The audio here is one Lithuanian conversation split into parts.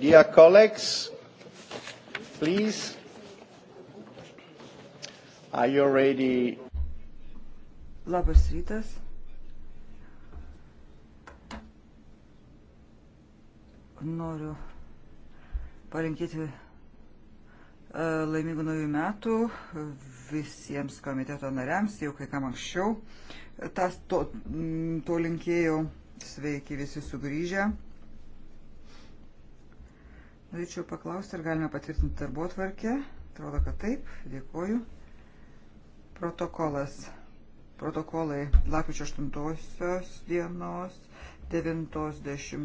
Dear colleagues, please, are you ready? Labas rytas. Noriu palinkėti e, laimingų naujų metų visiems komiteto nariams, jau kai kam anksčiau. Tas to, to linkėjau. Sveiki visi sugrįžę. Norėčiau paklausti, ar galime patvirtinti darbo tvarkę. Atrodo, kad taip. Dėkoju. Protokolas. Protokolai lapkričio 8 dienos, 9, 10,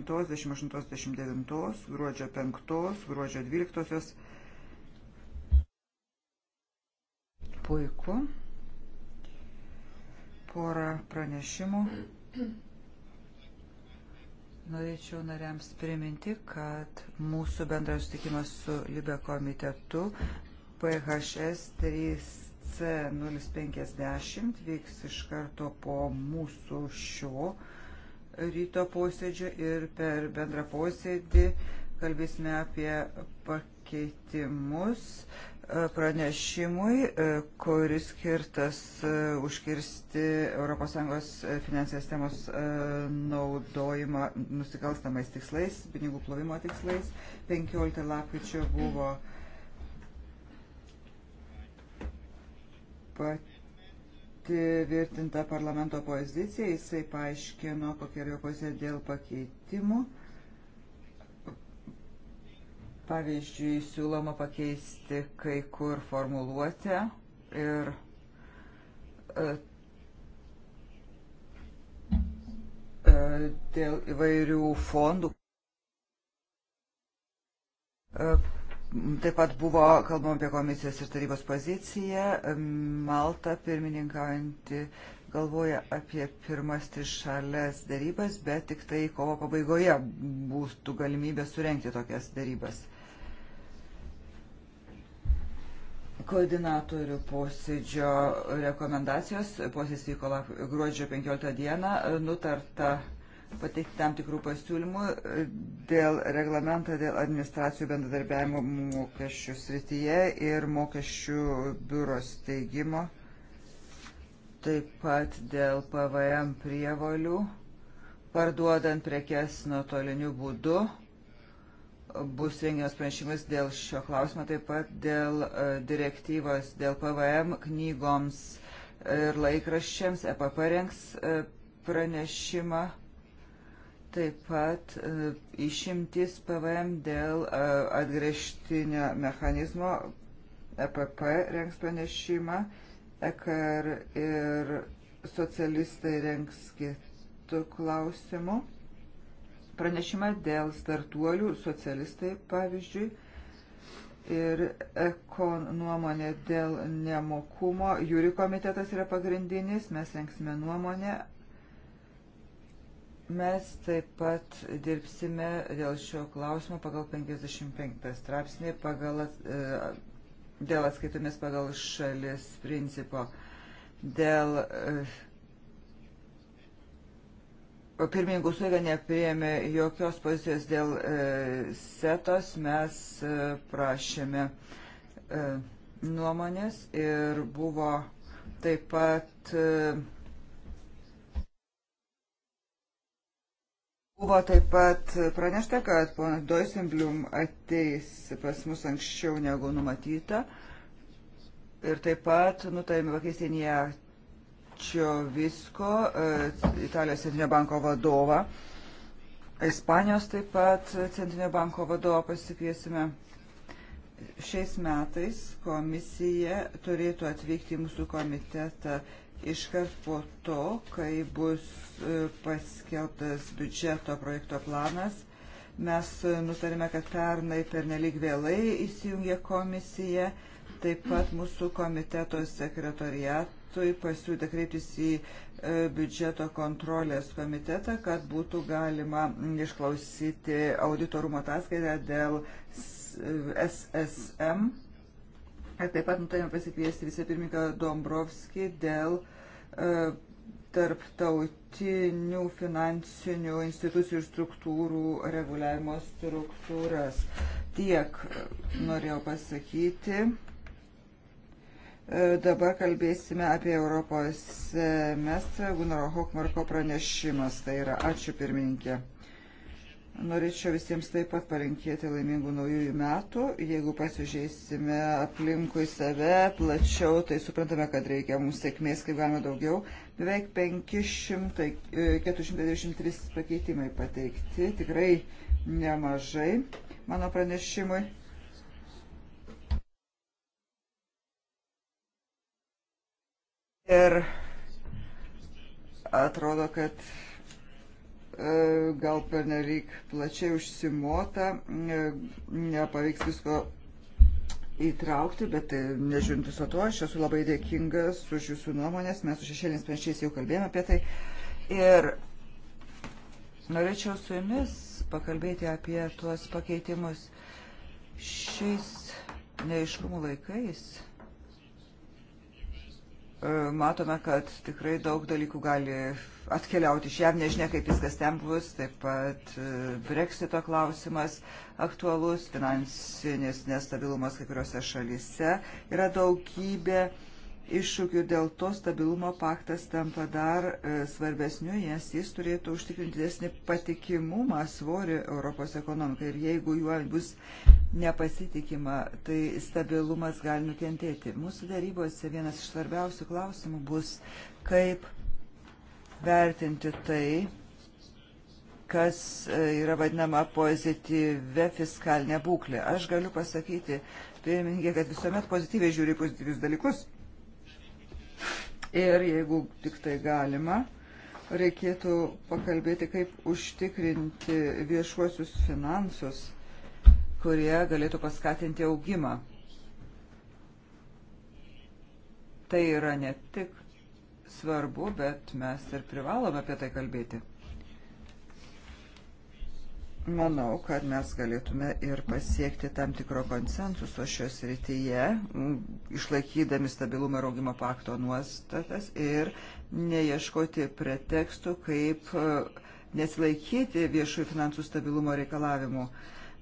28, 29, gruodžio 5, gruodžio 12. Puiku. Porą pranešimų. Norėčiau nariams priminti, kad mūsų bendras sutikimas su Libe komitetu PHS 3C050 vyks iš karto po mūsų šio ryto posėdžio ir per bendrą posėdį kalbėsime apie pakeitimus pranešimui, e, kuris skirtas e, užkirsti ES finansinės temos e, naudojimą nusikalstamais tikslais, pinigų plovimo tikslais. 15 lapkričio buvo patvirtinta parlamento pozicija, jisai paaiškino, kokia yra jo pozicija dėl pakeitimų. Pavyzdžiui, siūloma pakeisti kai kur formuluotę ir e, e, dėl įvairių fondų. E, taip pat buvo kalbama apie komisijos ir tarybos poziciją. Malta pirmininkaujanti galvoja apie pirmas trišalės darybas, bet tik tai kovo pabaigoje būtų galimybė surenkti tokias darybas. koordinatorių posėdžio rekomendacijos. Posėdis vyko gruodžio 15 dieną. Nutarta pateikti tam tikrų pasiūlymų dėl reglamento dėl administracijų bendradarbiavimo mokesčių srityje ir mokesčių biuro steigimo, taip pat dėl PVM prievolių, parduodant prekes nuotoliniu būdu bus rengiamas pranešimas dėl šio klausimo, taip pat dėl e, direktyvos, dėl PVM knygoms ir laikraščiams. EPP rengs e, pranešimą. Taip pat e, išimtis PVM dėl atgrėžtinio mechanizmo EPP rengs pranešimą, EKR ir socialistai rengs kitų klausimų pranešimą dėl startuolių, socialistai pavyzdžiui, ir ekon nuomonė dėl nemokumo. Jūri komitetas yra pagrindinis, mes renksime nuomonę. Mes taip pat dirbsime dėl šio klausimo pagal 55 straipsnį, pagal, e, dėl atskaitomės pagal šalis principo, dėl e, Pirmininkų suėga neprieėmė jokios pozicijos dėl e, setos, mes e, prašėme e, nuomonės ir buvo taip pat e, Buvo taip pat pranešta, kad ponas Doisimblium ateis pas mus anksčiau negu numatyta ir taip pat nutarėme pakeisti Čiovisko, e, Italijos centrinio banko vadovą. Ispanijos taip pat centrinio banko vadovą pasikviesime. Šiais metais komisija turėtų atvykti į mūsų komitetą iškart po to, kai bus e, paskelbtas biudžeto projekto planas. Mes nutarėme, kad pernai per nelik vėlai įsijungė komisija, taip pat mūsų komiteto sekretoriatas parlamentui pasiūlyta kreiptis į e, biudžeto kontrolės komitetą, kad būtų galima išklausyti auditorumo ataskaitą dėl SSM. E, ir taip pat nutarėme pasikviesti vicepirmininką Dombrovskį dėl e, tarptautinių finansinių institucijų ir struktūrų reguliavimo struktūras. Tiek norėjau pasakyti. E, dabar kalbėsime apie Europos semestrą. Gunaro Hokmarko pranešimas tai yra. Ačiū pirmininkė. Norėčiau visiems taip pat palinkėti laimingų naujųjų metų. Jeigu pasižiūrėsime aplinkui save plačiau, tai suprantame, kad reikia mums sėkmės kaip galima daugiau. Beveik 500, 423 e, pakeitimai pateikti, tikrai nemažai mano pranešimui. Ir atrodo, kad e, gal pernelyg plačiai užsimota, e, nepavyks visko įtraukti, bet e, nežiūrint viso to, aš esu labai dėkingas už jūsų nuomonės, mes su šešėliniais pranešėjais jau kalbėjome apie tai. Ir norėčiau su jumis pakalbėti apie tuos pakeitimus šiais neiškumų laikais E, matome, kad tikrai daug dalykų gali atkeliauti iš jav, nežinia, kaip viskas ten bus, taip pat e, breksito klausimas aktualus, finansinis nestabilumas kai kuriuose šalyse, yra daugybė uh, iššūkių ir dėl to stabilumo paktas tampa dar e, svarbesniu, nes jis turėtų užtikrinti didesnį patikimumą svorį Europos ekonomikai. Ir jeigu juo bus nepasitikima, tai stabilumas gali nukentėti. Mūsų darybose vienas iš svarbiausių klausimų bus, kaip vertinti tai, kas e, yra vadinama pozityvė fiskalinė būklė. Aš galiu pasakyti, pirmininkė, kad visuomet pozityviai žiūri pozityvius dalykus Ir jeigu tik tai galima, reikėtų pakalbėti, kaip užtikrinti viešuosius finansus, kurie galėtų paskatinti augimą. Tai yra ne tik svarbu, bet mes ir privalome apie tai kalbėti. Manau, kad mes galėtume ir pasiekti tam tikro konsensuso šios rytyje, išlaikydami stabilumo ir augimo pakto nuostatas ir neieškoti pretekstų, kaip e, nesilaikyti viešųjų finansų stabilumo reikalavimų.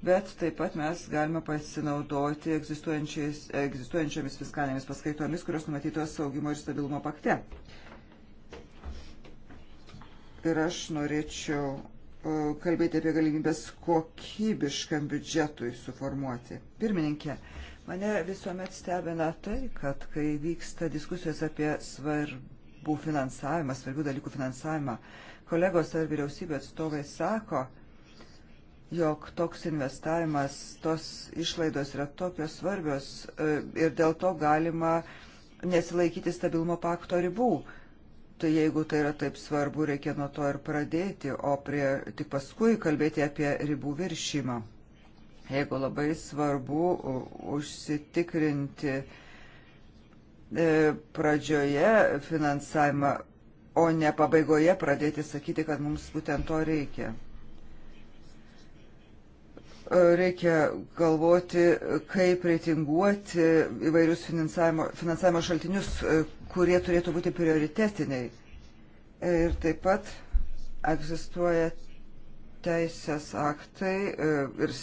Bet taip pat mes galime pasinaudoti egzistuojančiomis fiskalinėmis paskaitomis, kurios numatytos saugimo ir stabilumo pakte. Ir aš norėčiau E, kalbėti apie galimybės kokybiškam biudžetui suformuoti. Pirmininkė, mane visuomet stebina tai, kad kai vyksta diskusijos apie svarbų finansavimą, svarbių dalykų finansavimą, kolegos ar vyriausybė atstovai sako, jog toks investavimas, tos išlaidos yra tokios svarbios e, ir dėl to galima nesilaikyti stabilumo pakto ribų. Tai jeigu tai yra taip svarbu, reikia nuo to ir pradėti, o prie, tik paskui kalbėti apie ribų viršymą. Jeigu labai svarbu užsitikrinti e, pradžioje finansavimą, o ne pabaigoje pradėti sakyti, kad mums būtent to reikia e, reikia galvoti, kaip reitinguoti įvairius finansavimo, finansavimo šaltinius, e, kurie turėtų būti prioritetiniai. Ir taip pat egzistuoja teisės aktai e, ir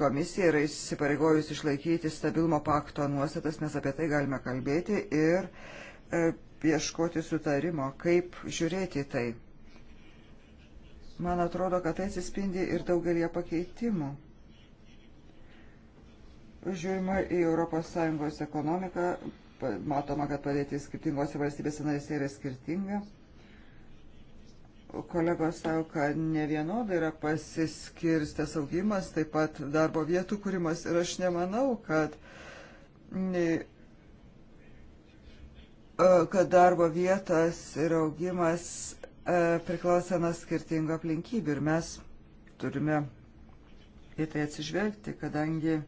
komisija yra įsipareigojus išlaikyti stabilumo pakto nuostatas, nes apie tai galime kalbėti ir e, ieškoti sutarimo, kaip žiūrėti į tai. Man atrodo, kad tai atsispindi ir daugelie pakeitimų. Žiūrima į ES ekonomiką, matoma, kad padėti skirtingose valstybėse narėse yra skirtinga Kolegos savo, kad ne vienodai yra pasiskirstęs augimas, taip pat darbo vietų kūrimas ir aš nemanau, kad, e, kad darbo vietas ir augimas e, priklauso nuo skirtingų aplinkybių ir mes turime į tai atsižvelgti, kadangi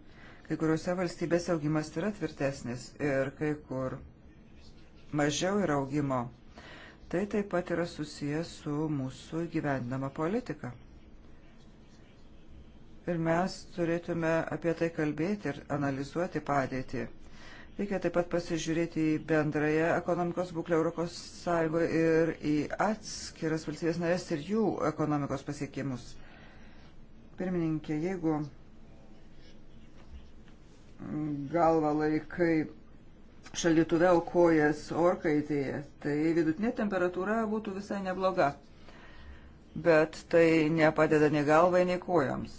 kai kuriuose valstybėse augimas yra tvirtesnis ir kai kur mažiau yra augimo. Tai taip pat yra susijęs su mūsų gyvendama politika. Ir mes turėtume apie tai kalbėti ir analizuoti padėtį. Reikia taip pat pasižiūrėti į bendrąją ekonomikos būklę Europos Sąjungoje ir į atskiras valstybės narės ir jų ekonomikos pasiekimus. Pirmininkė, jeigu galva laikai šaldytuve, o kojas orkaitėje, tai vidutinė temperatūra būtų visai nebloga. Bet tai nepadeda nei galvai, nei kojoms.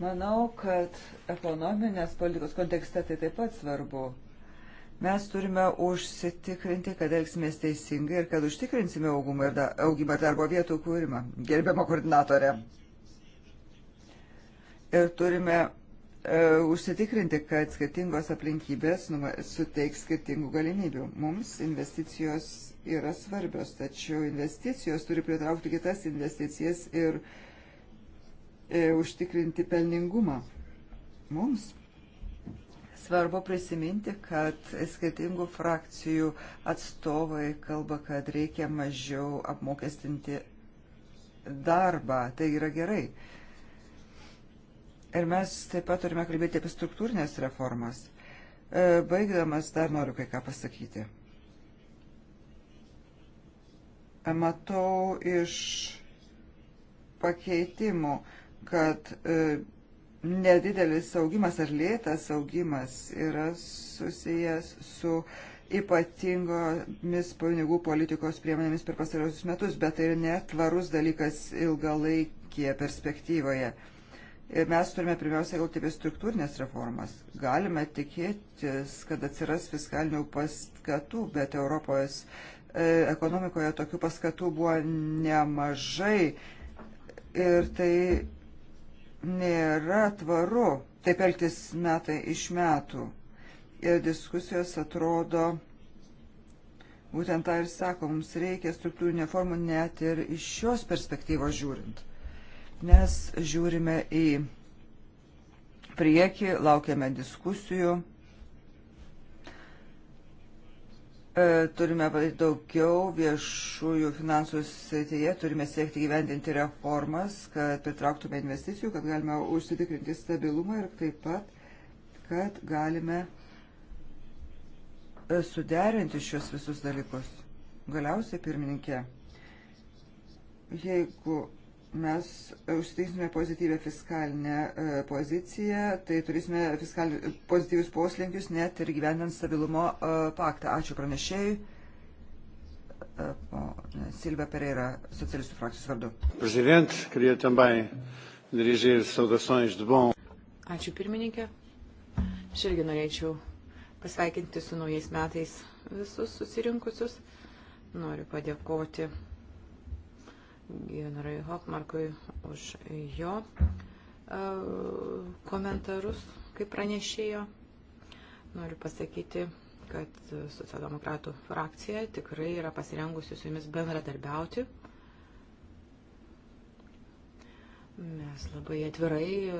Manau, kad ekonominės politikos kontekste tai taip pat svarbu. Mes turime užsitikrinti, kad elgsimės teisingai ir kad užtikrinsime augumą ir da, augimą darbo vietų kūrimą. Gerbiama koordinatorė. Ir turime E, užsitikrinti, kad skirtingos aplinkybės suteiks skirtingų galimybių. Mums investicijos yra svarbios, tačiau investicijos turi pritraukti kitas investicijas ir e, užtikrinti pelningumą. Mums svarbu prisiminti, kad skirtingų frakcijų atstovai kalba, kad reikia mažiau apmokestinti darbą. Tai yra gerai. E, Ir mes taip pat turime kalbėti apie struktūrinės reformas. E, baigdamas dar noriu kai ką pasakyti. E, matau iš pakeitimų, kad e, nedidelis augimas ar lėtas augimas yra susijęs su ypatingomis pinigų politikos priemonėmis per pastarosius metus, bet tai ir netvarus dalykas ilgalaikėje perspektyvoje mes turime pirmiausia galvoti apie struktūrinės reformas. Galime tikėtis, kad atsiras fiskalinių paskatų, bet Europos e, ekonomikoje tokių paskatų buvo nemažai ir tai nėra tvaru taip elgtis metai iš metų. Ir diskusijos atrodo, būtent tą ir sako, mums reikia struktūrinė formų net ir iš šios perspektyvos žiūrint. Mes žiūrime į priekį, laukiame diskusijų. E, turime padaryti daugiau viešųjų finansų srityje, turime siekti gyvendinti reformas, kad pritrauktume investicijų, kad galime užsitikrinti stabilumą ir taip pat, kad galime e, suderinti šios visus dalykus. Galiausiai, pirmininkė, jeigu mes užsitiksime pozityvę fiskalinę e, poziciją, tai turėsime fiskal... pozityvius poslinkius net ir gyvendant stabilumo e, paktą. Ačiū pranešėjui. E, Silvia Pereira, socialistų frakcijos vardu. Prezident, queria também dirigir saudações de bom. Ačiū pirmininkė. Aš irgi norėčiau pasveikinti su naujais metais visus susirinkusius. Noriu padėkoti generai Hopmarkui už jo e, komentarus kaip pranešėjo. Noriu pasakyti, kad socialdemokratų frakcija tikrai yra pasirengusi su jumis bendradarbiauti. Mes labai atvirai e,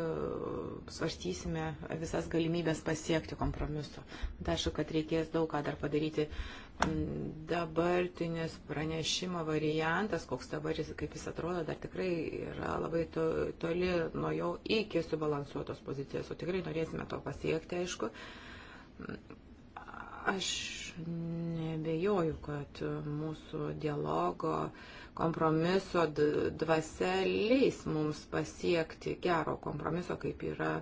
svarstysime visas galimybės pasiekti kompromisu. Dašu, kad reikės daug ką dar padaryti dabartinis pranešimo variantas, koks dabar jis, kaip jis atrodo, dar tikrai yra labai to, toli nuo jau iki subalansuotos pozicijos, o tikrai norėsime to pasiekti, aišku. Aš nebejoju, kad mūsų dialogo kompromiso dvasia leis mums pasiekti gero kompromiso, kaip yra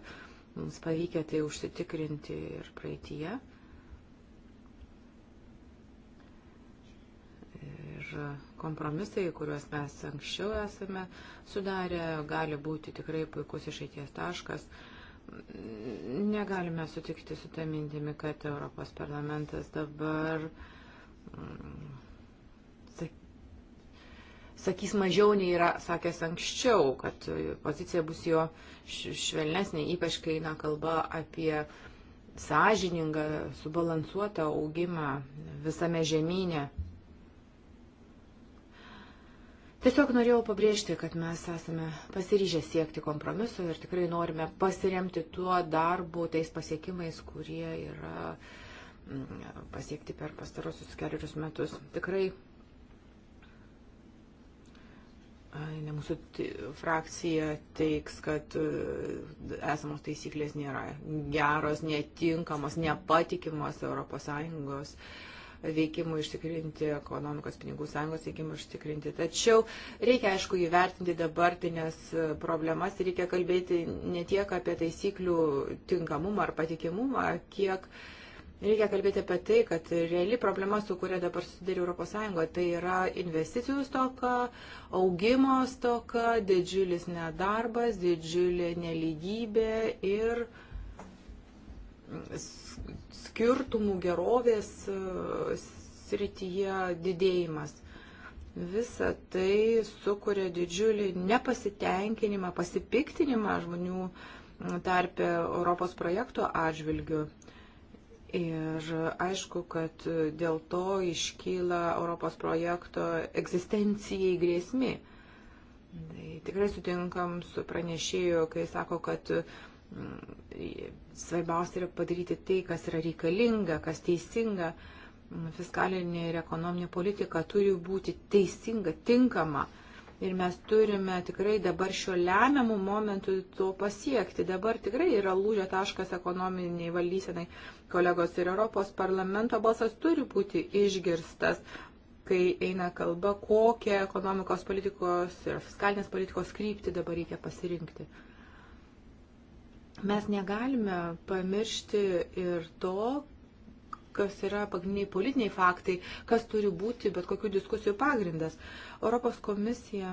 mums pavykę tai užsitikrinti ir praeitie. kompromisai, kuriuos mes anksčiau esame sudarę, gali būti tikrai puikus išeities taškas. Negalime sutikti su tą mintimi, kad Europos parlamentas dabar mm, sakys mažiau nei yra sakęs anksčiau, kad pozicija bus jo švelnesnė, ypač kai eina kalba apie sąžiningą, subalansuotą augimą visame žemynė. Tiesiog norėjau pabrėžti, kad mes esame pasiryžę siekti kompromiso ir tikrai norime pasiremti tuo darbu, tais pasiekimais, kurie yra mm, pasiekti per pastarosius keliarius metus. Tikrai ne mūsų frakcija teiks, kad e, esamos taisyklės nėra geros, netinkamos, nepatikimos ES veikimui ištikrinti, ekonomikos pinigų sąjungos veikimui ištikrinti. Tačiau reikia, aišku, įvertinti dabartinės problemas ir reikia kalbėti ne tiek apie taisyklių tinkamumą ar patikimumą, kiek Reikia kalbėti apie tai, kad reali problema, su kuria dabar susidarė ES, tai yra investicijų stoka, augimo stoka, didžiulis nedarbas, didžiulė neligybė ir uh, skirtumų gerovės e, srityje didėjimas. Visa tai sukuria didžiulį nepasitenkinimą, pasipiktinimą žmonių tarpę Europos projekto atžvilgių. Ir aišku, kad dėl to iškyla Europos projekto egzistencijai grėsmi. Tai tikrai sutinkam su pranešėju, kai sako, kad Svarbiausia yra padaryti tai, kas yra reikalinga, kas teisinga. Fiskalinė ir ekonominė politika turi būti teisinga, tinkama. Ir mes turime tikrai dabar šiuo lemiamu momentu to pasiekti. Dabar tikrai yra lūžio taškas ekonominiai valdysenai. Kolegos ir Europos parlamento balsas turi būti išgirstas, kai eina kalba, kokią ekonomikos politikos ir fiskalinės politikos kryptį dabar reikia pasirinkti mes negalime pamiršti ir to, kas yra pagrindiniai politiniai faktai, kas turi būti bet kokių diskusijų pagrindas. Europos komisija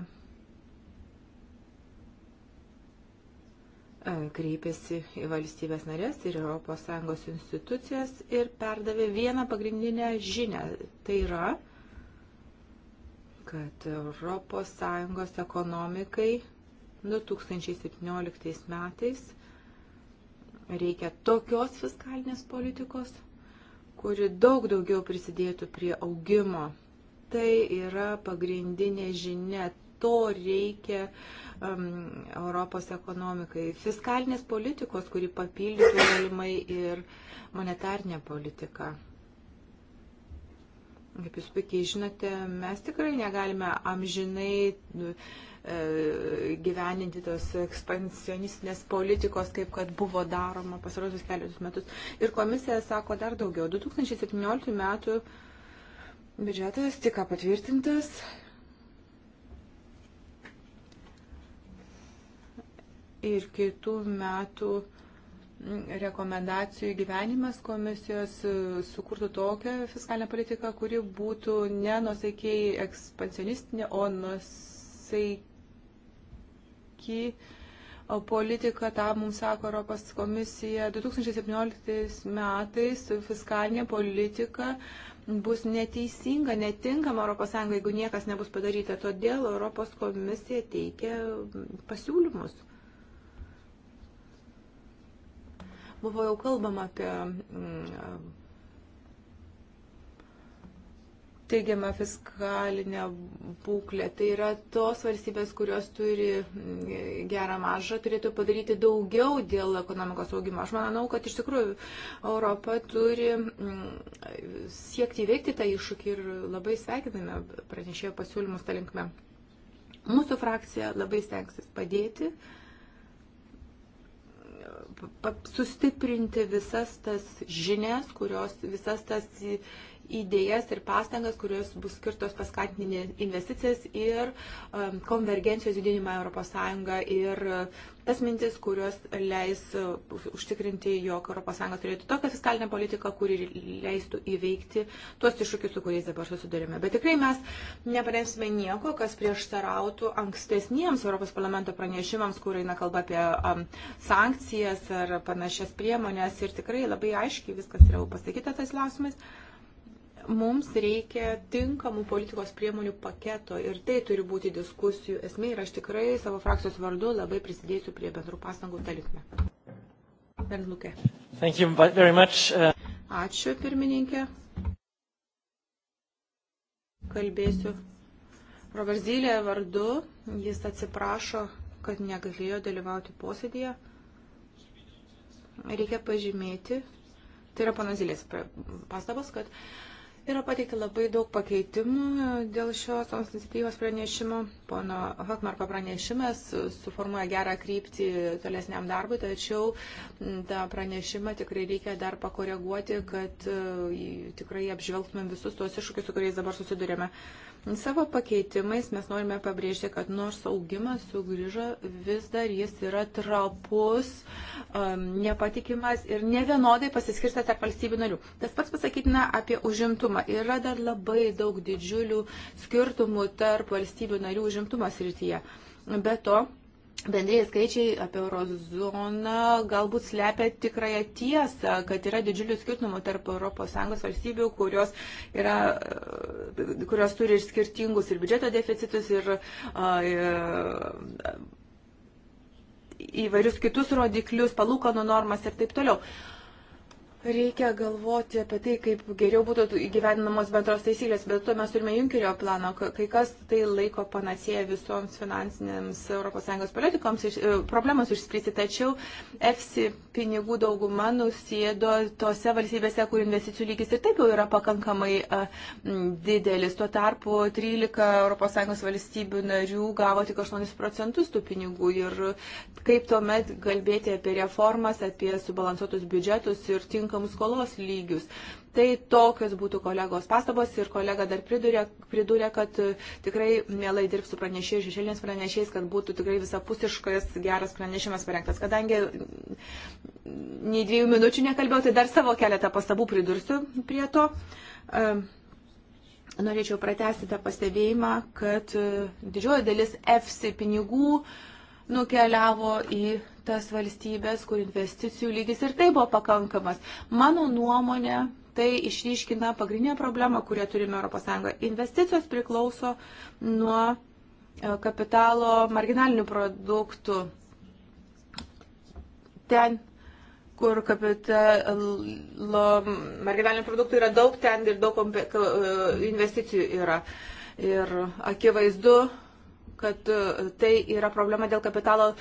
e, kreipėsi į valstybės narės ir ES institucijas ir perdavė vieną pagrindinę žinę. Tai yra, kad ES ekonomikai 2017 metais Reikia tokios fiskalinės politikos, kuri daug daugiau prisidėtų prie augimo. Tai yra pagrindinė žinia. To reikia um, Europos ekonomikai. Fiskalinės politikos, kuri papildytų galimai ir monetarnę politiką. Kaip jūs puikiai žinote, mes tikrai negalime amžinai E, gyveninti tos ekspansionistinės politikos, kaip kad buvo daroma pasarosius kelius metus. Ir komisija sako dar daugiau. 2017 metų biudžetas tik patvirtintas. Ir kitų metų rekomendacijų gyvenimas komisijos sukurtų tokią fiskalinę politiką, kuri būtų nenusaikiai ekspansionistinė, o nusaikiai aki politiką, tą mums sako Europos komisija. 2017 metais fiskalinė politika bus neteisinga, netinkama ES, jeigu niekas nebus padaryta. Todėl Europos komisija teikia pasiūlymus. Buvo jau kalbama apie mm, teigiamą fiskalinę būklę. Tai yra tos valstybės, kurios turi mm, gerą maržą, turėtų padaryti daugiau dėl ekonomikos augimo. Aš manau, kad iš tikrųjų Europa turi mm, siekti įveikti tą iššūkį ir labai sveikiname pranešėjo pasiūlymus tą linkmę. Mūsų frakcija labai stengsis padėti sustiprinti visas tas žinias, kurios visas tas idėjas ir pastangas, kurios bus skirtos paskatinti investicijas ir um, konvergencijos judinimą ES ir uh, tas mintis, kurios leis uh, užtikrinti, jog ES turėtų tokią fiskalinę politiką, kuri leistų įveikti tuos iššūkius, su kuriais dabar susidurime. Bet tikrai mes neparemsime nieko, kas prieštarautų ankstesniems Europos parlamento pranešimams, kur eina kalba apie um, sankcijas ar panašias priemonės. Ir tikrai labai aiškiai viskas yra pasakyta tais klausimais mums reikia tinkamų politikos priemonių paketo ir tai turi būti diskusijų esmė ir aš tikrai savo frakcijos vardu labai prisidėsiu prie bendrų pastangų tą linkmę. Uh, Ačiū pirmininkė. Kalbėsiu Robert Zylė vardu. Jis atsiprašo, kad negalėjo dalyvauti posėdėje. Reikia pažymėti, tai yra pana Zylės pastabas, kad uh, Yra pateikta labai daug pakeitimų e, dėl šios iniciatyvos pranešimo. Pono Hakmarko pranešimas suformuoja gerą kryptį tolesniam darbui, tačiau tą pranešimą tikrai reikia dar pakoreguoti, kad e, tikrai apžvelgtumėm visus tuos iššūkius, su kuriais dabar susidurėme. Uh, Savo pakeitimais mes norime pabrėžti, kad nors augimas sugrįžo, vis dar jis yra trapus, um, nepatikimas ir nevienodai pasiskirsta tarp valstybių narių. Tas pats pasakytina apie užimtumą. Yra dar labai daug didžiulių skirtumų tarp valstybių narių užimtumo srityje. Be to, bendrėjai skaičiai apie eurozoną galbūt slepia tikrąją tiesą, kad yra didžiulių skirtumų tarp ES valstybių, kurios, yra, kurios turi ir skirtingus ir biudžeto deficitus, ir, ir e, įvairius kitus rodiklius, palūkanų normas ir taip toliau. Uh, Reikia galvoti apie tai, kaip geriau būtų įgyvendinamos bendros taisyklės, bet to mes turime Junkerio plano, kai kas tai laiko panacėja visoms finansinėms ES politikoms iš, e, problemas išspręsti, tačiau EFSI pinigų dauguma nusėdo tose valstybėse, kur investicijų lygis ir taip jau yra pakankamai a, e, didelis. Tuo tarpu 13 ES valstybių narių gavo tik 8 procentus tų pinigų ir kaip tuomet kalbėti apie reformas, apie subalansuotus biudžetus ir tinkamus atitinkamus skolos lygius. Tai tokios būtų kolegos pastabos ir kolega dar pridurė, pridurė kad e, tikrai mielai dirbsiu pranešėjai, šešėlės pranešėjais, kad būtų tikrai visapusiškas geras pranešimas parengtas. Kadangi mm, nei dviejų minučių nekalbėjau, tai dar savo keletą pastabų pridursiu prie to. E, norėčiau pratesti tą pastebėjimą, kad e, didžioji dalis EFSI pinigų nukeliavo į tas valstybės, kur investicijų lygis ir tai buvo pakankamas. Mano nuomonė, tai išryškina pagrindinę problemą, kurią turime ES. Investicijos priklauso nuo e, kapitalo marginalinių produktų. Ten kur kapitalo marginalinių produktų yra daug, ten ir daug e, investicijų yra. Ir akivaizdu, kad e, tai yra problema dėl kapitalo uh,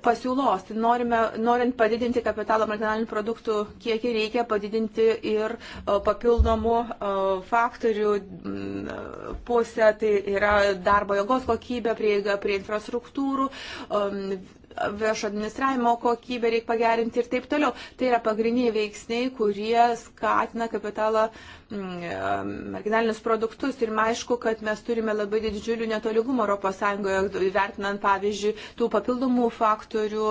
pasiūlos. Tai norime, norint padidinti kapitalo marginalinių produktų kiekį, reikia padidinti ir e, papildomų e, faktorių pusę, tai yra darbo jėgos kokybė, prieiga prie infrastruktūrų, e, viešo administravimo kokybę reikia pagerinti ir taip toliau. Tai yra pagrindiniai veiksniai, kurie skatina kapitalą mm, marginalinius produktus. Ir aišku, kad mes turime labai didžiulių netolygumų ES, vertinant, pavyzdžiui, tų papildomų faktorių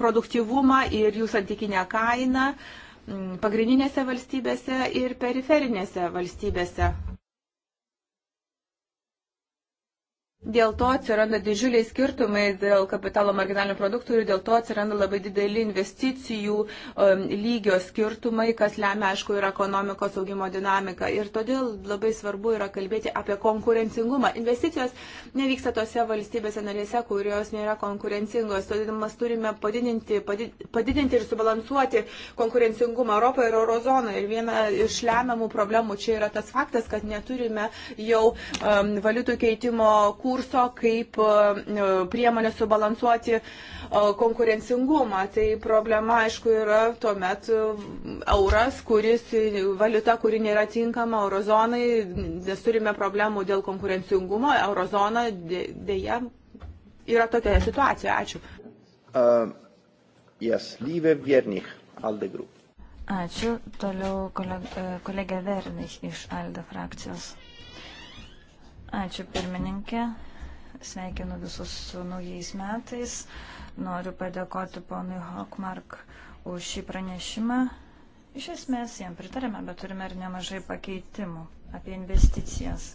produktivumą ir jų santykinę kainą mm, pagrindinėse valstybėse ir periferinėse valstybėse. Dėl to atsiranda didžiuliai skirtumai dėl kapitalo marginalinių produktų ir dėl to atsiranda labai dideli investicijų um, lygio skirtumai, kas lemia, aišku, ir ekonomikos augimo dinamiką. Ir todėl labai svarbu yra kalbėti apie konkurencingumą. Investicijos nevyksta tose valstybėse narėse, kurios nėra konkurencingos. Todėl mes turime padidinti, padidinti ir subalansuoti konkurencingumą Europoje ir Eurozonoje. Ir viena iš lemiamų problemų čia yra tas faktas, kad neturime jau um, valiutų keitimo kūrų kurso, kaip e, e, priemonė subalansuoti e, konkurencingumą. Tai problema, aišku, yra tuomet euras, kuris valiuta, kuri nėra tinkama eurozonai, nes turime problemų dėl konkurencingumo. Eurozona dėja yra tokia situacija. Ačiū. Uh, yes, Lyve Viernich, Alde Group. Ačiū. Toliau kolega, kolega Vernis iš Aldo frakcijos. Ačiū pirmininkė. Sveikinu visus su naujais metais. Noriu padėkoti ponui Hokmark už šį pranešimą. Iš esmės jam pritarėme, bet turime ir nemažai pakeitimų apie investicijas.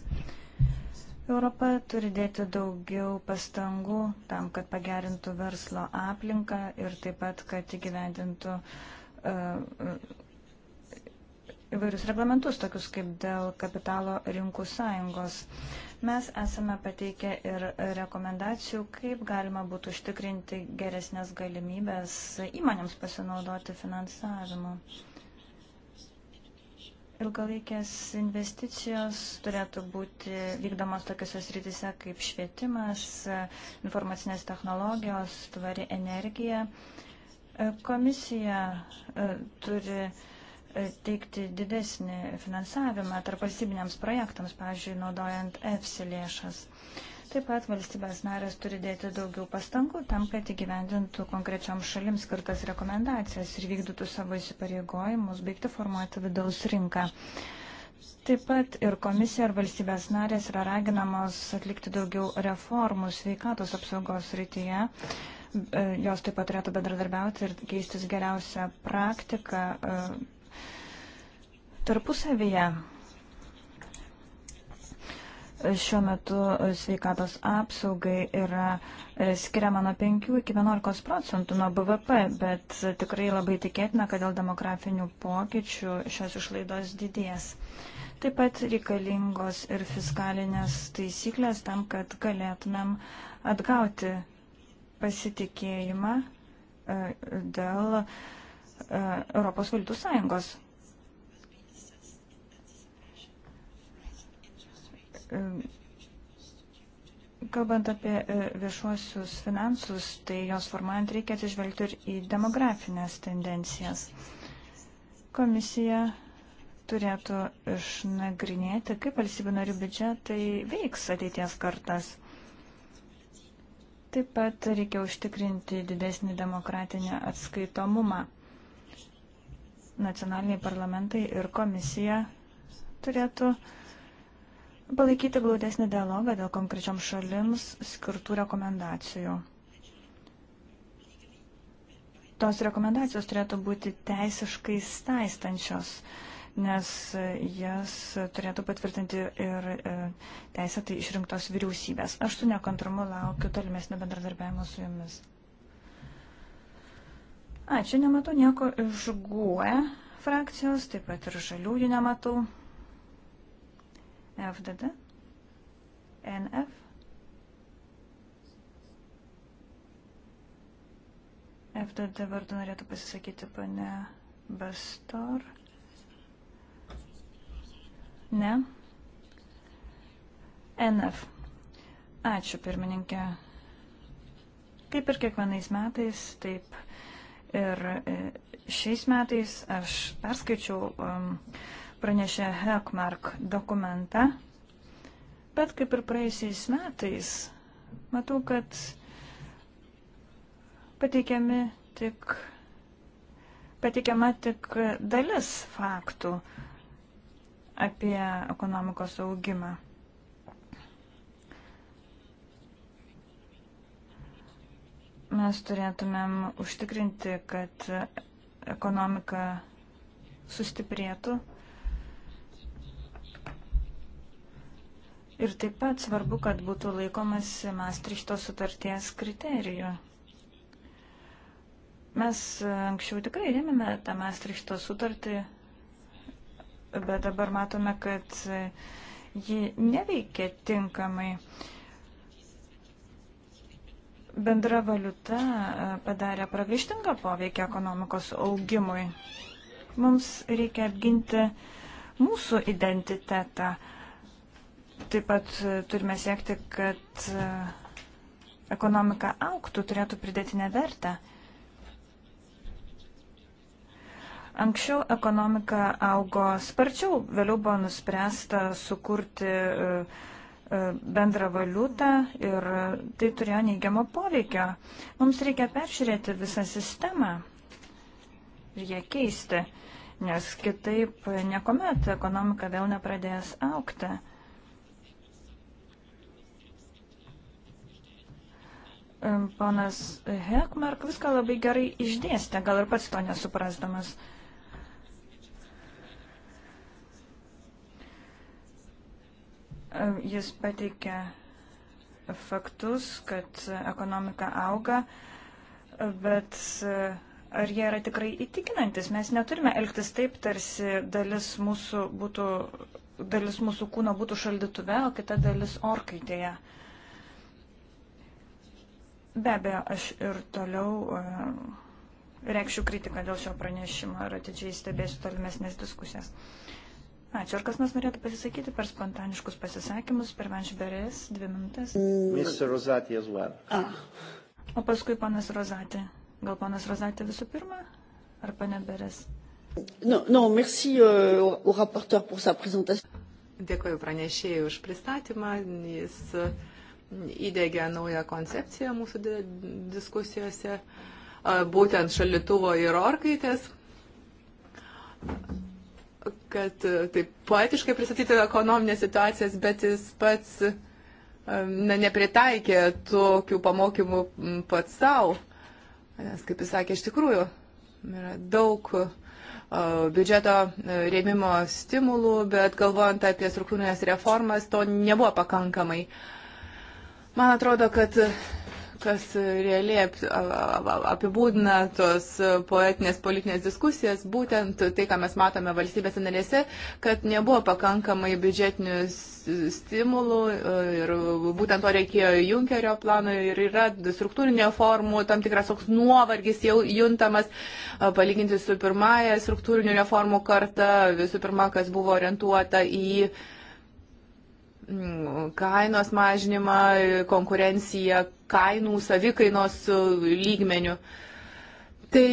Europa turi dėti daugiau pastangų tam, kad pagerintų verslo aplinką ir taip pat, kad įgyvendintų uh, įvairius reglamentus, tokius kaip dėl kapitalo rinkų sąjungos. Mes esame pateikę ir rekomendacijų, kaip galima būtų užtikrinti geresnės galimybės įmonėms pasinaudoti finansavimu. Ilgalaikės investicijos turėtų būti vykdomos tokiuose srityse kaip švietimas, informacinės technologijos, tvari energija. Komisija e, turi teikti didesnį finansavimą tarpvalstybiniams projektams, pavyzdžiui, naudojant EFSI lėšas. Taip pat valstybės narės turi dėti daugiau pastangų tam, kad įgyvendintų konkrečioms šalims skirtas rekomendacijas ir vykdytų savo įsipareigojimus baigti formuoti vidaus rinką. Taip pat ir komisija ir valstybės narės yra raginamos atlikti daugiau reformų sveikatos apsaugos rytyje. E, jos taip pat turėtų bendradarbiauti ir keistis geriausią praktiką e, tarpusavyje. Šiuo metu sveikatos apsaugai yra e, skiriama nuo 5 iki 11 procentų nuo BVP, bet tikrai labai tikėtina, kad dėl demografinių pokyčių šios išlaidos didės. Taip pat reikalingos ir fiskalinės taisyklės tam, kad galėtumėm atgauti pasitikėjimą e, dėl e, Europos valiutų sąjungos. Kalbant apie e, viešuosius finansus, tai jos formuojant reikia atsižvelgti ir į demografinės tendencijas. Komisija turėtų išnagrinėti, kaip valstybių narių biudžetai veiks ateities kartas. Taip pat reikia užtikrinti didesnį demokratinį atskaitomumą. Nacionaliniai parlamentai ir komisija turėtų uh, palaikyti glaudesnį dialogą dėl konkrečiom šalims skirtų rekomendacijų. Tos rekomendacijos turėtų būti teisiškai staistančios, nes jas turėtų patvirtinti ir e, teisėtai išrinktos vyriausybės. Aš su nekantrumu laukiu tolimesnio bendradarbiavimo su jumis. Ačiū, nematau nieko iš GUE frakcijos, taip pat ir žaliųjų nematau. FDD, NF, FDD vardu norėtų pasisakyti pane Bastor. Ne. NF. Ačiū, pirmininkė. Kaip ir kiekvienais metais, taip ir e, šiais metais aš perskaičiau um, pranešė Hekmark dokumentą, bet kaip ir praeisiais metais, matau, kad pateikiami tik, pateikiama tik dalis faktų apie ekonomikos augimą. Mes turėtumėm užtikrinti, kad ekonomika sustiprėtų Ir taip pat svarbu, kad būtų laikomas Maastrichto sutarties kriterijų. Mes e, anksčiau tikrai rėmėme tą Maastrichto sutartį, bet dabar matome, kad e, ji neveikia tinkamai. Bendra valiuta e, padarė pragaištingą poveikį ekonomikos augimui. Mums reikia apginti mūsų identitetą. Taip pat e, turime siekti, kad e, ekonomika auktų, turėtų pridėtinę vertę. Anksčiau ekonomika augo sparčiau, vėliau buvo nuspręsta sukurti e, bendrą valiutą ir tai turėjo neigiamo poveikio. Mums reikia peržiūrėti visą sistemą ir ją keisti, nes kitaip niekuomet ekonomika vėl nepradės aukti. Ponas Hekmark viską labai gerai išdėstė, gal ir pats to nesuprasdamas. Jis pateikė faktus, kad ekonomika auga, bet ar jie yra tikrai įtikinantis. Mes neturime elgtis taip, tarsi dalis mūsų, būtų, dalis mūsų kūno būtų šaldytuve, o kita dalis orkaitėje. Be abejo, aš ir toliau e, reikšiu kritiką dėl šio pranešimo ir atidžiai stebėsiu tolimesnės diskusijas. Ačiū. Ar kas nors norėtų pasisakyti per spontaniškus pasisakymus, per Vanšberės, dvi minutės? Mr. Rozatė as well. Ah. O paskui panas Rozatė. Gal panas Rozatė visų pirma? Ar pane Berės? Non, non, merci euh, au rapporteur pour sa présentation. Dėkoju pranešėjui už pristatymą. Jis uh, įdėgė naują koncepciją mūsų diskusijose, būtent šalituvo ir orkaitės kad taip poetiškai pristatyti ekonominės situacijas, bet jis pats na, nepritaikė tokių pamokymų pats savo. Nes, kaip jis sakė, iš tikrųjų yra daug biudžeto rėmimo stimulų, bet galvojant apie struktūrinės reformas, to nebuvo pakankamai. Uh, Man atrodo, kad kas realiai apibūdina tos poetinės politinės diskusijas, būtent tai, ką mes matome valstybės narėse, kad nebuvo pakankamai biudžetinių stimulų e, ir būtent to reikėjo Junkerio planui ir yra struktūrinė formų, tam tikras toks nuovargis jau juntamas, palyginti su pirmąją struktūrinių reformų kartą, visų pirma, kas buvo orientuota į kainos mažinimą, konkurenciją kainų, savikainos lygmenių. Tai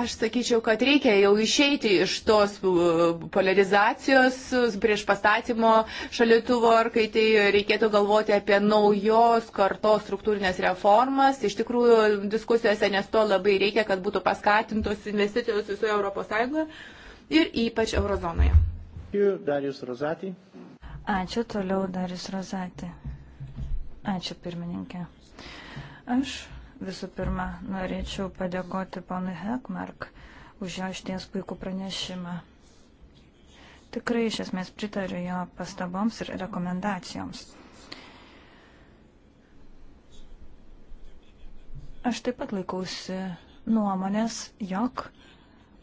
aš sakyčiau, kad reikia jau išeiti iš tos uh, polarizacijos prieš pastatymo šalituvo, ar kai tai reikėtų galvoti apie naujos kartos struktūrinės reformas. Iš tikrųjų, diskusijose nes to labai reikia, kad būtų paskatintos investicijos visoje ES ir ypač eurozonoje. Darius Rozatį. Ačiū toliau Daris Rozatė. Ačiū pirmininkė. Aš visų pirma norėčiau padėkoti ponui Hekmark už jo išties puikų pranešimą. Tikrai iš esmės pritariu jo pastaboms ir rekomendacijoms. Aš taip pat laikausi nuomonės, jog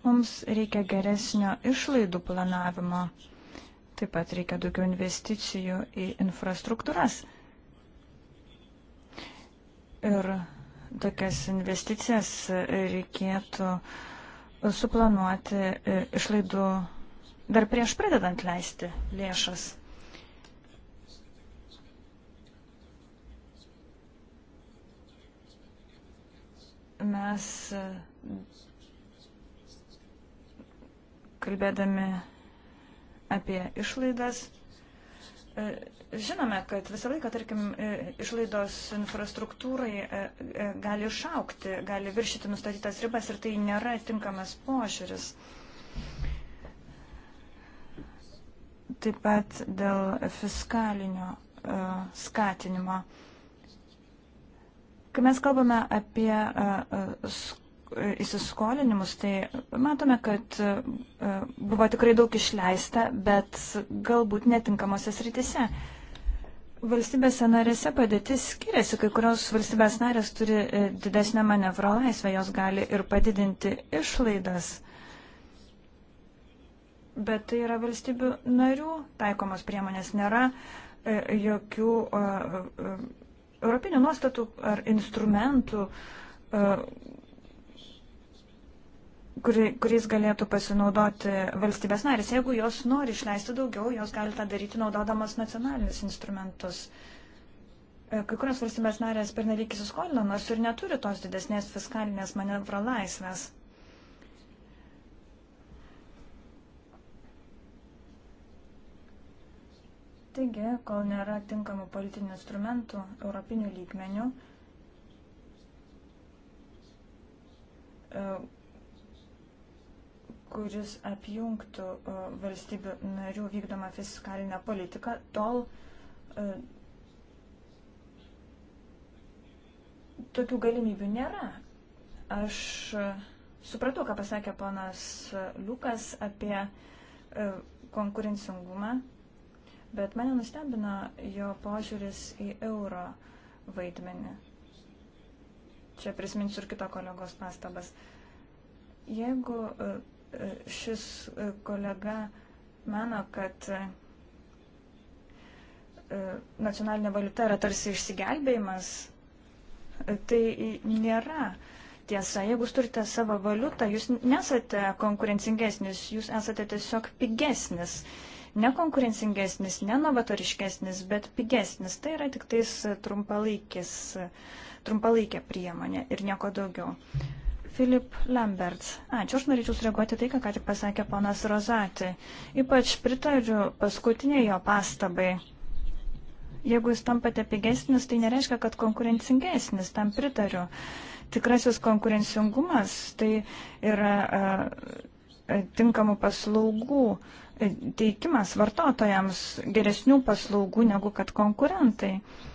mums reikia geresnio išlaidų planavimo. Taip pat reikia daugiau investicijų į infrastruktūras. Ir tokias investicijas reikėtų suplanuoti e, išlaidų dar prieš pradedant leisti lėšas. Mes e, kalbėdami apie išlaidas. E, žinome, kad visą laiką, tarkim, e, išlaidos infrastruktūrai e, gali išaukti, gali viršyti nustatytas ribas ir tai nėra tinkamas požiūris. Taip pat dėl fiskalinio skatinimo. Kai mes kalbame apie įsiskolinimus, tai matome, kad e, buvo tikrai daug išleista, bet galbūt netinkamose sritise. Valstybėse narėse padėtis skiriasi, kai kurios valstybės narės turi e, didesnę manevro laisvę, jos gali ir padidinti išlaidas. Bet tai yra valstybių narių taikomos priemonės, nėra e, jokių europinių nuostatų ar instrumentų, kuri, kuriais galėtų pasinaudoti valstybės narės. Jeigu jos nori išleisti daugiau, jos gali tą daryti naudodamas nacionalinius instrumentus. E, kai kurios valstybės narės pernelyg įsiskolino, nors ir neturi tos didesnės fiskalinės manevro laisvės. Taigi, kol nėra tinkamų politinių instrumentų europinių lygmenių, e, kuris apjungtų e, valstybių narių vykdomą fiskalinę politiką, tol e, tokių galimybių nėra. Aš e, supratau, ką pasakė ponas Liukas apie konkurencingumą, bet mane nustebino jo požiūris į euro vaidmenį. Čia prisiminsiu ir kito kolegos pastabas. Jeigu šis kolega mano, kad e, nacionalinė valiuta yra tarsi išsigelbėjimas, e, tai nėra tiesa. Jeigu jūs turite savo valiutą, jūs nesate konkurencingesnis, jūs esate tiesiog pigesnis. Nekonkurencingesnis, nenovatoriškesnis, bet pigesnis. Tai yra tik tais trumpalaikė priemonė ir nieko daugiau. Filip Lamberts. Ačiū, aš norėčiau sureaguoti tai, ką ką tik pasakė ponas Rozati. Ypač pritariu paskutiniai jo pastabai. Jeigu jis tampate pigesnis, tai nereiškia, kad konkurencingesnis, tam pritariu. Tikrasis konkurencingumas tai yra a, e, a, tinkamų paslaugų e, teikimas vartotojams geresnių paslaugų negu kad konkurentai. A,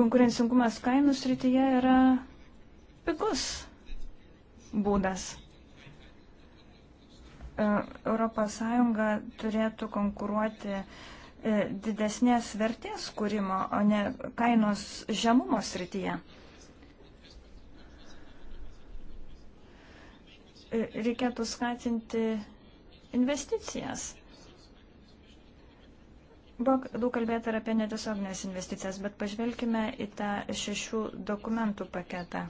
konkurencingumas kainų srityje yra pigus būdas. ES turėtų konkuruoti e, didesnės vertės kūrimo, o ne kainos žemumo srityje. E, reikėtų skatinti investicijas. Buvo daug kalbėta ir apie netiesioginės investicijas, bet pažvelkime į tą šešių dokumentų paketą.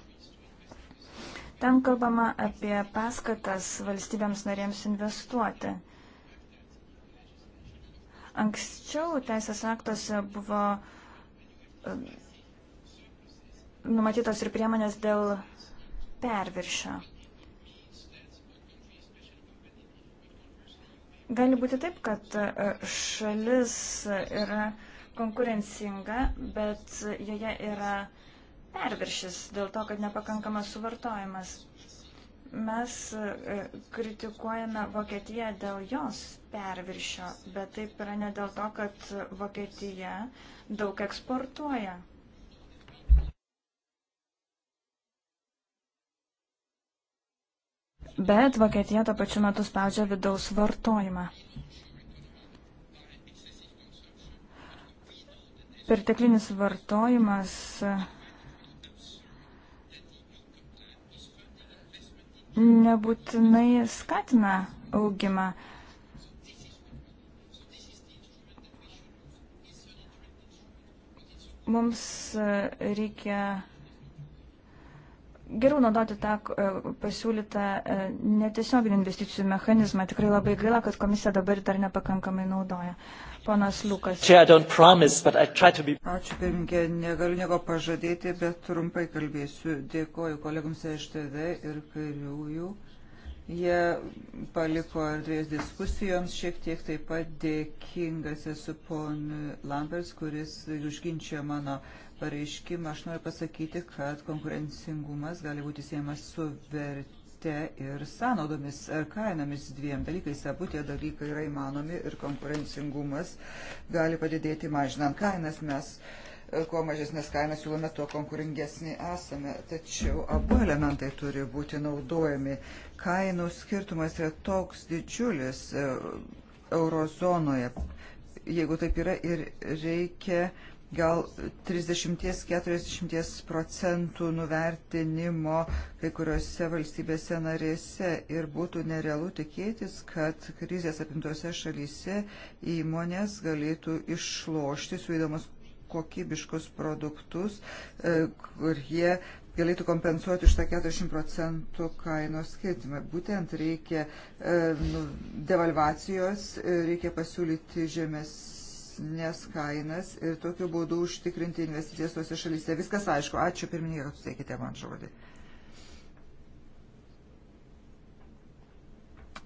Ten kalbama apie paskatas valstybėms narėms investuoti. Anksčiau teisės aktuose buvo um, numatytos ir priemonės dėl perviršio. Gali būti taip, kad e, šalis yra konkurencinga, bet joje yra perviršis dėl to, kad nepakankamas suvartojimas. Mes e, kritikuojame Vokietiją dėl jos perviršio, bet taip yra ne dėl to, kad Vokietija daug eksportuoja. bet Vokietija to pačiu metu spaudžia vidaus vartojimą. Perteklinis vartojimas e, nebūtinai skatina augimą. Mums e, reikia geriau naudoti tą e, pasiūlytą e, netiesioginį investicijų mechanizmą. Tikrai labai gaila, kad komisija dabar dar nepakankamai naudoja. Ponas Lukas. Ačiū pirmininkė, negaliu nieko pažadėti, bet trumpai kalbėsiu. Dėkoju kolegams iš TV ir kairiųjų. Jie paliko erdvės diskusijoms, šiek tiek taip pat dėkingas esu ponui Lambers, kuris užginčia mano uh, pareiškimą, aš noriu pasakyti, kad konkurencingumas gali būti siejamas su verte ir sąnaudomis ar kainomis dviem dalykais. Abu tie dalykai yra įmanomi ir konkurencingumas gali padidėti mažinant kainas. Mes e, kuo mažesnės kainas siūlome, tuo konkurengesnį esame. Tačiau abu elementai turi būti naudojami. Kainų skirtumas yra toks didžiulis e, eurozonoje. Jeigu taip yra ir reikia gal 30-40 procentų nuvertinimo kai kuriuose valstybėse narėse ir būtų nerealu tikėtis, kad krizės apimtose šalyse įmonės galėtų išlošti suėdamas kokybiškus produktus, e, kur jie galėtų kompensuoti už tą 40 procentų kainos skirtimą. Būtent reikia e, nu, devalvacijos, e, reikia pasiūlyti žemės mažesnės kainas ir tokiu būdu užtikrinti investicijas tose šalyse. Viskas aišku. Ačiū pirmininkė, kad suteikite man žodį.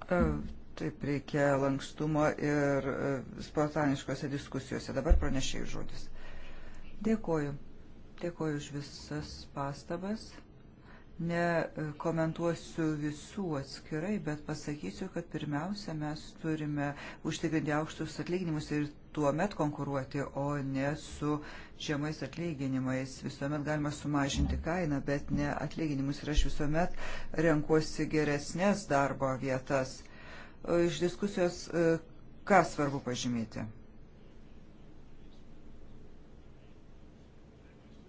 E, taip reikia lankstumo ir e, spontaniškose diskusijose. Dabar pranešėjų žodis. Dėkoju. Dėkoju už visas pastabas. Nekomentuosiu visų atskirai, bet pasakysiu, kad pirmiausia mes turime užtikrinti aukštus atlyginimus ir tuo met konkuruoti, o ne su žemais atlyginimais. Visuomet galima sumažinti kainą, bet ne atlyginimus. Ir aš visuomet renkuosi geresnės darbo vietas. Iš diskusijos e, ką svarbu pažymėti?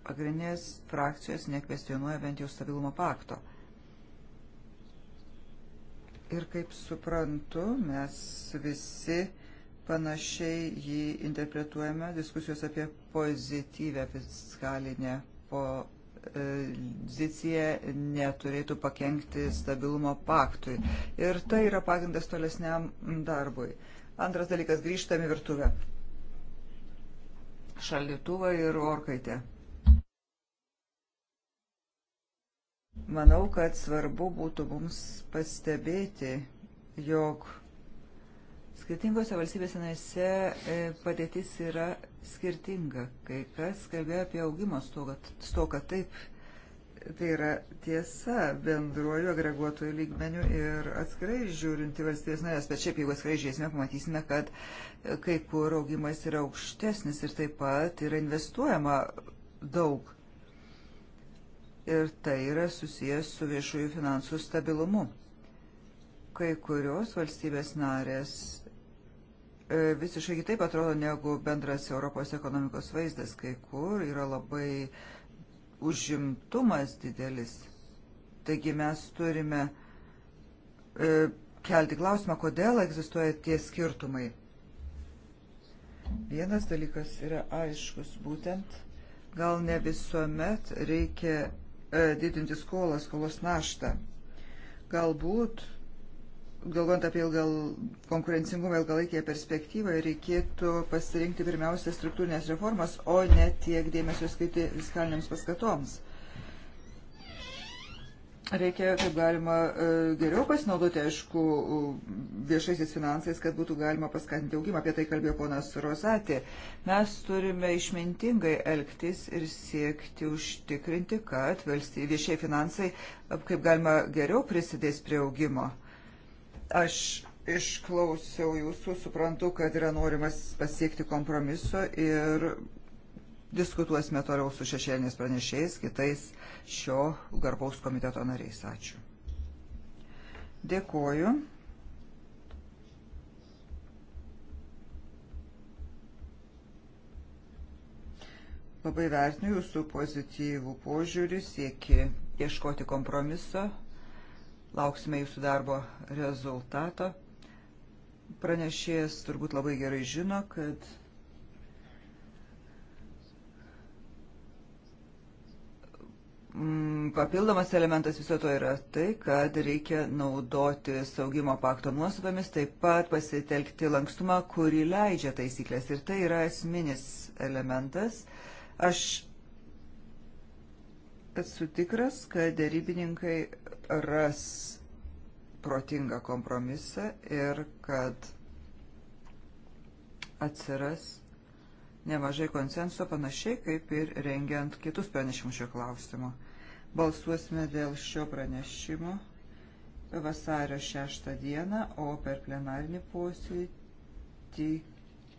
pagrindinės frakcijos nekvestionuoja bent jau stabilumo pakto. Ir kaip suprantu, mes visi panašiai jį interpretuojame diskusijos apie pozityvę fiskalinę e, poziciją neturėtų pakengti stabilumo paktui. Ir tai yra pagrindas tolesniam darbui. Antras dalykas - grįžtame į virtuvę šaldytuvą ir orkaitę. Manau, kad svarbu būtų mums pastebėti, jog skirtingose valstybėse narėse e, padėtis yra skirtinga. Kai kas kalbėjo apie augimo stoką, taip tai yra tiesa bendruoju agreguotojų lygmenių ir atskirai žiūrinti valstybės narės, bet šiaip jeigu atskirai žiūrėsime, pamatysime, kad kai kur augimas yra aukštesnis ir taip pat yra investuojama daug ir tai yra susijęs su viešųjų finansų stabilumu. Kai kurios valstybės narės e, visiškai kitaip atrodo negu bendras Europos ekonomikos vaizdas, kai kur yra labai užimtumas didelis. Taigi mes turime e, kelti klausimą, kodėl egzistuoja tie skirtumai. Vienas dalykas yra aiškus, būtent gal ne visuomet reikia E, didinti skolą, skolos naštą. Galbūt, galvojant apie ilgal, konkurencingumą ilgalaikėje perspektyvoje, reikėtų pasirinkti pirmiausia struktūrinės reformas, o ne tiek dėmesio skirti fiskaliniams paskatoms. Reikia, kaip galima e, geriau pasinaudoti, aišku, viešaisiais finansais, kad būtų galima paskatinti augimą. Apie tai kalbėjo ponas Rozatė. Mes turime išmintingai elgtis ir siekti užtikrinti, kad viešieji finansai, e, kaip galima geriau, prisidės prie augimo. Aš išklausiau jūsų, suprantu, kad yra norimas pasiekti kompromiso ir Diskutuosime toliau su šešėliniais pranešėjais, kitais šio garbaus komiteto nariais. Ačiū. Dėkuoju. Labai vertinu jūsų pozityvų požiūrį, sieki ieškoti kompromiso. Lauksime jūsų darbo rezultato. Pranešėjas turbūt labai gerai žino, kad Mm, papildomas elementas viso to yra tai, kad reikia naudoti saugimo pakto nuostatomis, taip pat pasitelkti lankstumą, kurį leidžia taisyklės. Ir tai yra esminis elementas. Aš esu tikras, kad dėrybininkai ras protingą kompromisą ir kad atsiras nemažai konsenso panašiai kaip ir rengiant kitus pranešimus šio klausimo. Balsuosime dėl šio pranešimo vasario 6 dieną, o per plenarinį posėdį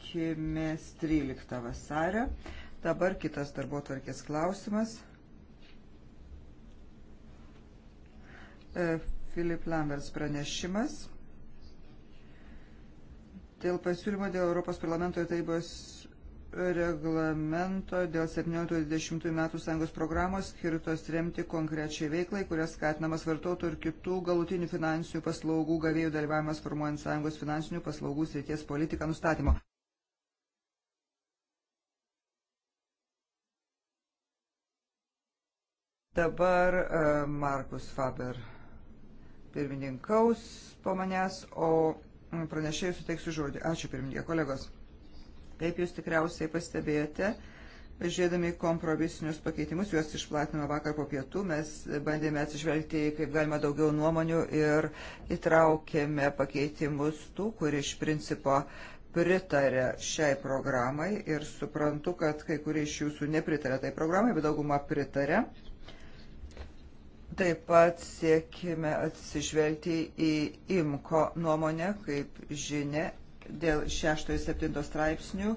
tikimės 13 vasario. Dabar kitas darbo tvarkės klausimas. E, Filip Lambers pranešimas dėl pasiūlymo dėl Europos parlamento ir tarybos reglamento dėl 17-20 metų sąjungos programos skirtos remti konkrečiai veiklai, kurias skatinamas vartotojų ir kitų galutinių finansinių paslaugų gavėjų dalyvavimas formuojant sąjungos finansinių paslaugų srities politiką nustatymo. Dabar e, Markus Faber pirmininkaus po manęs, o pranešėjus suteiksiu žodį. Ačiū pirmininkė, kolegos. Kaip jūs tikriausiai pastebėjote, žiūrėdami kompromisinius pakeitimus, juos išplatinome vakar po pietų, mes bandėme atsižvelgti kaip galima daugiau nuomonių ir įtraukėme pakeitimus tų, kur iš principo pritarė šiai programai ir suprantu, kad kai kurie iš jūsų nepritarė tai programai, bet dauguma pritarė. Taip pat siekime atsižvelgti į IMKO nuomonę, kaip žinia, dėl 6-7 straipsnių e,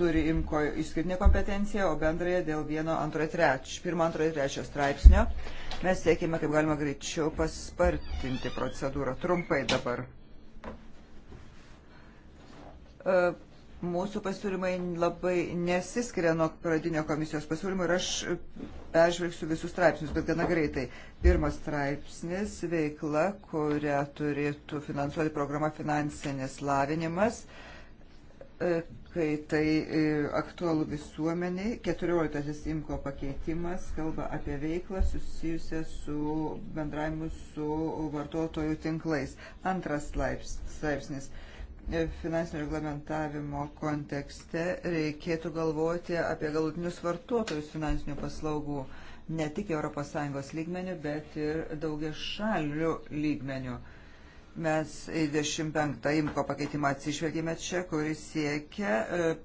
turi imko išskirtinę kompetenciją, o bendrąją dėl 1-2-3 straipsnio. Mes siekime, kaip galima greičiau, paspartinti procedūrą. Trumpai dabar. E, Mūsų pasiūlymai labai nesiskiria nuo pradinio komisijos pasiūlymo ir aš peržvelgsiu visus straipsnius, bet gana greitai. Pirmas straipsnis - veikla, kurią turėtų finansuoti programa finansinis lavinimas, e, kai tai e, aktualu visuomeniai. 14 imko pakeitimas kalba apie veiklą susijusią su bendravimu su vartotojų tinklais. Antras straips, straipsnis - finansinio reglamentavimo kontekste reikėtų galvoti apie galutinius vartotojus finansinių paslaugų ne tik ES lygmenių, bet ir daugia šalių lygmenių. Mes į 25 imko pakeitimą atsižvelgėme čia, kuris siekia e,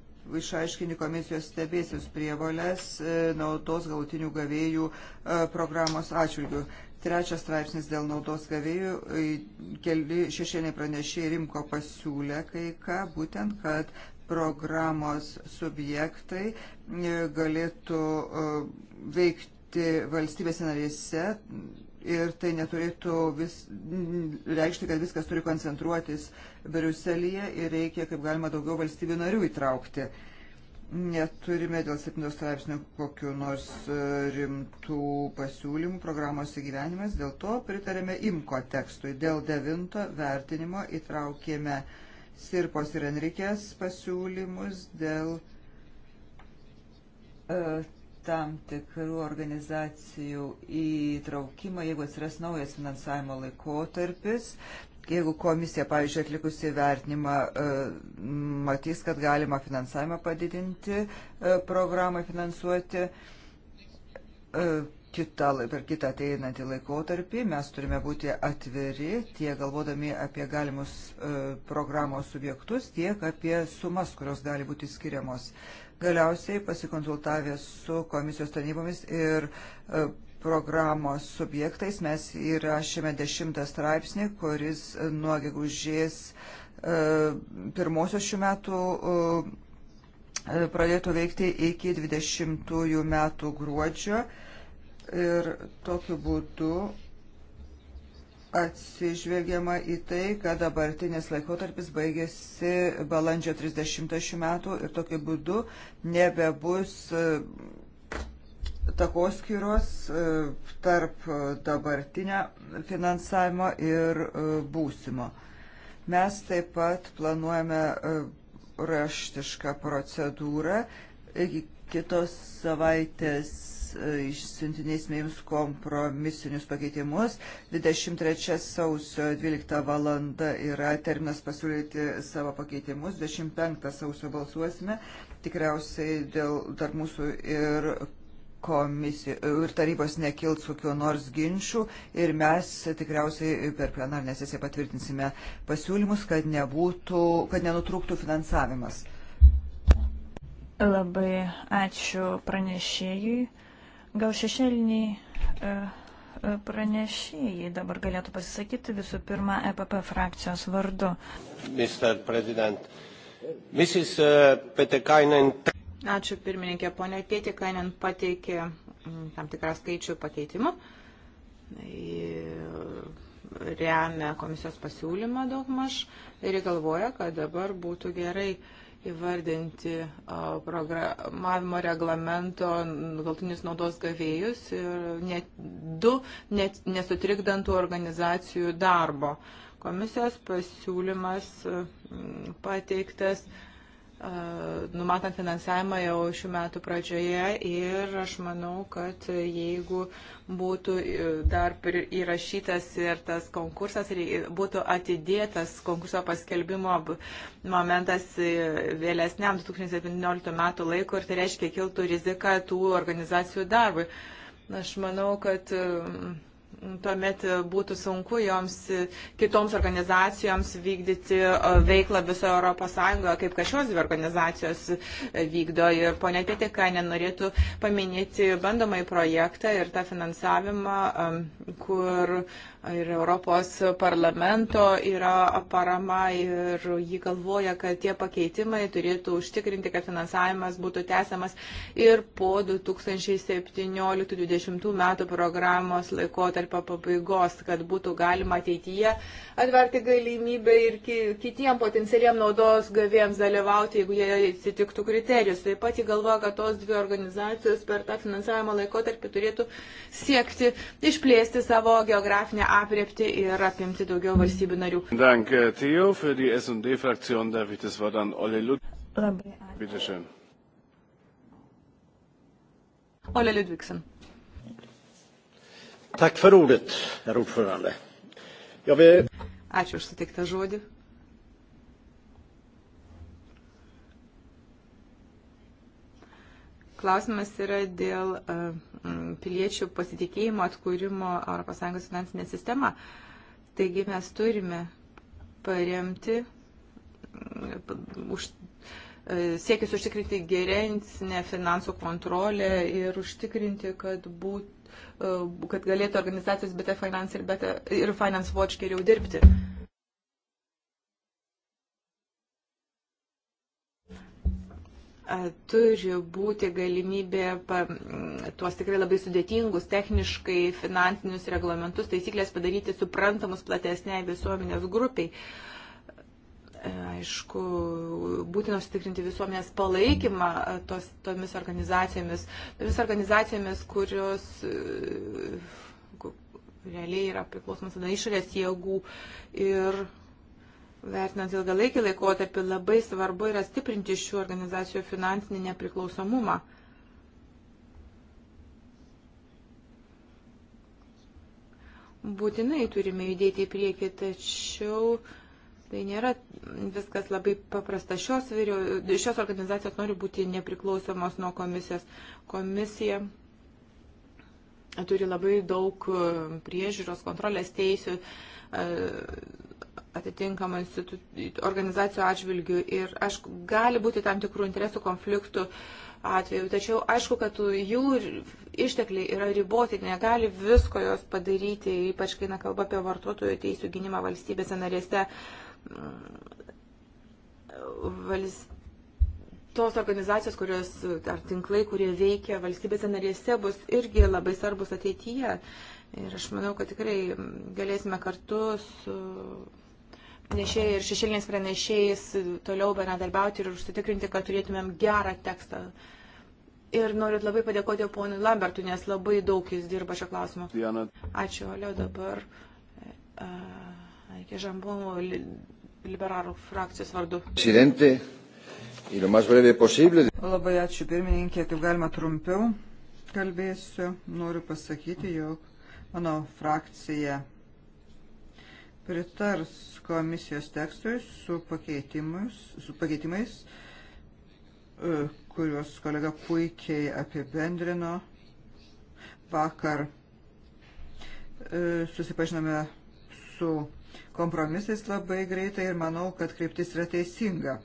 išaiškinti komisijos stebėsius prievolės e, naudos galutinių gavėjų e, programos atžvilgių. Trečias straipsnis dėl naudos gavėjų. Keli šešėliai pranešėjai rimko pasiūlė kai ką, būtent, kad programos subjektai e, galėtų e, veikti valstybėse narėse ir tai neturėtų vis, reikšti, kad viskas turi koncentruotis Briuselėje ir reikia kaip galima daugiau valstybių narių įtraukti. Uh, neturime dėl 7 straipsnio kokiu nors e, rimtų pasiūlymų programos įgyvenimas, dėl to pritarėme imko tekstui. Dėl 9 vertinimo įtraukėme Sirpos ir Enrikės pasiūlymus dėl e, tam tikrų organizacijų įtraukimą, jeigu atsiras naujas finansavimo laikotarpis jeigu komisija, pavyzdžiui, atlikusi vertinimą, e, matys, kad galima finansavimą padidinti, e, programą finansuoti e, kitą, per kitą ateinantį laikotarpį, mes turime būti atviri tiek galvodami apie galimus programos subjektus, tiek apie sumas, kurios gali būti skiriamos. Galiausiai pasikonsultavęs su komisijos tarnybomis ir programos subjektais. Mes įrašėme dešimtą straipsnį, kuris nuo gegužės e, pirmosios šių metų e, e, pradėtų veikti iki 20 metų gruodžio ir tokiu būdu atsižvelgiama į tai, kad dabartinis laikotarpis baigėsi balandžio 30 šių metų ir tokiu būdu nebebus takoskyros e, tarp dabartinio finansavimo ir e, būsimo. Mes taip pat planuojame e, raštišką procedūrą. Iki kitos savaitės išsiuntinėsime jums kompromisinius pakeitimus. 23 sausio 12 valanda yra terminas pasiūlyti savo pakeitimus. 25 sausio balsuosime. Tikriausiai dėl tarp mūsų ir komisijos ir tarybos nekils kokiu nors ginčių ir mes tikriausiai per plenarinę sesiją patvirtinsime pasiūlymus, kad, nebūtų, kad nenutrūktų finansavimas. Labai ačiū pranešėjui. Gal šešėliniai e, e, pranešėjai dabar galėtų pasisakyti visų pirma EPP frakcijos vardu. Mr. President, Mrs. E, Petekainen. Ačiū pirmininkė, ponė Pietikainen pateikė mm, tam tikrą skaičių pakeitimų. Tai, e, remia komisijos pasiūlymą daugmaž ir galvoja, kad dabar būtų gerai įvardinti programavimo reglamento galtinius naudos gavėjus ir net du net nesutrikdantų organizacijų darbo. Komisijos pasiūlymas pateiktas. Mm, numatant finansavimą jau šių metų pradžioje ir aš manau, kad jeigu būtų e, dar įrašytas ir tas konkursas, būtų atidėtas konkurso paskelbimo momentas e, vėlesniam 2017 metų laiko ir tai reiškia kiltų rizika tų organizacijų darbui. Aš manau, kad tuomet e, būtų sunku joms e, kitoms organizacijoms vykdyti e, veiklą visoje Europos Sąjungoje, kaip kad šios dvi organizacijos vykdo. Ir ponia Pietika nenorėtų paminėti bandomai projektą ir tą finansavimą, kur ir Europos parlamento yra parama ir jį galvoja, kad tie pakeitimai turėtų užtikrinti, kad finansavimas būtų tęsiamas ir po 2017-2020 metų programos laikotarpio pabaigos, kad būtų galima ateityje atverti galimybę ir kitiem potencialiem naudos gavėjams dalyvauti, jeigu jie atsitiktų kriterijus. Taip pat jį galvoja, kad tos dvi organizacijos per tą finansavimo laikotarpį turėtų siekti išplėsti savo geografinę apriepti ir apimti daugiau valstybių narių. Dank, Theo, für die S&D Fraktion darf ich das Wort an Olle Ludwig. Labai ačiū. Bitte schön. Olle Ludvigsen. Tack för ordet, herr ordförande. Jag vill... Ačiū už sutiktą žodį. Klausimas yra dėl e, piliečių pasitikėjimo atkūrimo ES finansinė sistema. Taigi mes turime paremti už, e, siekis užtikrinti geresnę finansų kontrolę ir užtikrinti, kad, būt, e, kad galėtų organizacijos BT Finance ir, BT, ir Finance Watch geriau dirbti. turi būti galimybė pa, tuos tikrai labai sudėtingus techniškai finansinius reglamentus, taisyklės padaryti suprantamus platesniai visuomenės grupiai. E, aišku, būtina užtikrinti visuomenės palaikymą tos, tomis organizacijomis, tomis organizacijomis, kurios e, realiai yra priklausomas nuo išorės jėgų ir Vertinant ilgalaikį laikotarpį, labai svarbu yra stiprinti šių organizacijų finansinį nepriklausomumą. Būtinai turime judėti į priekį, tačiau tai nėra viskas labai paprasta. Šios, vyrio, šios organizacijos nori būti nepriklausomos nuo komisijos. Komisija turi labai daug priežiūros kontrolės teisių atitinkamų organizacijų atžvilgių ir aš, gali būti tam tikrų interesų konfliktų atveju, tačiau aišku, kad jų ištekliai yra riboti, negali visko jos padaryti, ypač kai na, kalba apie vartotojų teisų gynimą valstybėse narėse. Mm, Valst... Tos organizacijos, kurios ar tinklai, kurie veikia valstybėse narėse, bus irgi labai svarbus ateityje. Ir aš manau, kad tikrai mm, galėsime kartu su nešėjai ir šešėliniais pranešėjais toliau bendradarbiauti ir užsitikrinti, kad turėtumėm gerą tekstą. Ir noriu labai padėkoti ponui Lambertui, nes labai daug jis dirba šio klausimu. Diana. Ačiū, Olio, dabar. E, e, iki žambumo liberarų frakcijos vardu. Presidente, į lo más breve posible. Labai ačiū pirmininkė, kaip galima trumpiau kalbėsiu. Noriu pasakyti, jog mano frakcija pritars komisijos tekstui su, su pakeitimais, e, kuriuos kolega puikiai apibendrino vakar. E, susipažinome su kompromisais labai greitai ir manau, kad kryptis yra teisinga.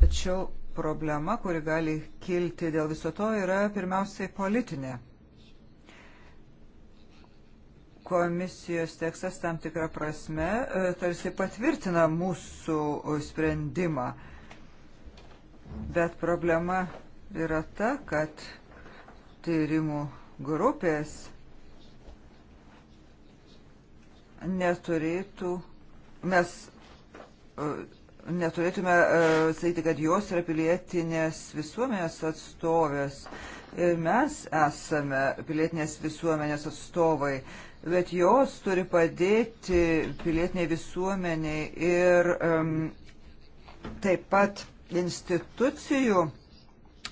Tačiau problema, kuri gali kilti dėl viso to, yra pirmiausiai politinė komisijos tekstas tam tikrą prasme e, tarsi patvirtina mūsų sprendimą. Bet problema yra ta, kad tyrimų grupės neturėtų, mes e, neturėtume e, sakyti, kad jos yra pilietinės visuomenės atstovės. Ir mes esame pilietinės visuomenės atstovai bet jos turi padėti pilietiniai visuomeniai ir um, taip pat institucijų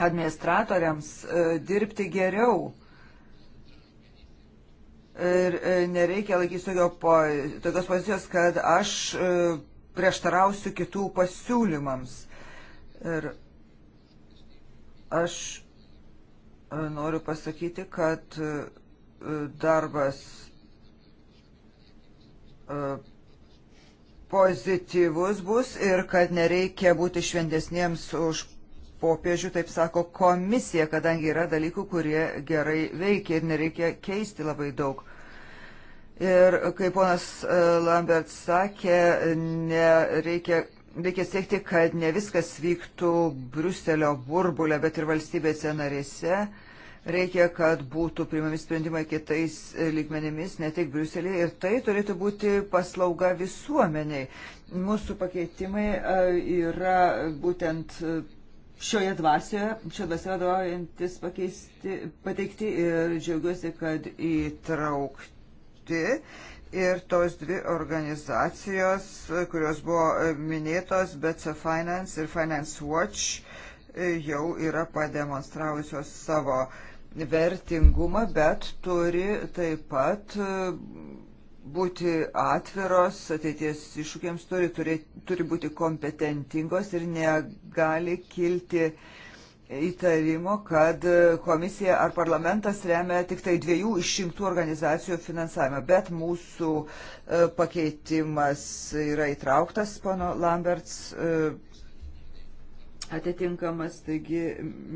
administratoriams uh, dirbti geriau. Ir uh, nereikia laikytis tokio po, tokios pozicijos, kad aš uh, prieštarausiu kitų pasiūlymams. Ir aš noriu pasakyti, kad darbas pozityvus bus ir kad nereikia būti šventesniems už popiežių, taip sako komisija, kadangi yra dalykų, kurie gerai veikia ir nereikia keisti labai daug. Ir kaip ponas e, Lambert sakė, nereikia. Reikia siekti, kad ne viskas vyktų Bruselio burbulė, bet ir valstybėse narėse. Uh, Reikia, kad būtų primami sprendimai kitais e, lygmenimis, ne tik Briuselėje. Ir tai turėtų būti paslauga visuomeniai. Mūsų pakeitimai e, yra būtent e, šioje dvasioje, šioje dvasioje vadovaujantis pateikti ir džiaugiuosi, kad įtraukti. Ir tos dvi organizacijos, kurios buvo minėtos, BC Finance ir Finance Watch, jau yra pademonstravusios savo vertingumą, bet turi taip pat e, būti atviros, ateities iššūkiams turi, turi, turi būti kompetentingos ir negali kilti įtarimo, kad komisija ar parlamentas remia tik tai dviejų išimtų organizacijų finansavimą, bet mūsų e, pakeitimas yra įtrauktas, pono Lamberts e, atitinkamas, taigi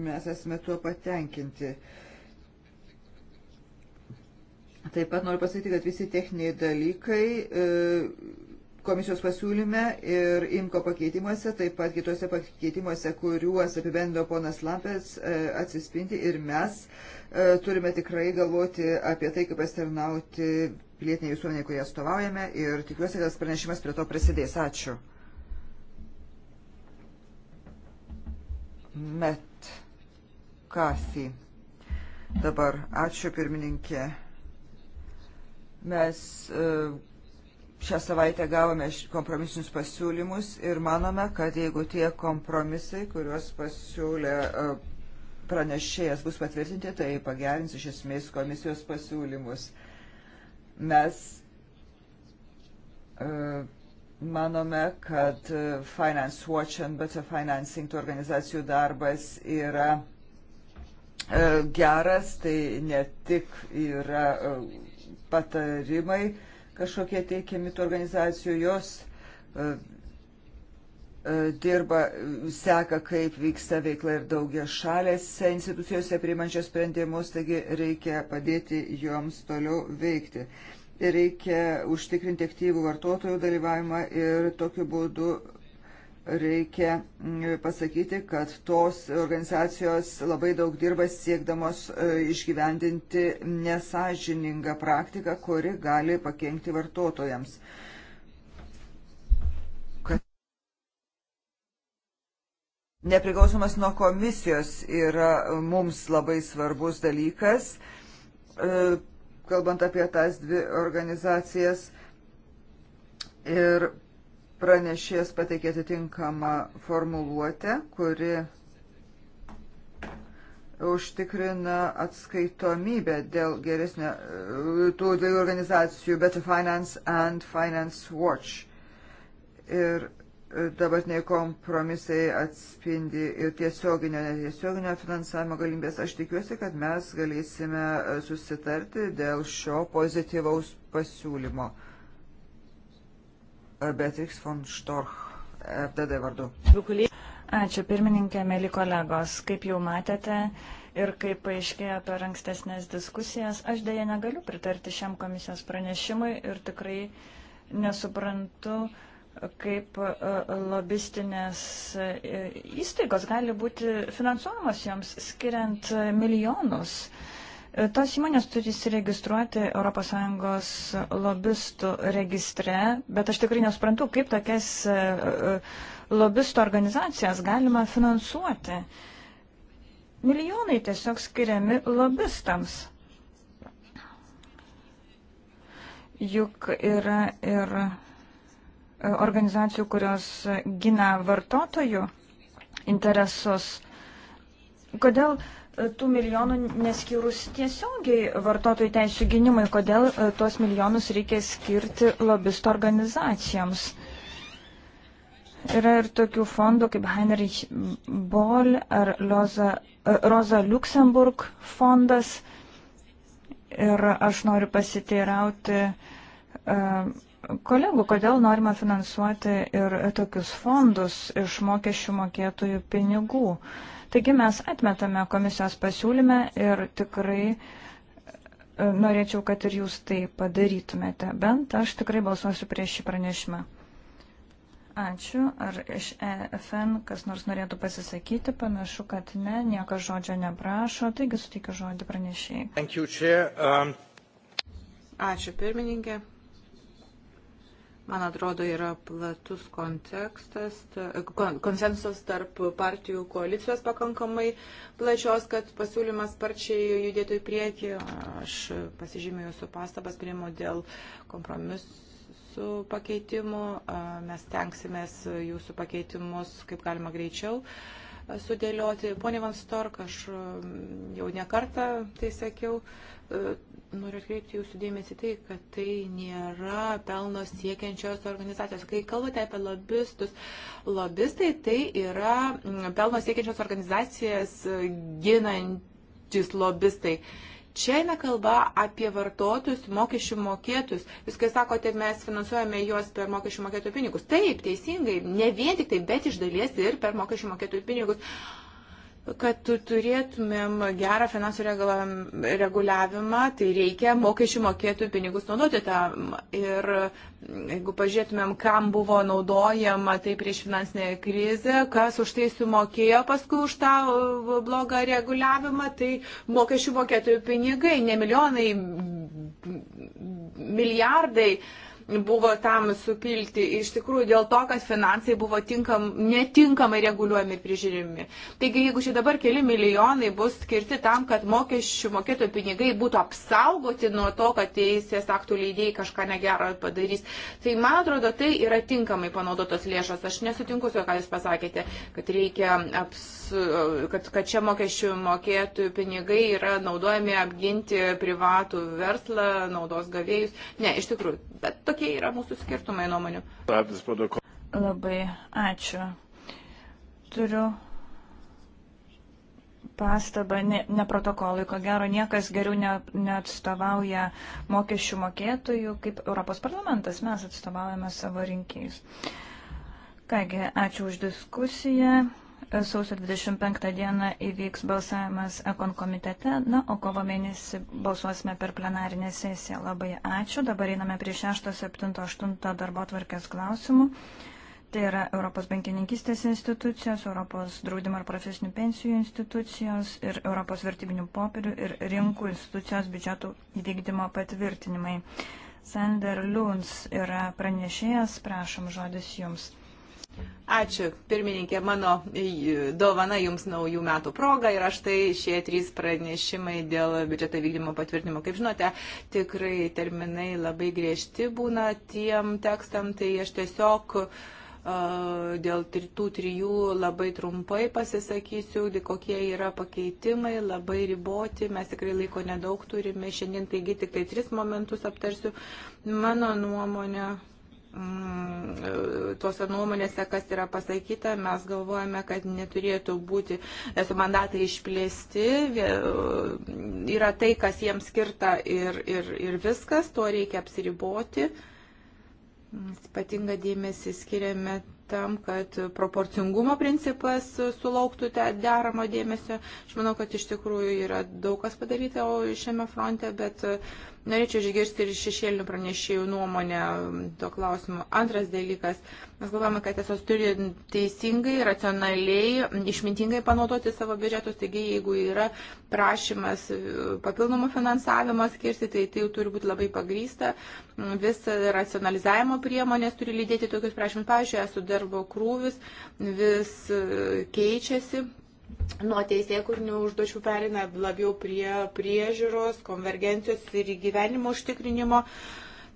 mes esame tuo patenkinti. Taip pat noriu pasakyti, kad visi techniniai dalykai e, komisijos pasiūlyme ir imko pakeitimuose, taip pat kitose pakeitimuose, kuriuos apibendino ponas Lampės, e, atsispindi ir mes e, turime tikrai galvoti apie tai, kaip pasitarnauti pilietiniai visuomeniai, kurie atstovaujame ir tikiuosi, kad pranešimas prie to prasidės. Ačiū. Met Kasi. Dabar ačiū pirmininkė. Mes e, šią savaitę gavome kompromisinius pasiūlymus ir manome, kad jeigu tie kompromisai, kuriuos pasiūlė e, pranešėjas, bus patvirtinti, tai pagerins iš esmės komisijos pasiūlymus. Mes e, Manome, kad e, Finance Watch and Better Financing tų organizacijų darbas yra e, geras, tai ne tik yra e, patarimai kažkokie teikiami tų organizacijų, jos dirba, seka, kaip vyksta veikla ir daugia šalėse institucijose priimančios sprendimus, taigi reikia padėti joms toliau veikti reikia užtikrinti aktyvų vartotojų dalyvavimą ir tokiu būdu reikia pasakyti, kad tos organizacijos labai daug dirba siekdamos e, išgyvendinti nesažiningą praktiką, kuri gali pakengti vartotojams. Nepriklausomas nuo komisijos yra mums labai svarbus dalykas e, kalbant apie tas dvi organizacijas ir pranešės pateikė atitinkamą formuluotę, kuri užtikrina atskaitomybę dėl geresnio tų dviejų organizacijų Better Finance and Finance Watch. Ir dabartiniai kompromisai atspindi ir tiesioginio, netiesioginio finansavimo galimybės. Aš tikiuosi, kad mes galėsime e, susitarti dėl šio pozityvaus pasiūlymo. E, Beatrix von Storch, FDD vardu. Ačiū pirmininkė, mėly kolegos. Kaip jau matėte ir kaip paaiškėjo per ankstesnės diskusijas, aš dėja negaliu pritarti šiam komisijos pranešimui ir tikrai nesuprantu, uh, kaip e, lobistinės e, įstaigos gali būti finansuojamos joms skiriant e, milijonus. Tos įmonės turi įsiregistruoti ES lobistų registre, bet aš tikrai nesuprantu, kaip tokias lobistų organizacijas galima finansuoti. Milijonai tiesiog skiriami lobistams. Juk yra ir. Yra organizacijų, kurios gina vartotojų interesus. Kodėl e, tų milijonų neskyrus tiesiogiai vartotojų teisų gynimui, kodėl e, tuos milijonus reikia skirti lobisto organizacijoms? Yra ir tokių fondų kaip Heinrich Boll ar Loza, e, Rosa Luxemburg fondas. Ir aš noriu pasiteirauti. Uh, kolegų, kodėl norima finansuoti ir tokius fondus iš mokesčių mokėtojų pinigų. Taigi mes atmetame komisijos pasiūlymę ir tikrai e, norėčiau, kad ir jūs tai padarytumėte. Bent aš tikrai balsuosiu prieš šį pranešimą. Ačiū. Ar iš EFN kas nors norėtų pasisakyti? Panašu, kad ne, niekas žodžio neprašo, taigi suteikiu žodį pranešėjai. Um... Ačiū pirmininkė man atrodo, yra platus kontekstas, konsensus tarp partijų koalicijos pakankamai plačios, kad pasiūlymas sparčiai judėtų į priekį. Aš pasižymėjau jūsų pastabas priemo dėl kompromisų pakeitimų. Mes tenksimės jūsų pakeitimus kaip galima greičiau sudėlioti. Pone Van Stork, aš jau nekartą tai sakiau, E, noriu atkreipti jūsų dėmesį tai, kad tai nėra pelno siekiančios organizacijos. Kai kalbate apie lobistus, lobistai tai yra pelno siekiančios organizacijas e, ginantis lobistai. Čia eina kalba apie vartotojus, mokesčių mokėtus. Jūs kai sakote, mes finansuojame juos per mokesčių mokėtojų pinigus. Taip, teisingai, ne vien tik tai, bet iš dalies ir per mokesčių mokėtojų pinigus kad turėtumėm gerą finansų reguliavimą, tai reikia mokesčių mokėtų pinigus naudoti tam. Ir jeigu pažiūrėtumėm, kam buvo naudojama tai prieš finansinę krizę, kas už tai sumokėjo paskui už tą blogą reguliavimą, tai mokesčių mokėtojų pinigai, ne milijonai, milijardai. Uh, buvo tam supilti iš tikrųjų dėl to, kad finansai buvo tinkam, netinkamai reguliuojami ir prižiūrimi. Taigi, jeigu čia dabar keli milijonai bus skirti tam, kad mokesčių mokėtojų pinigai būtų apsaugoti nuo to, kad teisės aktų leidėjai kažką negero padarys, tai man atrodo, tai yra tinkamai panaudotos lėšos. Aš nesutinku su juo, ką jūs pasakėte, kad reikia apsaugoti kad, kad čia mokesčių mokėtojų pinigai yra naudojami apginti privatų verslą, naudos gavėjus. Ne, iš tikrųjų, bet tokie yra mūsų skirtumai nuomonių. Labai ačiū. Turiu pastabą, ne, ne protokolui, ko gero niekas geriau ne, neatstovauja mokesčių mokėtojų, kaip Europos parlamentas mes atstovaujame savo rinkėjus. Kągi, ačiū už diskusiją. Sausio 25 dieną įvyks balsavimas Ekon komitete, na, o kovo mėnesį balsuosime per plenarinę sesiją. Labai ačiū. Dabar einame prie 6, 7, 8 darbo tvarkės klausimų. Tai yra Europos bankininkistės institucijos, Europos draudimo ir profesinių pensijų institucijos ir Europos vertybinių popierių ir rinkų institucijos biudžetų įvykdymo patvirtinimai. Sander Luns yra pranešėjas, prašom žodis jums. Ačiū, pirmininkė, mano e, dovana jums naujų metų proga ir aš tai šie trys pranešimai dėl biudžeto vykdymo patvirtinimo. Kaip žinote, tikrai terminai labai griežti būna tiem tekstam, tai aš tiesiog e, dėl tų trijų labai trumpai pasisakysiu, kokie yra pakeitimai, labai riboti, mes tikrai laiko nedaug turime, šiandien taigi tik tai tris momentus aptarsiu. Mano nuomonė Mm, tuose nuomonėse, kas yra pasakyta, mes galvojame, kad neturėtų būti mandatai išplėsti, yra tai, kas jiems skirta ir, ir, ir viskas, tuo reikia apsiriboti. Ypatinga dėmesį skiriame tam, kad proporcingumo principas sulauktų deramo dėmesio. Aš manau, kad iš tikrųjų yra daug kas padaryta šiame fronte, bet uh, Norėčiau išgirsti ir šešėlinių pranešėjų nuomonę to klausimu. Antras dalykas, mes galvojame, kad esos turi teisingai, racionaliai, išmintingai panaudoti savo biudžetus, taigi jeigu yra prašymas papildomų finansavimo skirti, tai tai turi būti labai pagrysta. Visa racionalizavimo priemonės turi lydėti tokius prašymus. Pavyzdžiui, esu darbo krūvis, vis keičiasi, nuo teisėkurnių užduočių perina labiau prie priežiūros, konvergencijos ir įgyvenimo užtikrinimo.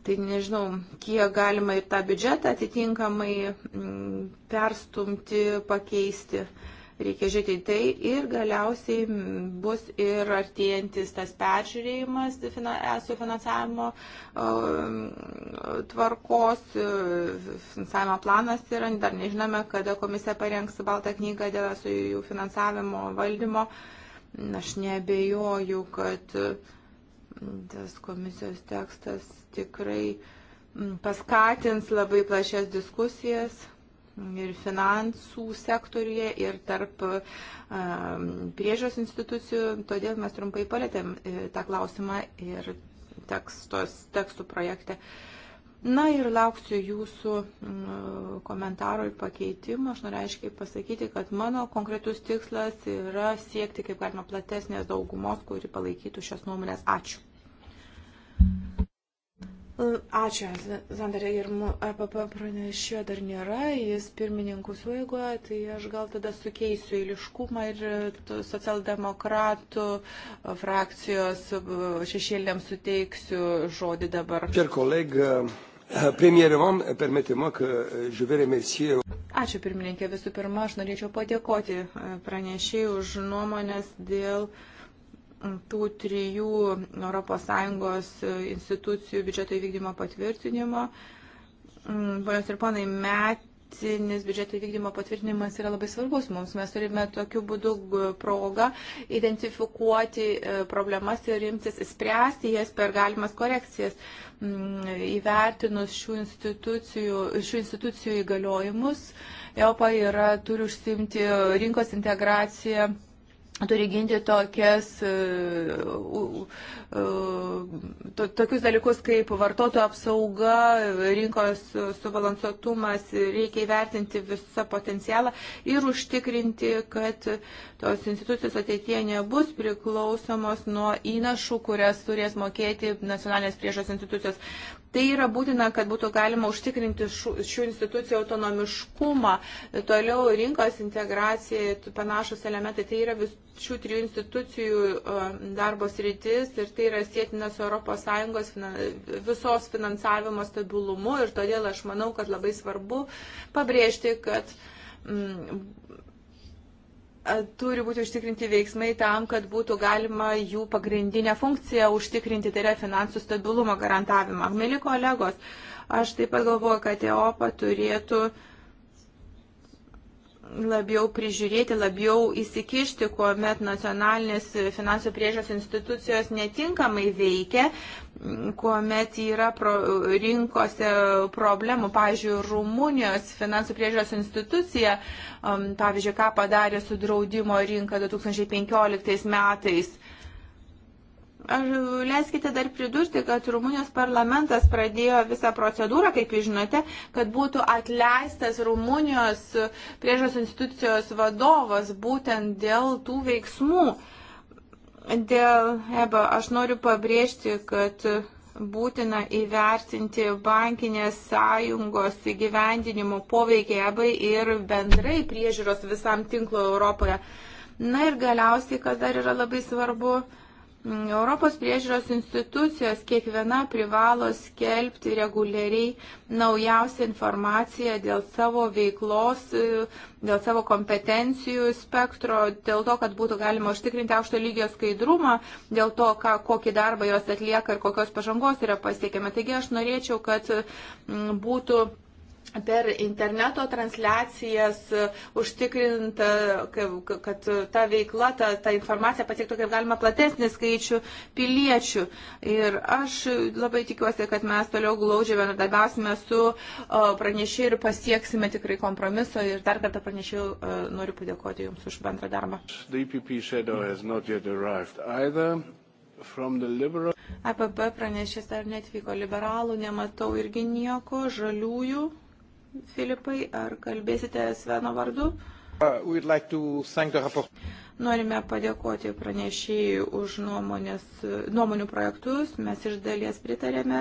Tai nežinau, kiek galima ir tą biudžetą atitinkamai mm, perstumti, pakeisti. Uh, reikia žiūrėti į tai ir galiausiai bus ir artėjantis tas peržiūrėjimas su finansavimo um, tvarkos, finansavimo planas yra, dar nežinome, kada komisija parengs baltą knygą dėl su jų finansavimo valdymo. Aš nebejoju, kad mm, tas komisijos tekstas tikrai mm, paskatins labai plačias diskusijas ir finansų sektoriuje, ir tarp ehm, priežios institucijų. Todėl mes trumpai palėtėm e, tą klausimą ir tekstos, tekstų projekte. Na ir lauksiu jūsų mm, komentarų ir pakeitimų. Aš noriu aiškiai pasakyti, kad mano konkretus tikslas yra siekti kaip galima platesnės daugumos, kuri palaikytų šias nuomonės. Ačiū. Ačiū, Zandarė, ir APP e pranešėjo dar nėra, jis pirmininkų suėgoja, tai aš gal tada sukeisiu įliškumą ir e, socialdemokratų e, frakcijos šešėlėms suteiksiu žodį dabar. Ačiū pirmininkė, visų pirma, aš norėčiau padėkoti pranešėjai už nuomonės dėl uh, tų trijų ES institucijų biudžeto įvykdymo patvirtinimo. Mm, ponios ir ponai, metinis biudžeto įvykdymo patvirtinimas yra labai svarbus mums. Mes turime tokiu būdu progą identifikuoti e, problemas ir imtis spręsti jas per galimas korekcijas. Mm, įvertinus šių institucijų, šių institucijų įgaliojimus, EOPA yra, turi užsimti rinkos integraciją turi ginti tokias, e, e, to, tokius dalykus kaip vartotojų apsauga, rinkos subalansuotumas, reikia įvertinti visą potencialą ir užtikrinti, kad tos institucijos ateitie nebus priklausomos nuo įnašų, kurias turės mokėti nacionalinės priežos institucijos. Tai yra būtina, kad būtų galima užtikrinti šių institucijų autonomiškumą, toliau rinkos integracija, panašus elementai. Tai yra vis, šių trijų institucijų darbo sritis ir tai yra sėtina su ES visos finansavimo stabilumu ir todėl aš manau, kad labai svarbu pabrėžti, kad turi būti užtikrinti veiksmai tam, kad būtų galima jų pagrindinę funkciją užtikrinti, tai yra finansų stabilumo garantavimą. Mėly kolegos, aš taip pat galvoju, kad EOPA turėtų uh, labiau prižiūrėti, labiau įsikišti, kuomet nacionalinės finansų priežos institucijos netinkamai veikia, kuomet yra pro, rinkose problemų. Pavyzdžiui, Rumunijos finansų priežos institucija, um, pavyzdžiui, ką padarė su draudimo rinka 2015 metais Aš leiskite dar pridurti, kad Rumunijos parlamentas pradėjo visą procedūrą, kaip jūs žinote, kad būtų atleistas Rumunijos priežos institucijos vadovas būtent dėl tų veiksmų. Dėl EBA aš noriu pabrėžti, kad būtina įvertinti bankinės sąjungos įgyvendinimo poveikį EBA ir bendrai priežiūros visam tinklo Europoje. Na ir galiausiai, kas dar yra labai svarbu, Europos priežiūros institucijos kiekviena privalo skelbti reguliariai naujausią informaciją dėl savo veiklos, e, dėl savo kompetencijų spektro, dėl to, kad būtų galima užtikrinti aukšto lygio skaidrumą, dėl to, ką, kokį darbą jos atlieka ir kokios pažangos yra pasiekiama. Taigi aš norėčiau, kad būtų per interneto transliacijas e, užtikrinta, e, kad ta veikla, ta, ta informacija pasiektų kaip galima platesnį skaičių piliečių. Ir aš labai tikiuosi, kad mes toliau glaudžiai bendradarbiausime su e, pranešėju ir pasieksime tikrai kompromiso. Ir dar kartą pranešėjau, noriu padėkoti Jums už bendrą darbą. Liberal... APP pranešės ar netvyko liberalų, nematau irgi nieko, žaliųjų. Filipai, ar kalbėsite Sveno vardu? Uh, like Norime padėkoti pranešėjai už nuomonės, nuomonių projektus. Mes iš dalies pritarėme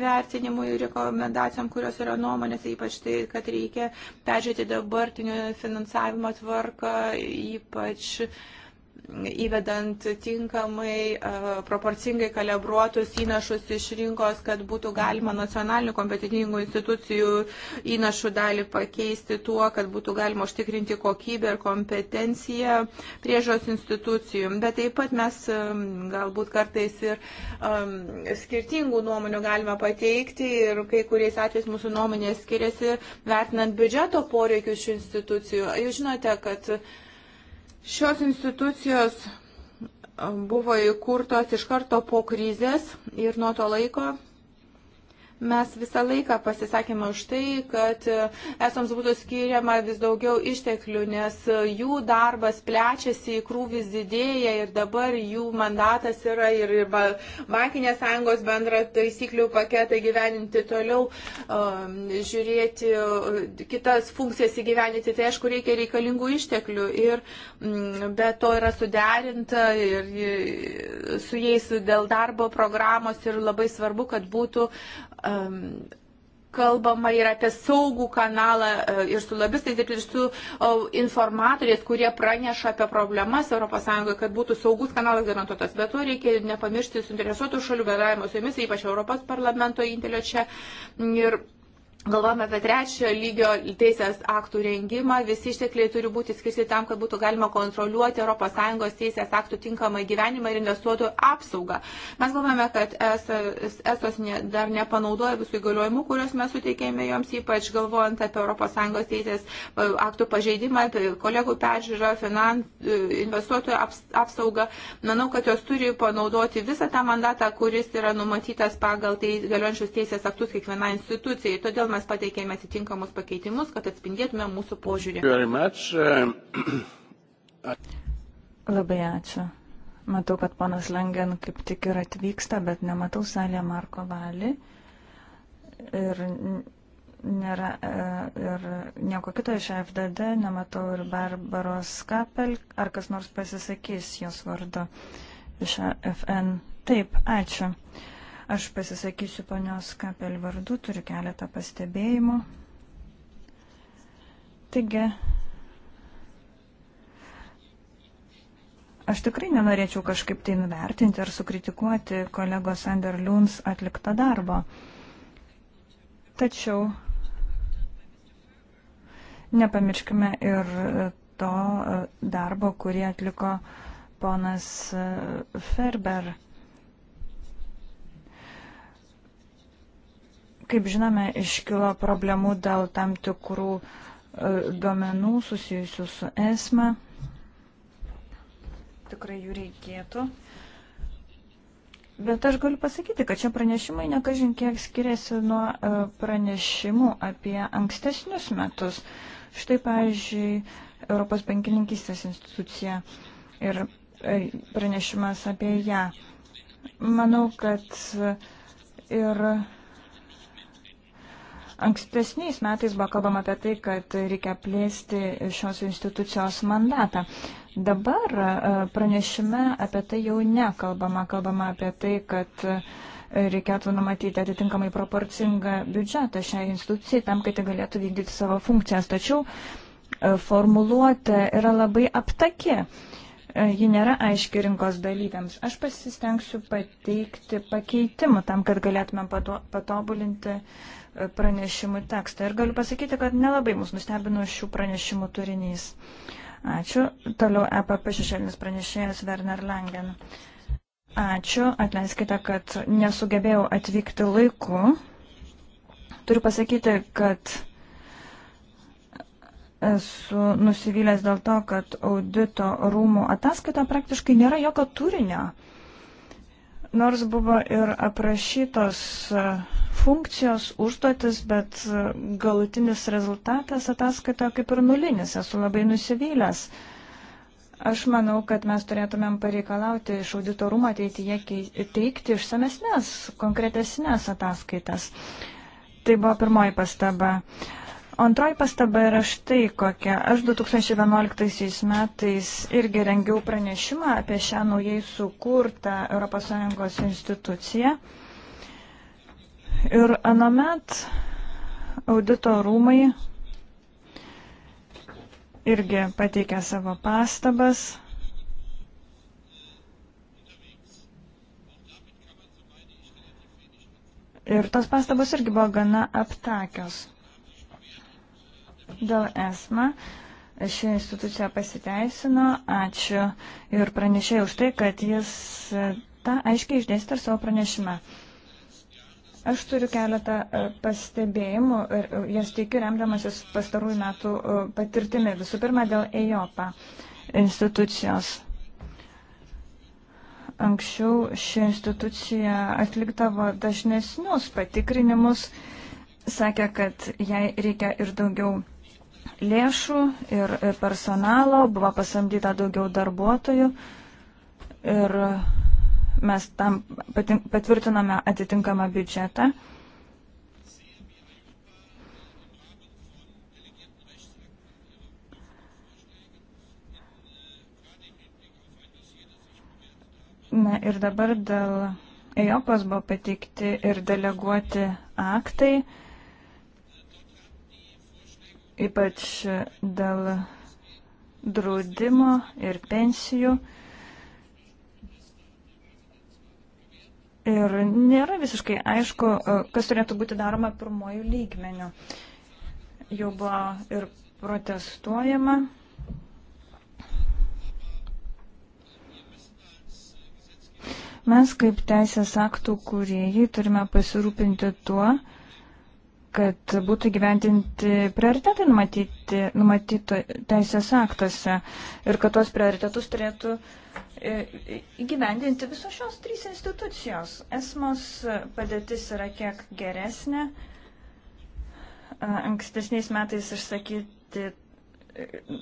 įvertinimui ir rekomendacijom, kurios yra nuomonės, ypač tai, kad reikia peržiūrėti dabartinio finansavimo tvarką, ypač uh, įvedant tinkamai proporcingai kalibruotus įnašus iš rinkos, kad būtų galima nacionalinių kompetitingų institucijų įnašų dalį pakeisti tuo, kad būtų galima užtikrinti kokybę ir kompetenciją priežos institucijų. Bet taip pat mes galbūt kartais ir um, skirtingų nuomonių galime pateikti ir kai kuriais atvejais mūsų nuomonės skiriasi vertinant biudžeto poreikius šių institucijų. Jūs žinote, kad uh, Šios institucijos buvo įkurtos iš karto po krizės ir nuo to laiko Mes visą laiką pasisakėme už tai, kad esams būtų skiriama vis daugiau išteklių, nes jų darbas plečiasi, krūvis didėja ir dabar jų mandatas yra ir, ir bankinės sąjungos bendra taisyklių paketą gyveninti toliau, um, žiūrėti uh, kitas funkcijas įgyveninti. Tai aišku, reikia reikalingų išteklių ir mm, be to yra suderinta ir su jais dėl darbo programos ir labai svarbu, kad būtų uh, um, kalbama ir apie saugų kanalą e, ir su lobistais, ir su informatoriais, kurie praneša apie problemas ES, kad būtų saugus kanalas garantuotas. Bet to reikia nepamiršti suinteresuotų šalių bendravimo su jomis, ypač Europos parlamento intelio čia. Ir Galvojame apie trečiojo lygio teisės aktų rengimą. Visi ištekliai turi būti skirti tam, kad būtų galima kontroliuoti ES teisės aktų tinkamą gyvenimą ir investuotojų apsaugą. Mes galvojame, kad ES, ESOS ne, dar nepanaudoja visų įgaliojimų, kuriuos mes suteikėme joms, ypač galvojant apie ES teisės e, aktų pažeidimą, kolegų peržiūrą, finan, e, investuotojų aps, apsaugą. Manau, kad jos turi panaudoti visą tą mandatą, kuris yra numatytas pagal tai galiojančius teisės aktus kiekvienai institucijai. Todėl mes pateikėme atitinkamus pakeitimus, kad atspindėtume mūsų požiūrį. Uh, Labai ačiū. Matau, kad panas Lengen kaip tik ir atvyksta, bet nematau salėje Marko Valį. Ir nėra e, ir nieko kito iš FDD, nematau ir Barbaros Kapel, ar kas nors pasisakys jos vardu iš FN. Taip, ačiū. Aš pasisakysiu ponios Kapel vardu, turiu keletą pastebėjimų. Taigi, aš tikrai nenorėčiau kažkaip tai nuvertinti ar sukritikuoti kolegos Sander Luns atliktą darbą. Tačiau nepamirškime ir to darbo, kurį atliko ponas Ferber. Kaip žinome, iškilo problemų dėl tam tikrų e, duomenų susijusių su esma. Tikrai jų reikėtų. Bet aš galiu pasakyti, kad čia pranešimai nekažin kiek skiriasi nuo e, pranešimų apie ankstesnius metus. Štai, pavyzdžiui, Europos bankininkistės institucija ir e, pranešimas apie ją. Manau, kad ir Ankstesniais metais buvo kalbama apie tai, kad reikia plėsti šios institucijos mandatą. Dabar e, pranešime apie tai jau nekalbama. Kalbama apie tai, kad e, reikėtų numatyti atitinkamai proporcingą biudžetą šiai institucijai tam, kad jie galėtų vykdyti savo funkcijas. Tačiau e, formuluotė yra labai aptaki. Ji nėra aiški rinkos dalyviams. Aš pasistengsiu pateikti pakeitimų tam, kad galėtume patobulinti uh, pranešimų tekstą. Ir galiu pasakyti, kad nelabai mus nustebino šių pranešimų turinys. Ačiū. Toliau EPP šešėlinis pranešėjas Werner Langen. Ačiū. Atleiskite, kad nesugebėjau atvykti laiku. Turiu pasakyti, kad esu nusivylęs dėl to, kad audito rūmų ataskaita praktiškai nėra jokio turinio. Uh, Nors buvo ir aprašytos e, funkcijos, užduotis, bet e, galutinis rezultatas ataskaitoje kaip ir nulinis. Esu labai nusivylęs. Aš manau, kad mes turėtumėm pareikalauti iš auditorumo ateityje teikti išsamesnės, konkretesnės ataskaitas. Tai buvo pirmoji pastaba. Uh, Antroji pastaba yra štai kokia. Aš 2011 metais irgi rengiau pranešimą apie šią naujai sukurtą ES instituciją. Ir anomet audito rūmai irgi pateikė savo pastabas. Ir tos pastabos irgi buvo gana aptakios dėl ESMA. Ši institucija pasiteisino. Ačiū ir pranešėjau už tai, kad jis e, tą aiškiai išdėstė savo pranešime. Aš turiu keletą e, pastebėjimų ir e, jas teikiu remdamasis pastarųjų metų patirtimi. Visų pirma, dėl EJOPA institucijos. Anksčiau ši institucija atliktavo dažnesnius patikrinimus, sakė, kad jai reikia ir daugiau lėšų ir personalo, buvo pasamdyta daugiau darbuotojų ir mes tam patvirtiname atitinkamą biudžetą. Na ir dabar dėl EOPOS buvo pateikti ir deleguoti aktai ypač dėl draudimo ir pensijų. Ir nėra visiškai aišku, kas turėtų būti daroma pirmojų lygmenių. Jau buvo ir protestuojama. Mes kaip teisės aktų kūrėjai turime pasirūpinti tuo, kad būtų gyventinti prioritetai numatyti, numatyto teisės aktuose ir kad tuos prioritetus turėtų e, e, įgyvendinti visos šios trys institucijos. Esmos padėtis yra kiek geresnė. Ankstesniais metais išsakyti, e,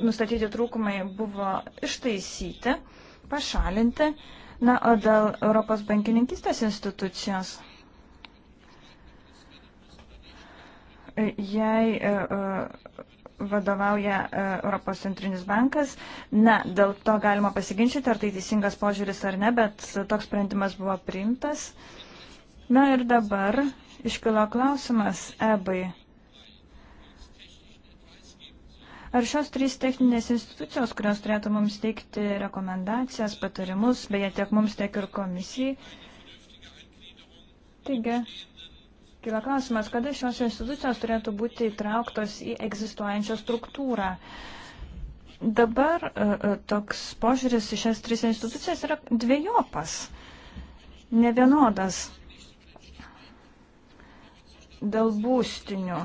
nustatyti trūkumai buvo ištaisyti, pašalinti. Na, o dėl Europos bankininkistės institucijos jai e, e, vadovauja e, Europos centrinis bankas. Na, dėl to galima pasiginčyti, ar tai teisingas požiūris ar ne, bet toks sprendimas buvo priimtas. Na ir dabar iškilo klausimas EBAI. Ar šios trys techninės institucijos, kurios turėtų mums teikti rekomendacijas, patarimus, beje, tiek mums, tiek ir komisijai. Taigi, Kila klausimas, kada šios institucijos turėtų būti įtrauktos į egzistuojančią struktūrą. Dabar e, e, toks požiūris į šias tris institucijas yra dviejopas, nevienodas dėl būstinių.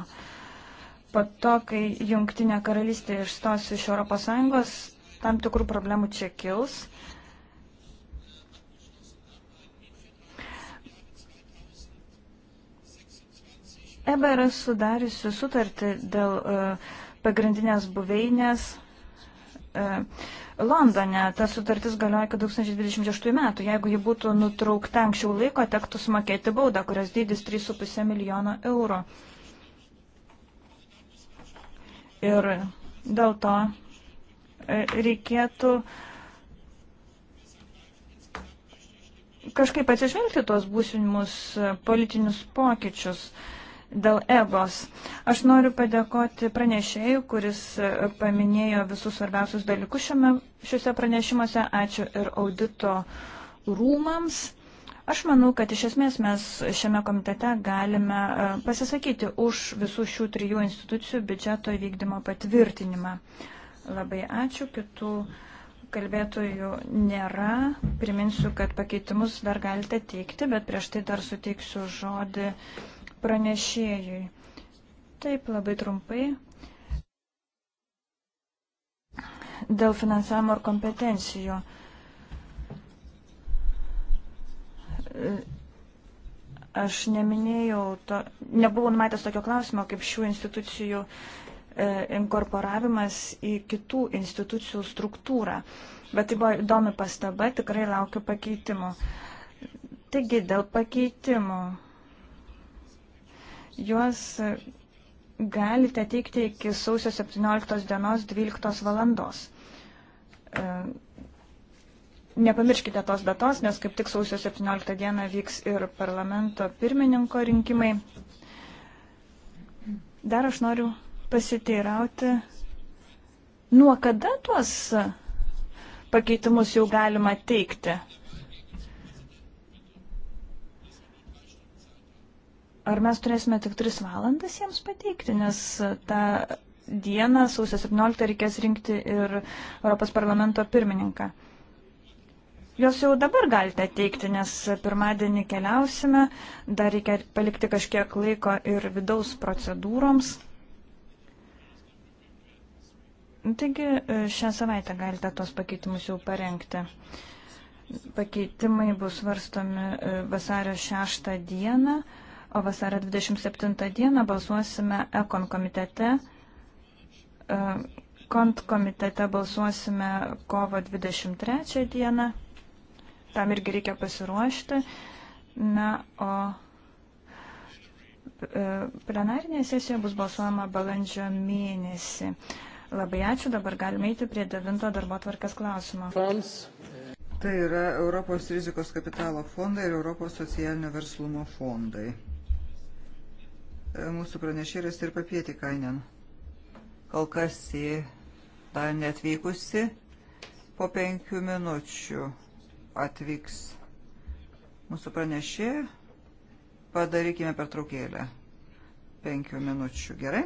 Po to, kai Junktinė karalystė išstos iš ES, tam tikrų problemų čia kils. Uh, EBA yra sudariusi sutartį dėl e, pagrindinės buveinės e, Londone. Ta sutartis galioja iki 2028 metų. Jeigu ji būtų nutraukta anksčiau laiko, tektų sumokėti baudą, kurios dydis 3,5 milijono eurų. Ir dėl to e, reikėtų kažkaip atsižvelgti tuos būsimus politinius pokyčius. Uh, dėl egos. Aš noriu padėkoti pranešėjui, kuris e, paminėjo visus svarbiausius dalykus šiame, šiuose pranešimuose. Ačiū ir audito rūmams. Aš manau, kad iš esmės mes šiame komitete galime e, pasisakyti už visų šių trijų institucijų biudžeto įvykdymo patvirtinimą. Labai ačiū. Kitų kalbėtojų nėra. Priminsiu, kad pakeitimus dar galite teikti, bet prieš tai dar suteiksiu žodį pranešėjui. Taip, labai trumpai. Dėl finansavimo ir kompetencijų. Aš neminėjau, to, nebuvau numatęs tokio klausimo, kaip šių institucijų e, inkorporavimas į kitų institucijų struktūrą. Bet tai buvo įdomi pastaba, tikrai laukiu pakeitimų. Taigi, dėl pakeitimų Juos galite teikti iki sausio 17 dienos 12 valandos. E, nepamirškite tos datos, nes kaip tik sausio 17 dieną vyks ir parlamento pirmininko rinkimai. Dar aš noriu pasiteirauti, nuo kada tuos pakeitimus jau galima teikti? Ar mes turėsime tik 3 valandas jiems pateikti, nes tą dieną, sausio 17, reikės rinkti ir Europos parlamento pirmininką. Jos jau dabar galite teikti, nes pirmadienį keliausime, dar reikia palikti kažkiek laiko ir vidaus procedūroms. Taigi šią savaitę galite tos pakeitimus jau parengti. Pakeitimai bus svarstomi e, vasario 6 dieną o vasario 27 dieną balsuosime ekon komitete. E, Kont komitete balsuosime kovo 23 dieną. Tam irgi reikia pasiruošti. Na, o e, plenarinėje sesijoje bus balsuojama balandžio mėnesį. Labai ačiū, dabar galime eiti prie devinto darbo tvarkės klausimo. Fonds. Tai yra Europos rizikos kapitalo fondai ir Europos socialinio verslumo fondai mūsų pranešėjas ir papieti kainen. Kol kas jį dar netvykusi, po penkių minučių atvyks mūsų pranešėja. Padarykime pertraukėlę penkių minučių, gerai?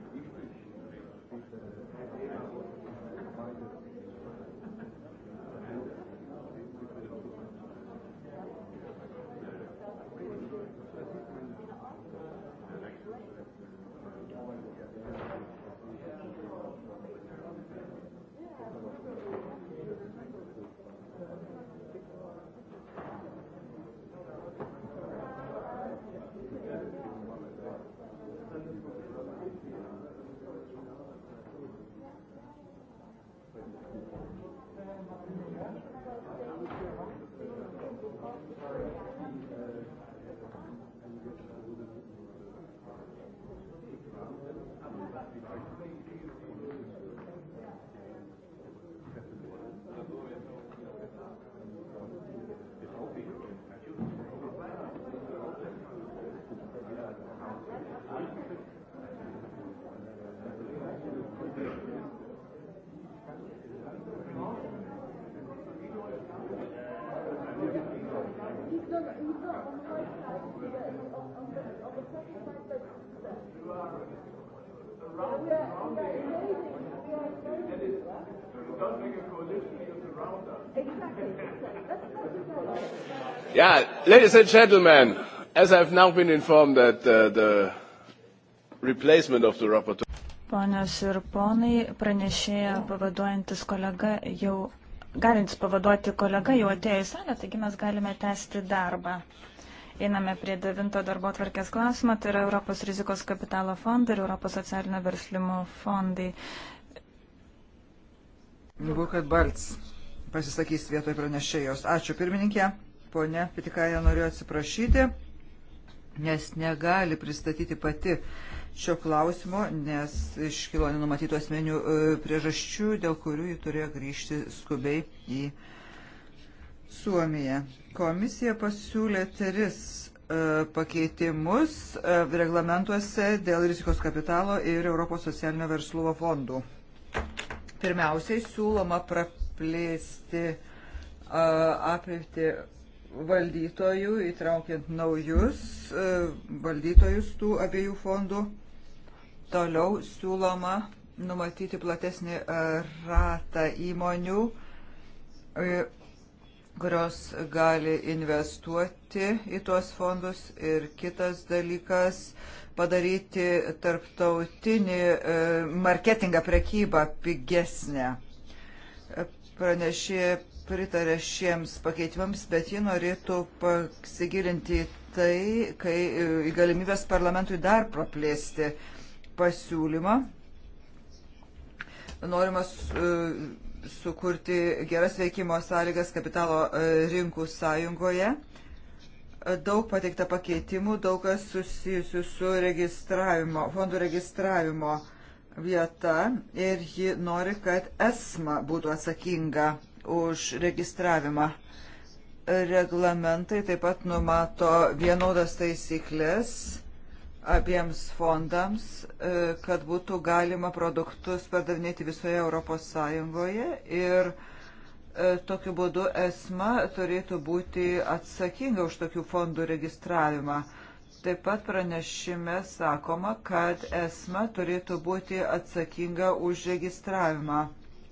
Thank you. Yeah, ladies and gentlemen, as I've now been informed that uh, the replacement of the rapporteur. Ponios ir ponai, pranešėja pavaduojantis kolega jau, galintis pavaduoti kolega jau atėjo į salę, taigi mes galime tęsti darbą. Einame prie devinto darbo tvarkės klausimą, tai yra Europos rizikos kapitalo fondai ir Europos socialinio verslimo fondai. Bukat Balts pasisakys vietoj pranešėjos. Ačiū pirmininkė. Pone Pitikaja norėjo atsiprašyti, nes negali pristatyti pati šio klausimo, nes iškilo nenumatytų asmenių e, priežasčių, dėl kurių jį turėjo grįžti skubiai į Suomiją. Komisija pasiūlė tris e, pakeitimus e, reglamentuose dėl rizikos kapitalo ir Europos socialinio verslumo fondų. Pirmiausiai siūloma pra plėsti apriepti valdytojų, įtraukiant naujus valdytojus tų abiejų fondų. Toliau siūloma numatyti platesnį ratą įmonių, kurios gali investuoti į tuos fondus. Ir kitas dalykas - padaryti tarptautinį marketingą prekybą pigesnę pranešė pritarė šiems pakeitimams, bet ji norėtų pasigilinti tai, kai e, į galimybės parlamentui dar praplėsti pasiūlymą. Norimas e, sukurti geras veikimo sąlygas kapitalo e, rinkų sąjungoje. Daug pateikta pakeitimų, daug kas susijusių su registravimo, fondų registravimo vieta ir ji nori, kad ESMA būtų atsakinga už registravimą. Reglamentai taip pat numato vienodas taisyklės abiems fondams, e, kad būtų galima produktus pardavinėti visoje Europos Sąjungoje ir e, tokiu būdu ESMA turėtų būti atsakinga už tokių fondų registravimą. Taip pat pranešime sakoma, kad esma turėtų būti atsakinga už registravimą,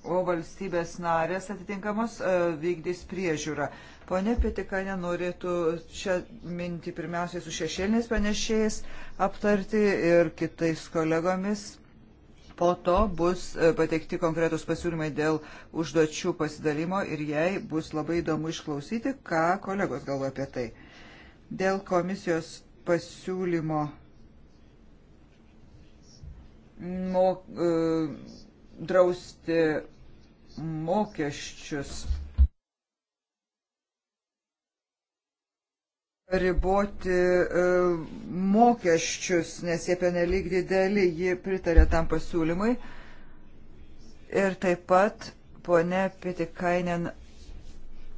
o valstybės narės atitinkamos e, vykdys priežiūrą. Pone Pitikanė norėtų čia minti pirmiausiai su šešėliniais pranešėjais aptarti ir kitais kolegomis. Po to bus e, pateikti konkretus pasiūlymai dėl užduočių pasidalimo ir jai bus labai įdomu išklausyti, ką kolegos galvoja apie tai. Dėl komisijos pasiūlymo mo, e, drausti mokesčius, riboti e, mokesčius, nes jie penelyg dideli, ji pritarė tam pasiūlymui. Ir taip pat ponia Pitikainen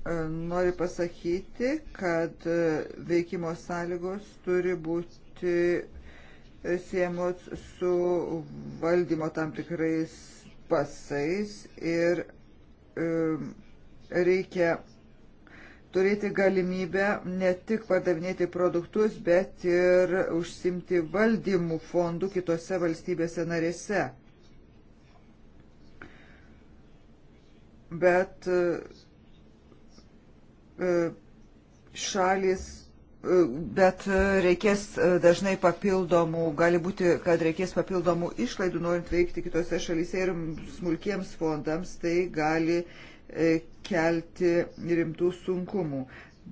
E, noriu pasakyti, kad e, veikimo sąlygos turi būti e, siemos su valdymo tam tikrais pasais ir reikia turėti galimybę ne tik pardavinėti produktus, bet ir užsimti valdymų fondų kitose valstybėse narėse. Bet uh, E, šalis, e, bet reikės e, dažnai papildomų, gali būti, kad reikės papildomų išlaidų, norint veikti kitose šalyse ir smulkiems fondams, tai gali kelti rimtų sunkumų.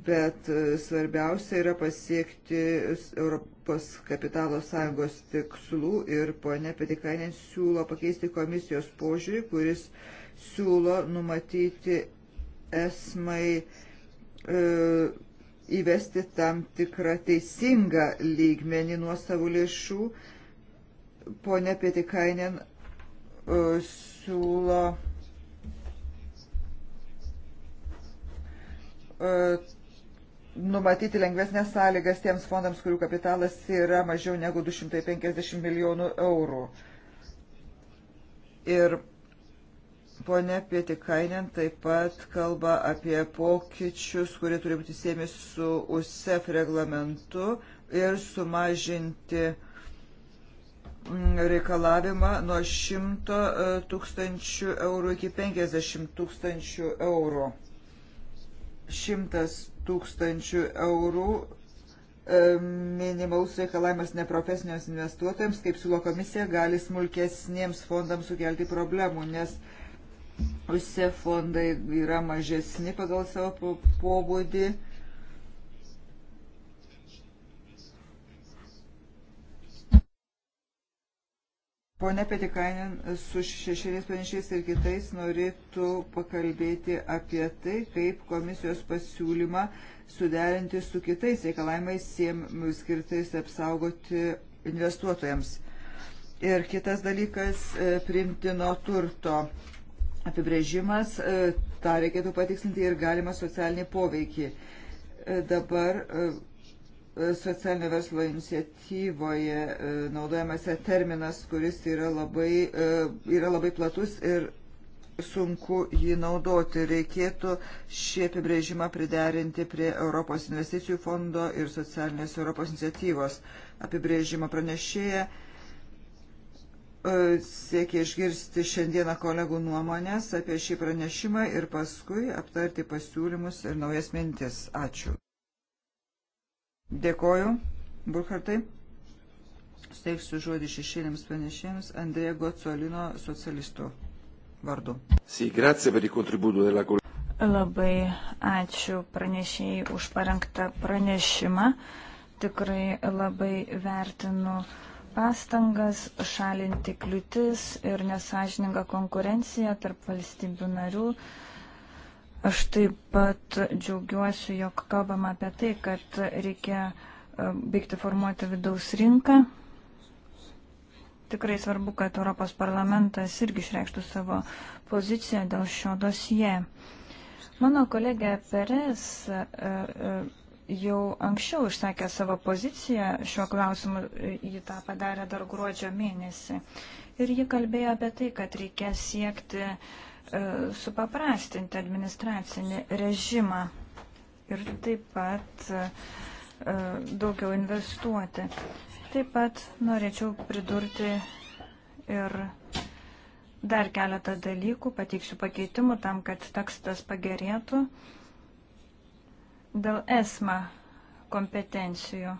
Bet svarbiausia yra pasiekti Europos kapitalo sąjungos tikslų ir ponė Petikainė siūlo pakeisti komisijos požiūrį, kuris siūlo numatyti esmai E, įvesti tam tikrą teisingą lygmenį nuo savo lėšų. Pone Pietikainen e, siūlo e, numatyti lengvesnės sąlygas tiems fondams, kurių kapitalas yra mažiau negu 250 milijonų eurų. Ir Pone Pietikainen taip pat kalba apie pokyčius, kurie turi būti siemi su USEF reglamentu ir sumažinti mm, reikalavimą nuo 100 e, tūkstančių eurų iki 50 tūkstančių eurų. 100 tūkstančių eurų e, minimalus reikalavimas neprofesiniams investuotojams, kaip siūlo komisija, gali smulkesniems fondams sukelti problemų, nes Visi fondai yra mažesni pagal savo pobūdį. Pone Petikainin su šešėliais panešiais ir kitais norėtų pakalbėti apie tai, kaip komisijos pasiūlymą suderinti su kitais reikalavimais siems skirtais apsaugoti investuotojams. Ir kitas dalykas e, - priimtino turto apibrėžimas, e, tą reikėtų patikslinti ir galima socialinį poveikį. E, dabar e, socialinio verslo iniciatyvoje naudojamas terminas, kuris yra labai, yra labai platus ir sunku jį naudoti. Reikėtų šį apibrėžimą priderinti prie Europos investicijų fondo ir socialinės Europos iniciatyvos apibrėžimo pranešėje E, siekia išgirsti šiandieną kolegų nuomonės apie šį pranešimą ir paskui aptarti pasiūlymus ir naujas mintis. Ačiū. Dėkoju, Burkhartai. Steiksiu žodį šešėlėms pranešėjams Andrėja Gocolino socialistų vardu. Labai ačiū pranešėjai už parengtą pranešimą. Tikrai labai vertinu uh, pastangas šalinti kliūtis ir nesažininką konkurenciją tarp valstybių narių. Aš taip pat džiaugiuosi, jog kalbam apie tai, kad reikia e, baigti formuoti vidaus rinką. Tikrai svarbu, kad Europos parlamentas irgi išreikštų savo poziciją dėl šio dosie. Mano kolegė Peres e, e, jau anksčiau išsakė savo poziciją šiuo klausimu, ji tą padarė dar gruodžio mėnesį. Ir ji kalbėjo apie tai, kad reikės siekti e, supaprastinti administracinį režimą ir taip pat e, daugiau investuoti. Taip pat norėčiau pridurti ir dar keletą dalykų, pateiksiu pakeitimų tam, kad tekstas pagerėtų. E, Dėl esma kompetencijų e,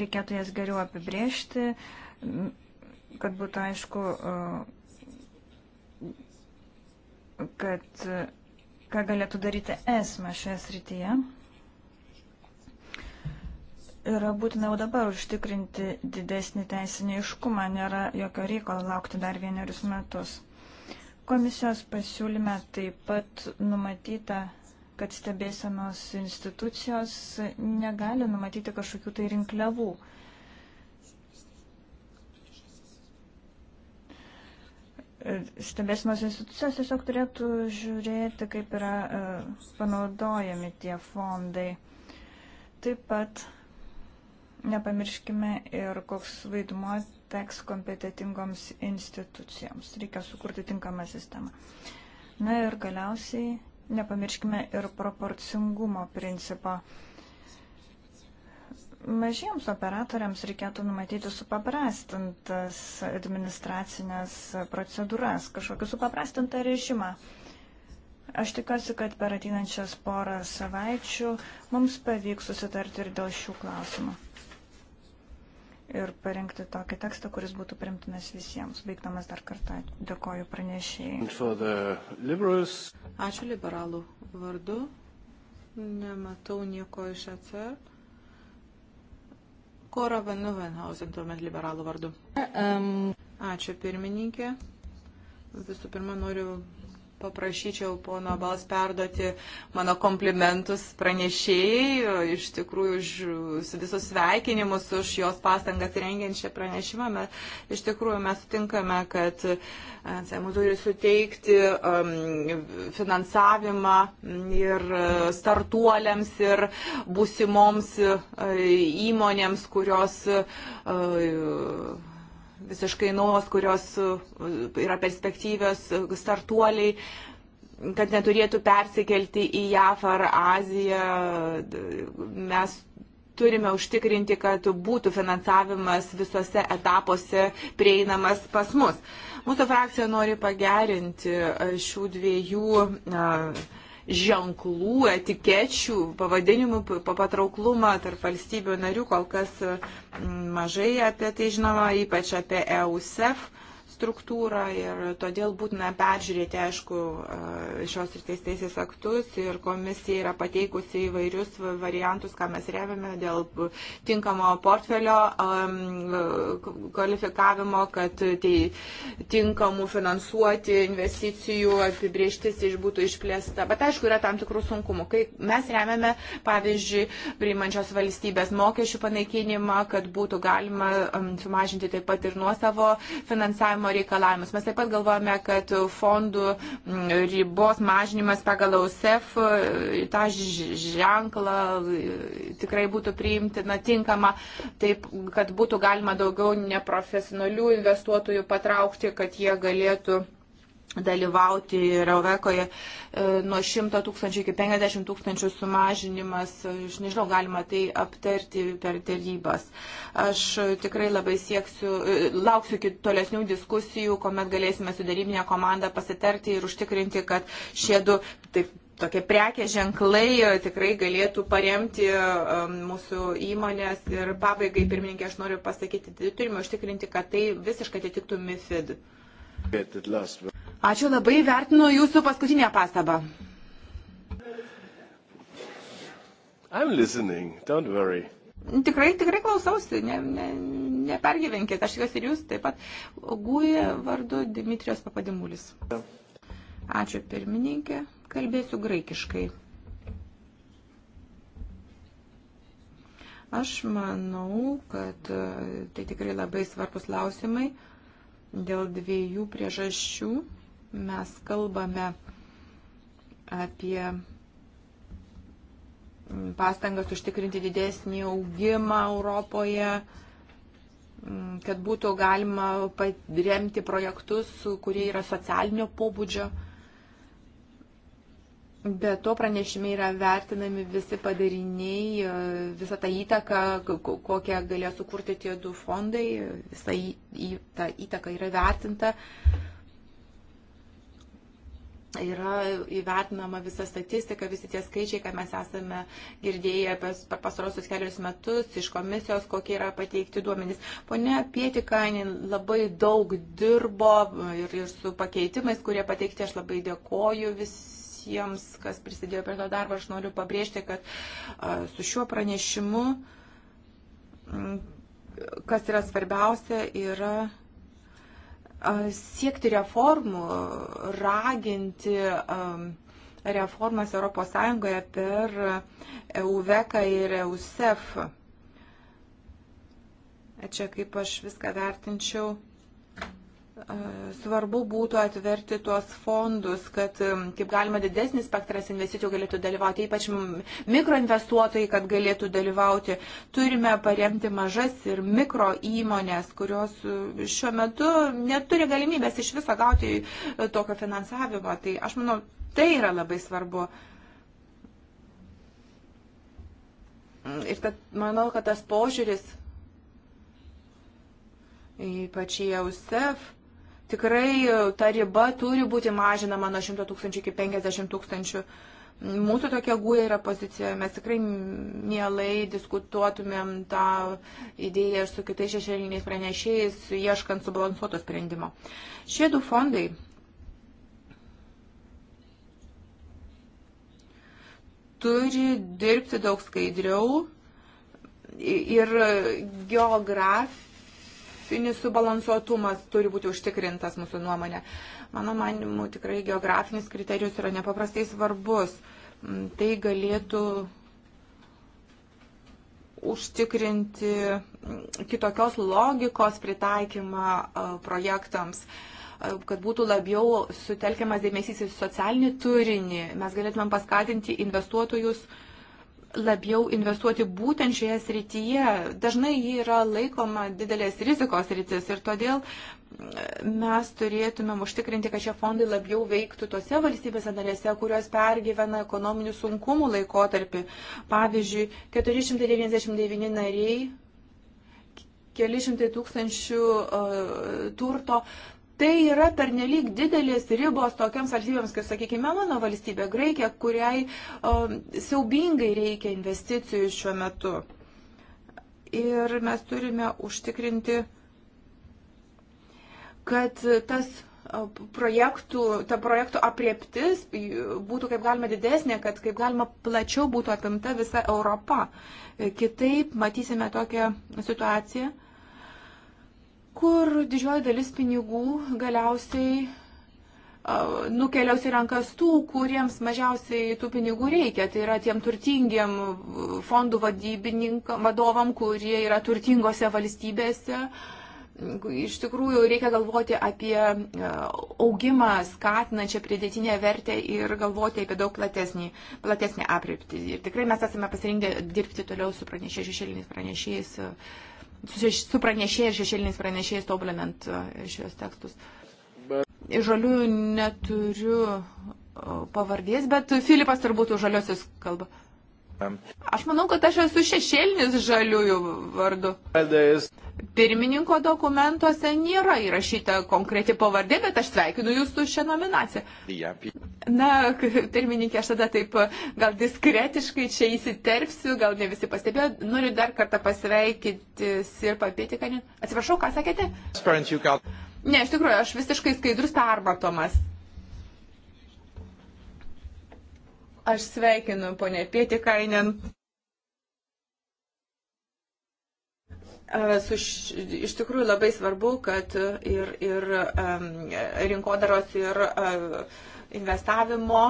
reikėtų jas geriau apibriežti, kad būtų aišku, e, kad ką galėtų daryti esma šioje srityje. Yra būtina jau dabar užtikrinti didesnį teisinį iškumą, nėra jokio reikalo laukti dar vienerius metus. Komisijos pasiūlyme taip pat numatyta kad stebėsenos institucijos negali numatyti kažkokių tai rinkliavų. Stebėsenos institucijos tiesiog turėtų žiūrėti, kaip yra e, panaudojami tie fondai. Taip pat nepamirškime ir koks vaidmuo teks kompetitingoms institucijoms. Reikia sukurti tinkamą sistemą. Na ir galiausiai nepamirškime ir proporcingumo principo. Mažiems operatoriams reikėtų numatyti supaprastintas administracinės procedūras, kažkokį supaprastintą režimą. Aš tikiuosi, kad per ateinančias porą savaičių mums pavyks susitarti ir dėl šių klausimų ir parengti tokį tekstą, kuris būtų primtinas visiems. Baigdamas dar kartą dėkoju pranešėjai. Ačiū liberalų vardu. Nematau nieko iš ECR. Kora Van Nuvenhausen, tuomet liberalų vardu. Um. Ačiū pirmininkė. Visų pirma, noriu paprašyčiau pono Bals perduoti mano komplimentus pranešėjai, iš tikrųjų už visus sveikinimus, už jos pastangas rengiant šią pranešimą. Mes, iš tikrųjų mes sutinkame, kad CMU e, turi suteikti um, finansavimą ir e, startuoliams ir būsimoms uh, įmonėms, kurios uh, visiškai naujos, kurios e, yra perspektyvios e, startuoliai, kad neturėtų persikelti į JAF ar Aziją. Mes turime užtikrinti, kad būtų finansavimas visose etapuose prieinamas pas mus. Mūsų frakcija nori pagerinti e, šių dviejų. Uh, ženklų, etikečių, pavadinimų patrauklumą tarp valstybių narių, kol kas mažai apie tai žinoma, ypač apie EUSEF struktūrą ir todėl būtina peržiūrėti, aišku, e, šios rytais teisės aktus ir komisija yra pateikusi įvairius variantus, ką mes remiame dėl tinkamo portfelio e, kvalifikavimo, kad tai tinkamų finansuoti investicijų apibrieštis būtų išplėsta. Bet aišku, yra tam tikrų sunkumų. Kai mes remiame, pavyzdžiui, priimančios valstybės mokesčių panaikinimą, kad būtų galima sumažinti taip pat ir nuosavo finansavimo reportavimo reikalavimus. Mes taip pat galvojame, kad fondų mm, ribos mažinimas pagal AUSEF e, tą ženklą e, tikrai būtų priimtina, tinkama, taip, kad būtų galima daugiau neprofesionalių investuotojų patraukti, kad jie galėtų dalyvauti ir Eurovekoje e, nuo 100 tūkstančių iki 50 tūkstančių sumažinimas, e, aš nežinau, galima tai aptarti per dėrybas. Aš tikrai labai sieksiu, e, lauksiu iki tolesnių diskusijų, kuomet galėsime su dėrybinė komanda pasitarti ir užtikrinti, kad šie du taip, tokie prekės ženklai tikrai galėtų paremti mūsų įmonės. Ir pabaigai, pirmininkė, aš noriu pasakyti, turime užtikrinti, kad tai visiškai atitiktų MIFID. Bet at last, but... Ačiū labai, vertinu jūsų paskutinę pastabą. I'm listening, don't worry. Tikrai, tikrai klausausi, ne, ne, nepergyvenkit, aš juos ir jūs taip pat. Gūja vardu Dimitrijos Papadimulis. Ačiū pirmininkė, kalbėsiu graikiškai. Aš manau, kad e, tai tikrai labai svarbus klausimai dėl dviejų priežasčių mes kalbame apie pastangas užtikrinti didesnį augimą Europoje, kad būtų galima remti projektus, kurie yra socialinio pobūdžio. Be to pranešime yra vertinami visi padariniai, visa ta įtaka, kokią galės sukurti tie du fondai, visa į, į, ta įtaka yra vertinta. Uh, yra įvertinama visa statistika, visi tie skaičiai, ką mes esame girdėję per pastarosius kelius metus iš komisijos, kokie yra pateikti duomenys. Pone Pietikainin labai daug dirbo ir, ir su pakeitimais, kurie pateikti, aš labai dėkoju visiems, kas prisidėjo prie to darbo. Aš noriu pabrėžti, kad a, su šiuo pranešimu, m, kas yra svarbiausia, yra siekti reformų, raginti reformas ES per EUVECA ir EUSEF. Čia kaip aš viską vertinčiau E, svarbu būtų atverti tuos fondus, kad e, kaip galima didesnis spektras investicijų galėtų dalyvauti, ypač mikroinvestuotojai, kad galėtų dalyvauti. Turime paremti mažas ir mikro įmonės, kurios e, šiuo metu neturi galimybės iš viso gauti tokio finansavimo. Tai aš manau, tai yra labai svarbu. Ir tad, manau, kad tas požiūris ypač į EUSEF, tikrai e, ta riba turi būti mažinama nuo 100 tūkstančių iki 50 tūkstančių. Mūsų tokia guja yra pozicija, mes tikrai mielai diskutuotumėm tą idėją ir su kitais šešėliniais pranešėjais, ieškant subalansuoto sprendimo. Šie du fondai turi dirbti daug skaidriau ir geograf, geografinis subalansuotumas turi būti užtikrintas mūsų nuomonė. Mano manimu, tikrai geografinis kriterijus yra nepaprastai svarbus. Mm, tai galėtų užtikrinti mm, kitokios logikos pritaikymą projektams kad būtų labiau sutelkiamas dėmesys į socialinį turinį. Mes galėtumėm paskatinti investuotojus uh, labiau investuoti būtent šioje srityje. Dažnai ji yra laikoma didelės rizikos rytis ir todėl mm, mes turėtumėm užtikrinti, kad šie fondai labiau veiktų tose valstybėse narėse, kurios pergyvena ekonominių sunkumų laikotarpį. Pavyzdžiui, 499 nariai, keli šimtai tūkstančių uh, turto Tai yra pernelyg didelis ribos tokiams valstybėms, kaip, sakykime, mano valstybė Graikija, kuriai um, siaubingai reikia investicijų šiuo metu. Ir mes turime užtikrinti, kad tas projektų, ta projektų apriektis būtų kaip galima didesnė, kad kaip galima plačiau būtų apimta visa Europa. Kitaip matysime tokią situaciją kur didžioji dalis pinigų galiausiai nukeliaus į rankas tų, kuriems mažiausiai tų pinigų reikia. Tai yra tiem turtingiem fondų vadovam, kurie yra turtingose valstybėse. Iš tikrųjų, reikia galvoti apie augimą, skatinančią pridėtinę vertę ir galvoti apie daug platesnį, platesnį apriptį. Ir tikrai mes esame pasirinkę dirbti toliau su pranešėjais, šešėliniais pranešėjais su pranešėjai ir šešėliniais pranešėjais tobulinant e, šios tekstus. Žaliųjų neturiu pavardės, bet Filipas turbūt už žaliosius kalba. Aš manau, kad aš esu šešėlinis žaliųjų vardu. Pirmininko dokumentuose nėra įrašyta konkreti pavardė, bet aš sveikinu jūs su šią nominaciją. Na, pirmininkė, aš tada taip gal diskretiškai čia įsiterpsiu, gal ne visi pastebėjo. Noriu dar kartą pasveikinti ir papėti, kad... Atsiprašau, ką sakėte? Ne, iš tikrųjų, aš visiškai skaidrus permatomas. Aš sveikinu ponę Pietikainen e, Su, iš tikrųjų labai svarbu, kad ir, ir um, rinkodaros ir uh, investavimo,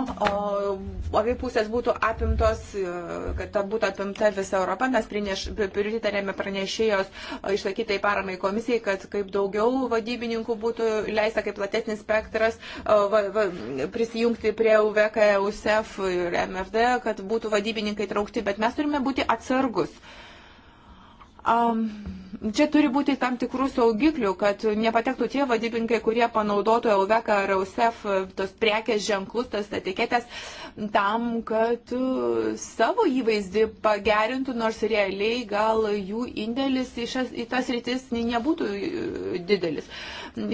abi pusės būtų apimtos, e, kad būtų apimta visa Europa. Mes pritarėme pranešėjos e, išlaikytai paramai komisijai, kad kaip daugiau vadybininkų būtų leista, kaip platesnis spektras e, va, va, prisijungti prie UVK, USEF ir MFD, kad būtų vadybininkai traukti, bet mes turime būti atsargus. Uh, Um, čia turi būti tam tikrų saugiklių, kad nepatektų tie vadybininkai, kurie panaudotų EUVEC ar EUSEF e, tos prekės ženklus, tas etiketės, tam, kad e, savo įvaizdį pagerintų, nors realiai gal jų indėlis į, šias, į tas rytis nebūtų e, didelis.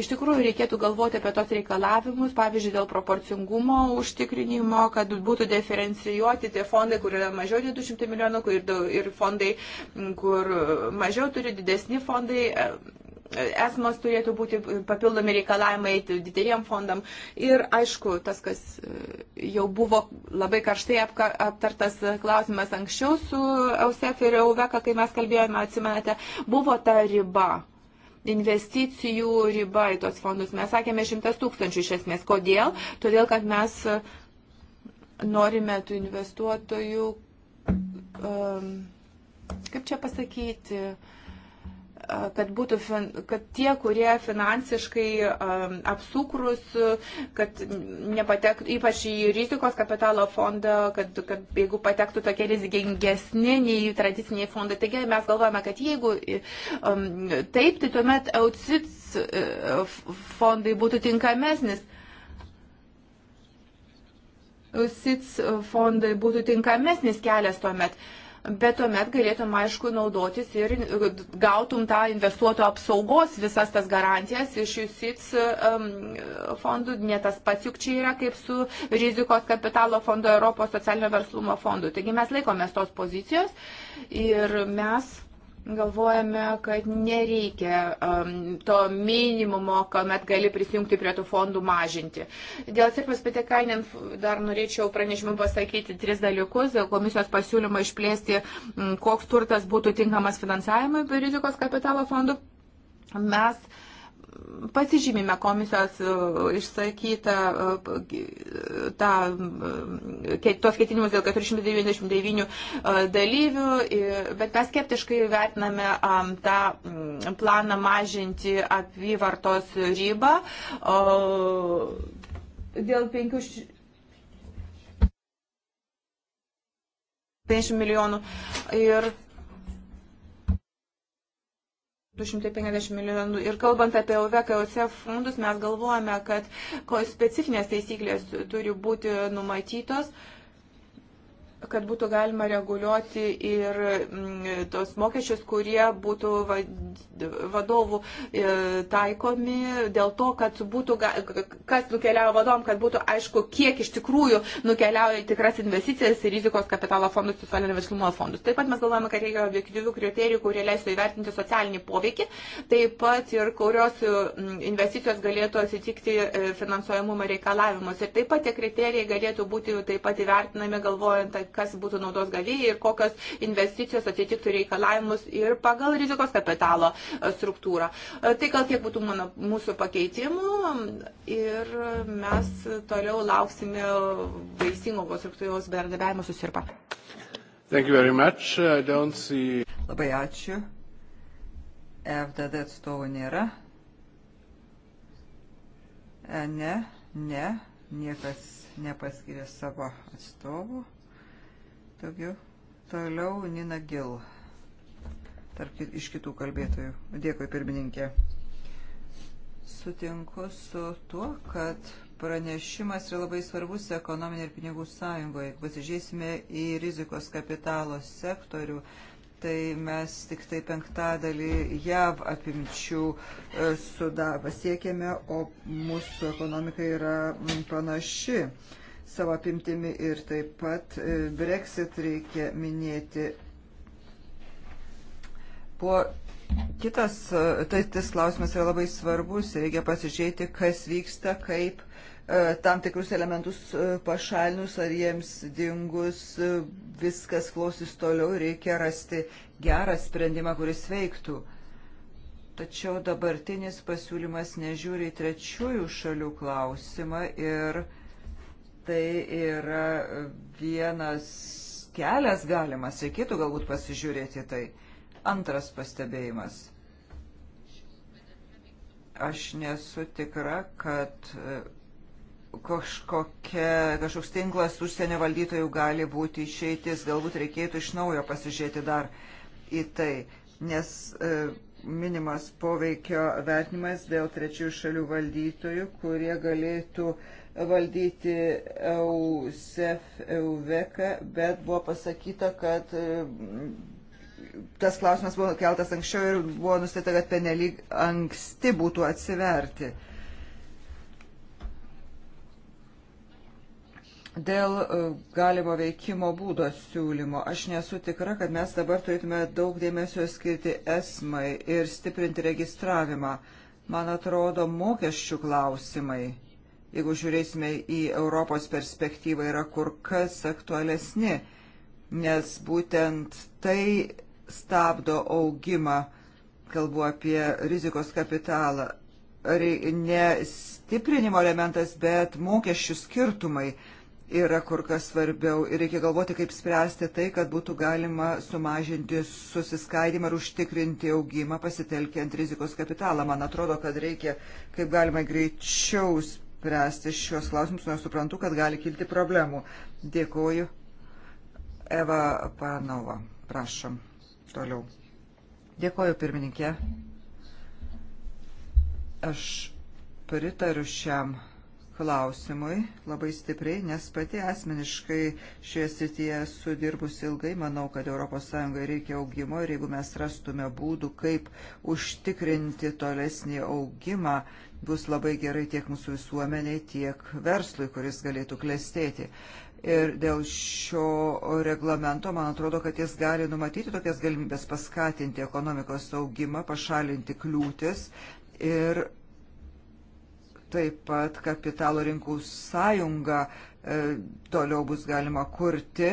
Iš tikrųjų, reikėtų galvoti apie tos reikalavimus, pavyzdžiui, dėl proporcingumo užtikrinimo, kad būtų diferencijuoti tie fondai, kur yra mažiau nei 200 milijonų ir, ir fondai, kur mažiau turi didesni fondai esmas turėtų būti papildomi reikalavimai dideliem fondam. Ir aišku, tas, kas e, jau buvo labai karštai aptartas klausimas anksčiau su Eusef ir Euveka, kai mes kalbėjome, atsimenate, buvo ta riba investicijų riba į tos fondus. Mes sakėme šimtas tūkstančių iš esmės. Kodėl? Todėl, kad mes e, norime tų investuotojų, um, kaip čia pasakyti, uh, kad, būtų, kad tie, kurie finansiškai um, apsukrus, kad nepatektų, ypač į rizikos kapitalo fondą, kad, kad jeigu patektų tokie rizikingesni nei tradiciniai fondai. Taigi mes galvojame, kad jeigu um, taip, tai tuomet EUCITS uh, fondai būtų tinkamesnis. EUCITS fondai būtų tinkamesnis kelias tuomet. Uh, bet tuomet galėtum, aišku, naudotis ir gautum tą investuotojų apsaugos visas tas garantijas iš JUSITS um, fondų, ne tas pats juk čia yra kaip su rizikos kapitalo fondo Europos socialinio verslumo fondu. Taigi mes laikomės tos pozicijos ir mes galvojame, kad nereikia um, to minimumo, kuomet gali prisijungti prie tų fondų mažinti. Dėl sirpas pitekainin dar norėčiau pranešimui pasakyti tris dalykus. Dėl komisijos pasiūlymo išplėsti, mm, koks turtas būtų tinkamas finansavimui rizikos kapitalo fondų. Mes uh, pasižymime komisijos e, išsakytą e, tą, e, tuos ketinimus dėl 499 dalyvių, bet mes skeptiškai vertiname tą planą mažinti apyvartos ribą dėl 500. 50 milijonų. Ir 250 milijonų. Ir kalbant apie OVKOC fondus, mes galvojame, kad specifinės taisyklės turi būti numatytos. Uh, kad būtų galima reguliuoti ir mm, tos mokesčius, kurie būtų vadovų e, taikomi dėl to, kad būtų, kas nukeliavo vadovom, kad būtų aišku, kiek iš tikrųjų nukeliauja tikras investicijas ir rizikos kapitalo fondus, socialinio verslumo fondus. Taip pat mes galvojame, kad reikia objektyvių kriterijų, kurie leistų įvertinti socialinį poveikį, taip pat ir kurios investicijos galėtų atitikti e, finansuojamumo reikalavimus. Ir taip pat tie kriterijai galėtų būti taip pat įvertinami galvojant apie kas būtų naudos gavėjai ir kokios investicijos atitiktų reikalavimus ir pagal rizikos kapitalo e, struktūrą. E, tai gal tiek būtų mano, mūsų pakeitimų ir mes toliau lauksime vaisingo konstruktyvaus bendradarbiavimo susirpa. See... Labai ačiū. FDD atstovų nėra. E, ne, ne, niekas nepaskiria savo atstovų. Daugiau. Toliau Nina Gil. Tarp iš kitų kalbėtojų. Dėkui, pirmininkė. Sutinku su tuo, kad pranešimas yra labai svarbus ekonominė ir pinigų sąjungoje. Jeigu pasižiūrėsime į rizikos kapitalo sektorių, tai mes tik tai penktadalį JAV apimčių e, sudavą siekėme, o mūsų ekonomika yra panaši savo apimtimi ir taip pat e, Brexit reikia minėti. Po kitas, e, tai tas klausimas yra labai svarbus, reikia pasižiūrėti, kas vyksta, kaip e, tam tikrus elementus pašalinus ar jiems dingus viskas klausys toliau, reikia rasti gerą sprendimą, kuris veiktų. Tačiau dabartinis pasiūlymas nežiūri į trečiųjų šalių klausimą ir uh, tai yra vienas kelias galimas, reikėtų galbūt pasižiūrėti tai. Antras pastebėjimas. Aš nesu tikra, kad e, kažkokia, kažkoks tinklas užsienio valdytojų gali būti išeitis, galbūt reikėtų iš naujo pasižiūrėti dar į tai, nes e, minimas poveikio vertinimas dėl trečiųjų šalių valdytojų, kurie galėtų e, valdyti EUSEF, EUVEKA, bet buvo pasakyta, kad tas klausimas buvo keltas anksčiau ir buvo nustatyta, kad penelyg anksti būtų atsiverti. Dėl e, galimo veikimo būdo siūlymo aš nesu tikra, kad mes dabar turėtume daug dėmesio skirti esmai ir stiprinti registravimą. Man atrodo, mokesčių klausimai jeigu žiūrėsime į Europos perspektyvą, yra kur kas aktualesni, nes būtent tai stabdo augimą, kalbu apie rizikos kapitalą. Ar ne stiprinimo elementas, bet mokesčių skirtumai yra kur kas svarbiau ir reikia galvoti, kaip spręsti tai, kad būtų galima sumažinti susiskaidimą ir užtikrinti augimą pasitelkiant rizikos kapitalą. Man atrodo, kad reikia kaip galima greičiaus spręsti šios klausimus, nors suprantu, kad gali kilti problemų. Dėkuoju. Eva Panova, prašom. Toliau. Dėkuoju, pirmininkė. Aš pritariu šiam klausimui labai stipriai, nes pati asmeniškai šioje srityje sudirbus ilgai, manau, kad ES reikia augimo ir jeigu mes rastume būdų, kaip užtikrinti tolesnį augimą, bus labai gerai tiek mūsų visuomeniai, tiek verslui, kuris galėtų klestėti. Ir dėl šio reglamento, man atrodo, kad jis gali numatyti tokias galimybės paskatinti ekonomikos augimą, pašalinti kliūtis ir Taip pat kapitalo rinkų sąjunga e, toliau bus galima kurti,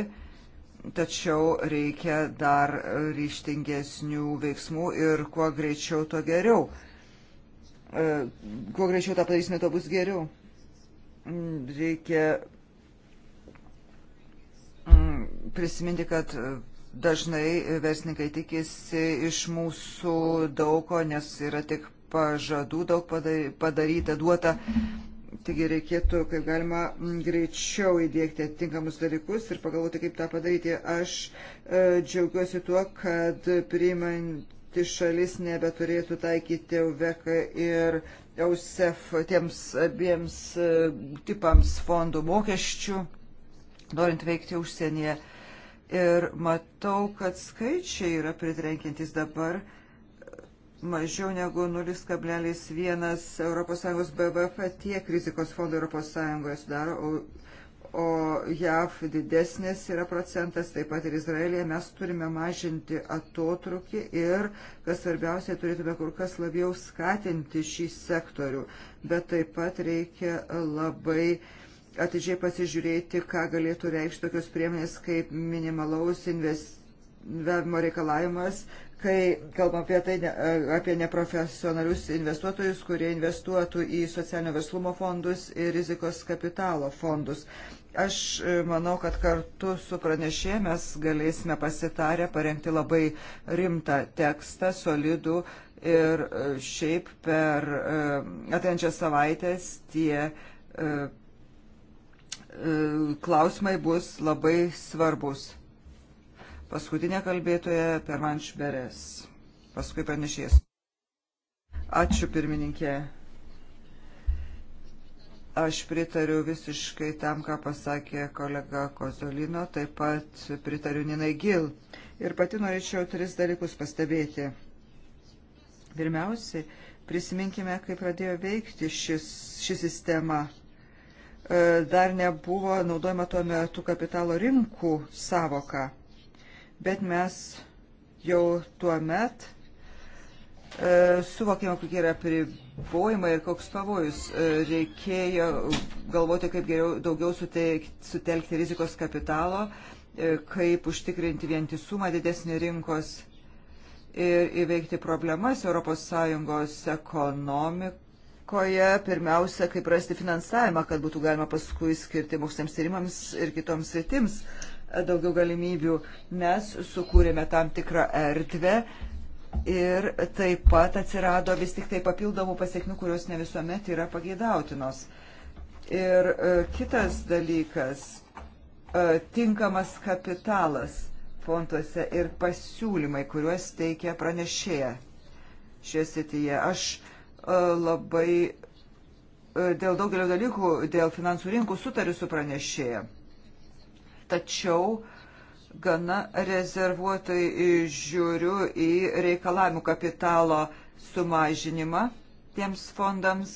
tačiau reikia dar ryštingesnių veiksmų ir kuo greičiau to geriau. E, kuo greičiau tą padarysime, to bus geriau. Mm, reikia mm, prisiminti, kad dažnai verslininkai tikisi iš mūsų daugo, nes yra tik pažadų daug padaryta, duota. Taigi reikėtų, kaip galima, greičiau įdėkti atitinkamus dalykus ir pagalvoti, kaip tą padaryti. Aš e, džiaugiuosi tuo, kad priimanti šalis nebeturėtų taikyti UVEK ir EUSEF tiems abiems e, tipams fondų mokesčių, norint veikti užsienyje. Ir matau, kad skaičiai yra pritrenkintis dabar. E, mažiau negu 0,1 ES BVP tiek rizikos fondų ES sudaro, o, o JAV didesnis yra procentas, taip pat ir Izraelija. Mes turime mažinti atotrukį ir, kas svarbiausia, turėtume kur kas labiau skatinti šį sektorių, bet taip pat reikia labai atidžiai pasižiūrėti, ką galėtų reikšti tokios priemonės kaip minimalaus investavimo reikalavimas kai kalbam apie tai, apie neprofesionalius investuotojus, kurie investuotų į socialinio verslumo fondus ir rizikos kapitalo fondus. Aš e, manau, kad kartu su pranešė mes galėsime pasitarę parengti labai rimtą tekstą, solidų ir e, šiaip per e, atenčias savaitės tie klausimai bus labai svarbus paskutinė kalbėtoja Permanš Beres. Paskui pranešės. Ačiū pirmininkė. Aš pritariu visiškai tam, ką pasakė kolega Kozolino, taip pat pritariu Ninai Gil. Ir pati norėčiau tris dalykus pastebėti. Pirmiausiai, prisiminkime, kai pradėjo veikti šis, ši sistema. E, dar nebuvo naudojama tuo metu kapitalo rinkų savoka bet mes jau tuo met e, suvokėme, kokie yra pribojimai ir koks pavojus. E, reikėjo galvoti, kaip geriau daugiau suteikti, sutelkti rizikos kapitalo, e, kaip užtikrinti vientisumą didesnį rinkos ir įveikti problemas ES ekonomikoje. Pirmiausia, kaip rasti finansavimą, kad būtų galima paskui skirti moksliniams tyrimams ir kitoms sritims. E, daugiau galimybių. Mes sukūrėme tam tikrą erdvę ir taip pat atsirado vis tik tai papildomų pasiekmių, kurios ne visuomet yra pageidautinos. Ir e, kitas dalykas e, - tinkamas kapitalas fonduose ir pasiūlymai, kuriuos teikia pranešėja šioje srityje. Aš e, labai dėl daugelio dalykų, dėl finansų rinkų sutariu su pranešėja tačiau gana rezervuotai žiūriu į reikalavimų kapitalo sumažinimą tiems fondams,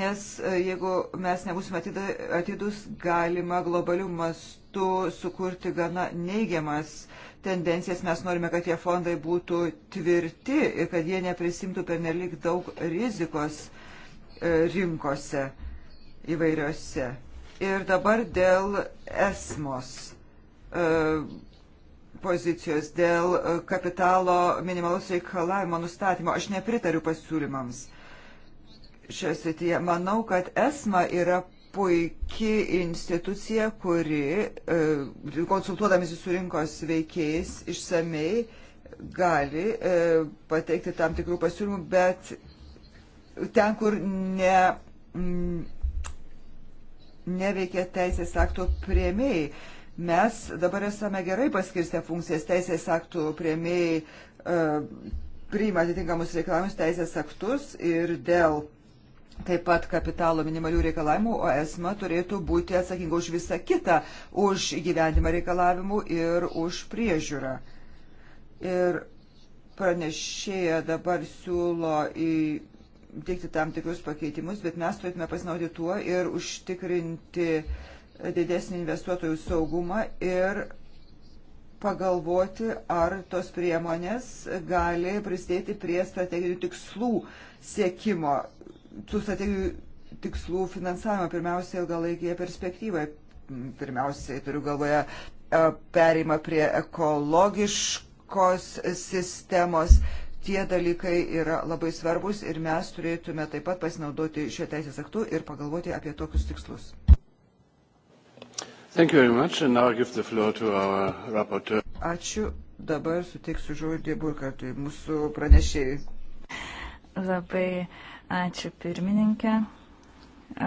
nes e, jeigu mes nebusime atidus, galima globalių mastų sukurti gana neigiamas tendencijas. Mes norime, kad tie fondai būtų tvirti ir kad jie neprisimtų pernelik daug rizikos e, rinkose įvairiose. Ir dabar dėl esmos e, pozicijos, dėl e, kapitalo minimalus reikalavimo nustatymo. Aš nepritariu pasiūlymams šioje srityje. Manau, kad esma yra puikiai institucija, kuri, e, konsultuodamasi su rinkos veikėjais, išsamei gali pateikti tam tikrų pasiūlymų, bet ten, kur ne neveikia teisės aktų prieimėjai. Mes dabar esame gerai paskirstę funkcijas teisės aktų prieimėjai e, priima atitinkamus reikalavimus teisės aktus ir dėl taip pat kapitalo minimalių reikalavimų, o esma turėtų būti atsakinga už visą kitą, už įgyvendimą reikalavimų ir už priežiūrą. Ir pranešėja dabar siūlo į teikti tam tikrus pakeitimus, bet mes turėtume pasinaudoti tuo ir užtikrinti didesnį investuotojų saugumą ir pagalvoti, ar tos priemonės gali prisidėti prie strateginių tikslų siekimo, tų strateginių tikslų finansavimo, pirmiausia, ilgalaikėje perspektyvoje. Pirmiausiai turiu galvoje e, perima prie ekologiškos sistemos tie dalykai yra labai svarbus ir mes turėtume taip pat pasinaudoti šio teisės aktu ir pagalvoti apie tokius tikslus. Ačiū. Dabar suteiksiu žodį Burkartui, mūsų pranešėjai. Labai ačiū pirmininkė.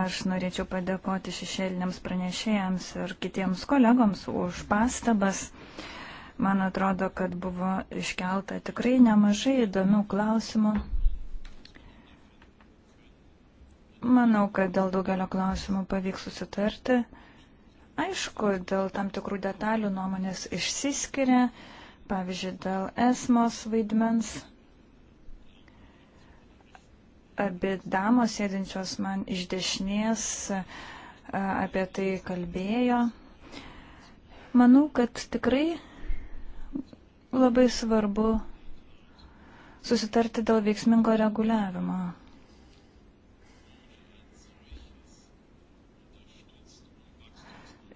Aš norėčiau padėkoti šešėliniams pranešėjams ir kitiems kolegoms už pastabas. Man atrodo, kad buvo iškelta tikrai nemažai įdomių klausimų. Manau, kad dėl daugelio klausimų pavyks susitarti. Aišku, dėl tam tikrų detalių nuomonės išsiskiria, pavyzdžiui, dėl esmos vaidmens. Abi damos sėdinčios man iš dešinės apie tai kalbėjo. Manau, kad tikrai Labai svarbu susitarti dėl veiksmingo reguliavimo.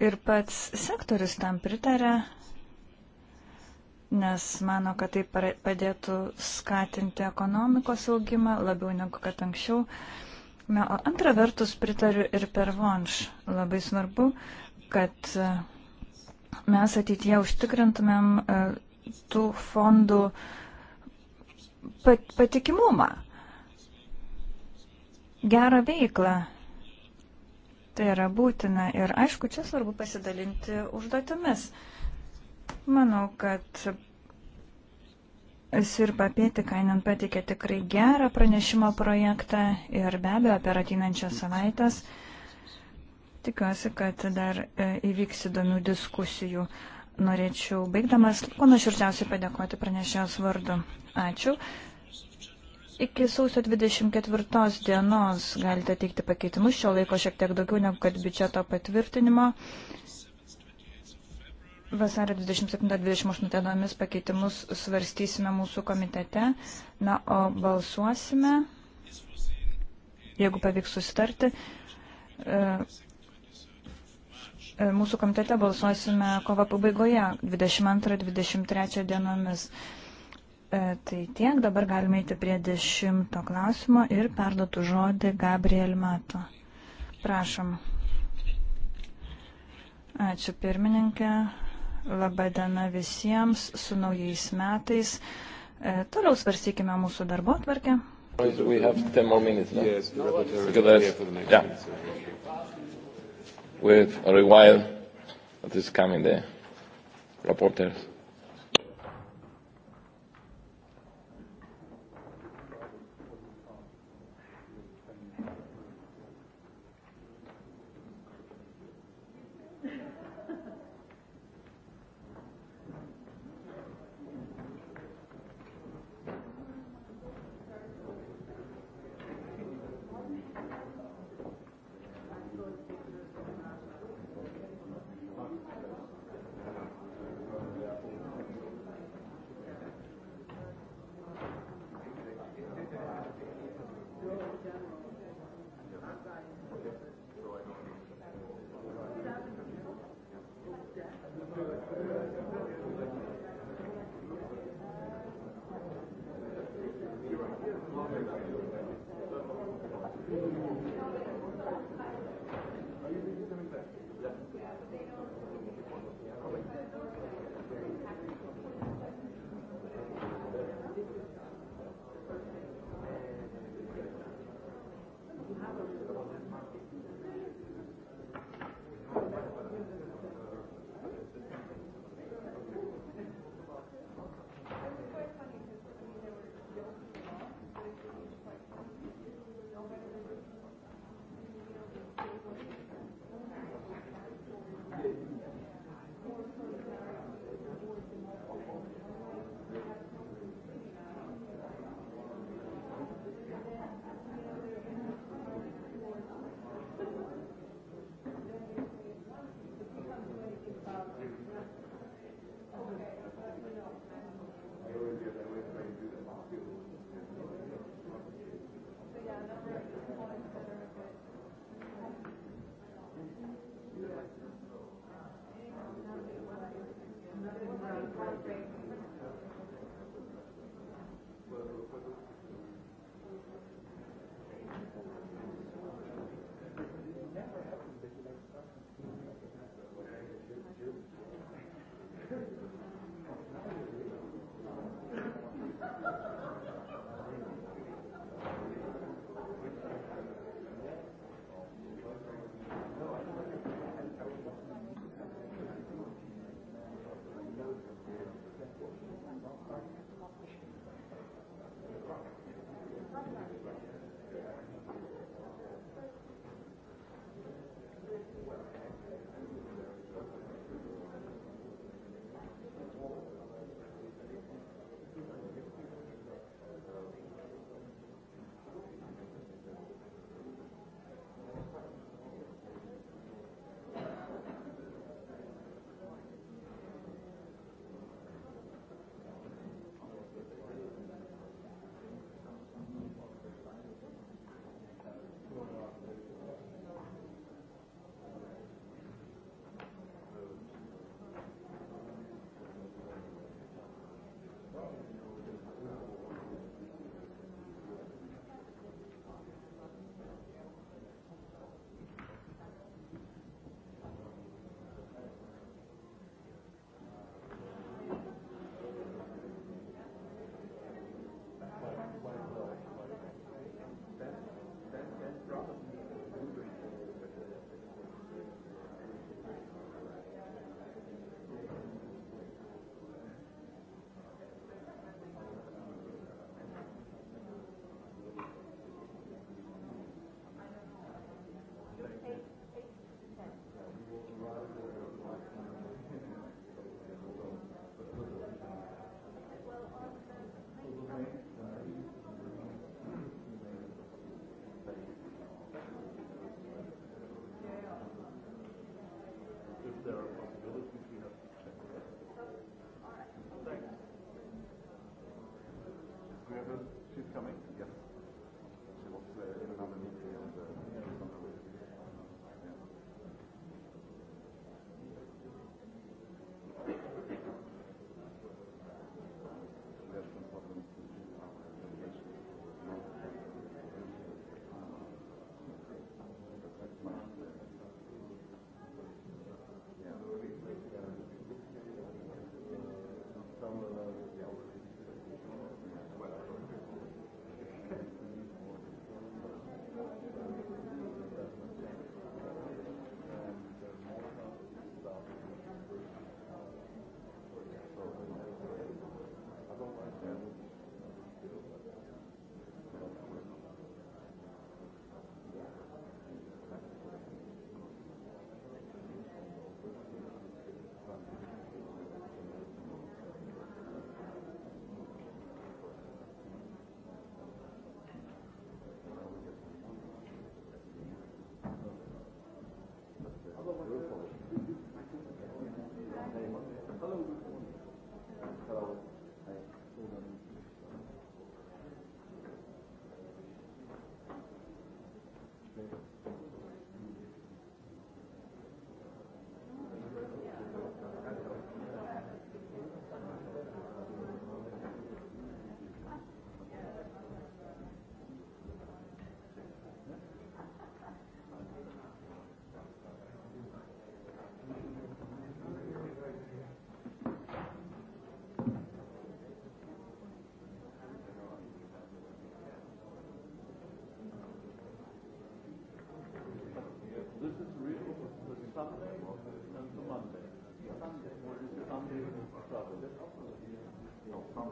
Ir pats sektoris tam pritarė, nes mano, kad tai padėtų skatinti ekonomikos augimą labiau negu kad anksčiau. Na, o antra vertus pritariu ir per vonš. Labai svarbu, kad mes ateityje užtikrintumėm e, tų fondų pat, patikimumą, gerą veiklą. Tai yra būtina ir aišku, čia svarbu pasidalinti užduotimis. Manau, kad Sirpa Pietikainen patikė tikrai gerą pranešimo projektą ir be abejo per ateinančias savaitės tikiuosi, kad dar e, įvyks įdomių diskusijų norėčiau baigdamas kuo nuoširdžiausiai padėkoti pranešėjos vardu. Ačiū. Iki sausio 24 dienos galite teikti pakeitimus, šio laiko šiek tiek daugiau negu kad biudžeto patvirtinimo. Vasario 27-28 dienomis pakeitimus svarstysime mūsų komitete, na, o balsuosime, jeigu pavyks susitarti, e, E, mūsų komitete balsuosime kovo pabaigoje, 22-23 dienomis. E, tai tiek, dabar galime eiti prie dešimto klausimo ir perduotų žodį Gabriel Mato. Prašom. Ačiū pirmininkė. Labadiena visiems su naujais metais. E, toliau svarstykime mūsų darbo atvarkę. We have 10 more minutes now. Yes, because that's, yeah with a rewild that is coming the reporters. we have a, she's coming. Yes. Kan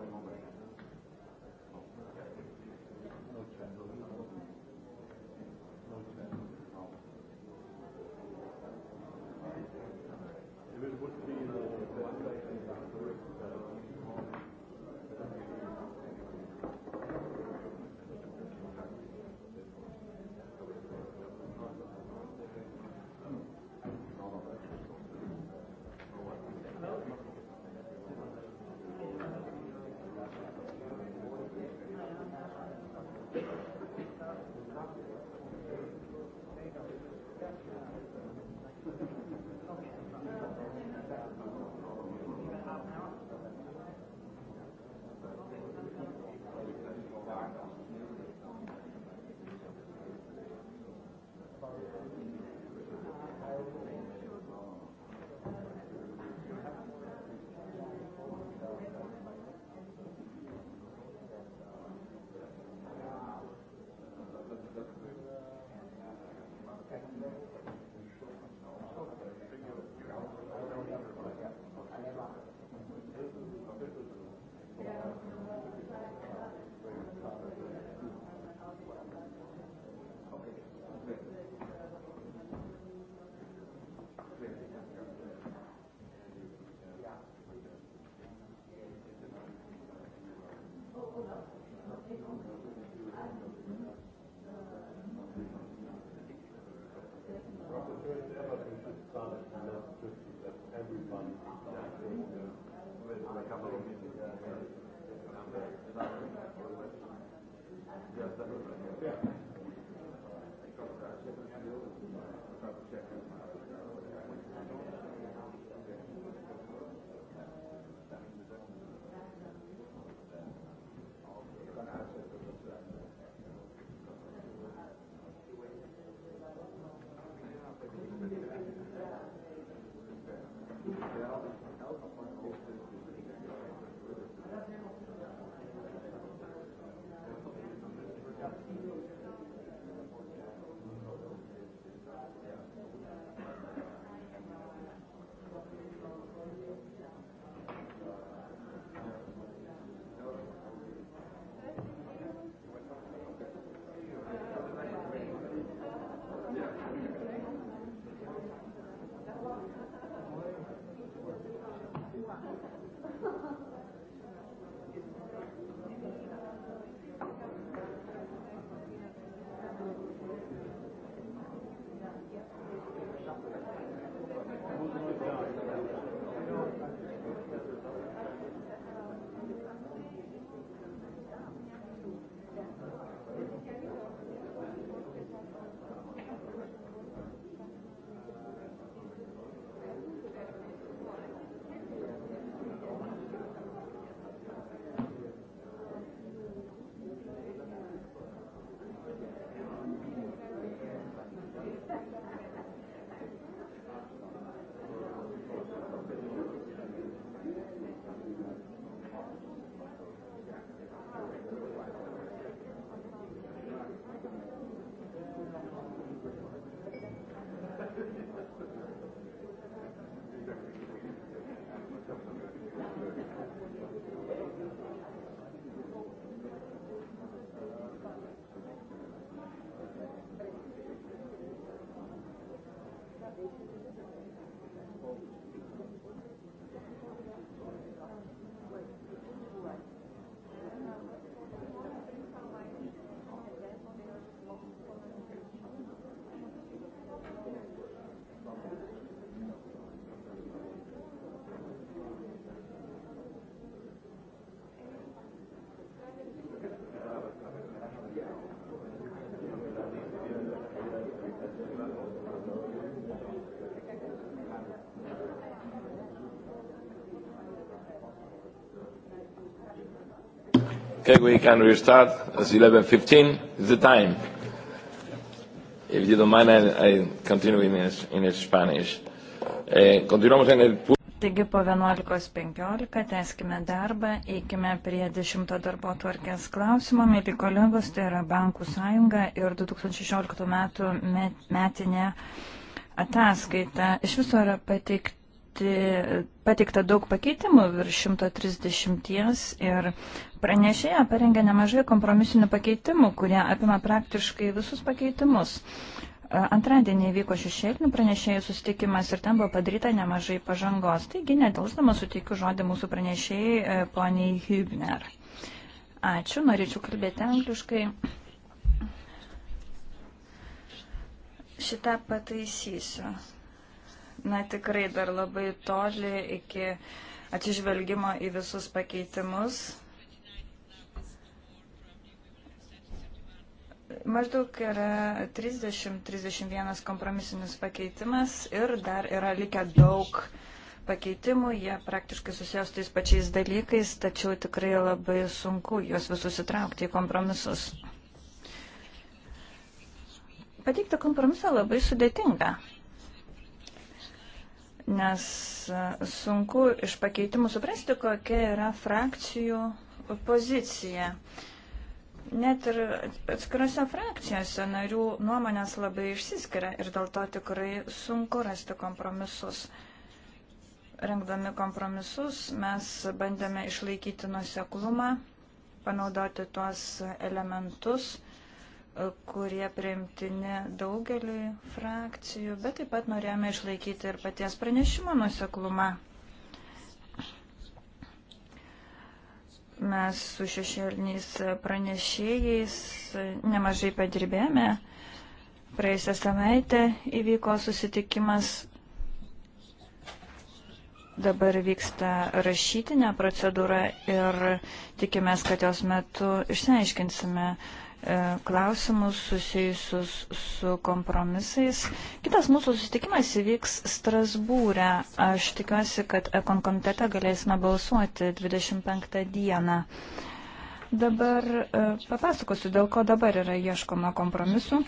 Okay, we can restart. It's 11.15. It's the time. If you don't mind, I, I continue in, in Spanish. Eh, continuamos en el... Taigi po 11.15 teskime darbą, eikime prie 10 darbo tvarkės klausimo. Mėly kolegos, tai yra Bankų sąjunga ir 2016 metų metinė ataskaita. Iš viso yra pateikti pateikti, pateikta daug pakeitimų virš 130 ir pranešėja parengė nemažai kompromisinių pakeitimų, kurie apima praktiškai visus pakeitimus. Antradienį vyko šešėlinių pranešėjų susitikimas ir ten buvo padaryta nemažai pažangos. Taigi, nedelsdama suteikiu žodį mūsų pranešėjai e, poniai Hübner. Ačiū, norėčiau kalbėti angliškai. Šitą pataisysiu na, tikrai dar labai toli iki atsižvelgimo į visus pakeitimus. Maždaug yra 30-31 kompromisinis pakeitimas ir dar yra likę daug pakeitimų, jie praktiškai susijęs tais pačiais dalykais, tačiau tikrai labai sunku juos visus įtraukti į kompromisus. Pateikti kompromisą labai sudėtinga nes e, sunku iš pakeitimų suprasti, kokia yra frakcijų pozicija. Net ir atskirose frakcijose narių nuomonės labai išsiskiria ir dėl to tikrai sunku rasti kompromisus. Rengdami kompromisus mes bandėme išlaikyti nuoseklumą, panaudoti tuos elementus, kurie priimtini daugeliui frakcijų, bet taip pat norėjome išlaikyti ir paties pranešimo nuseklumą. Mes su šešėliniais pranešėjais nemažai padirbėjome. Praėjusią savaitę įvyko susitikimas. Dabar vyksta rašytinė procedūra ir tikimės, kad jos metu išsiaiškinsime uh, E, klausimus susijusius su kompromisais. Kitas mūsų susitikimas įvyks Strasbūrė. Aš tikiuosi, kad ekonkomitete galėsime balsuoti 25 dieną. Dabar e, papasakosiu, dėl ko dabar yra ieškoma kompromisu.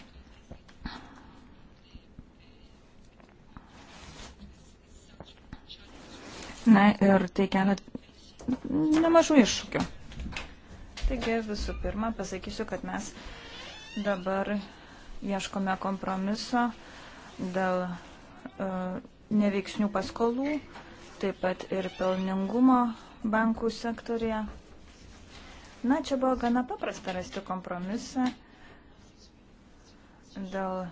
Na ir tai kelia nemažų iššūkių. Taigi visų pirma pasakysiu, kad mes dabar ieškome kompromiso dėl uh, neveiksnių paskolų, taip pat ir pelningumo bankų sektorija. Na, čia buvo gana paprasta rasti kompromisą dėl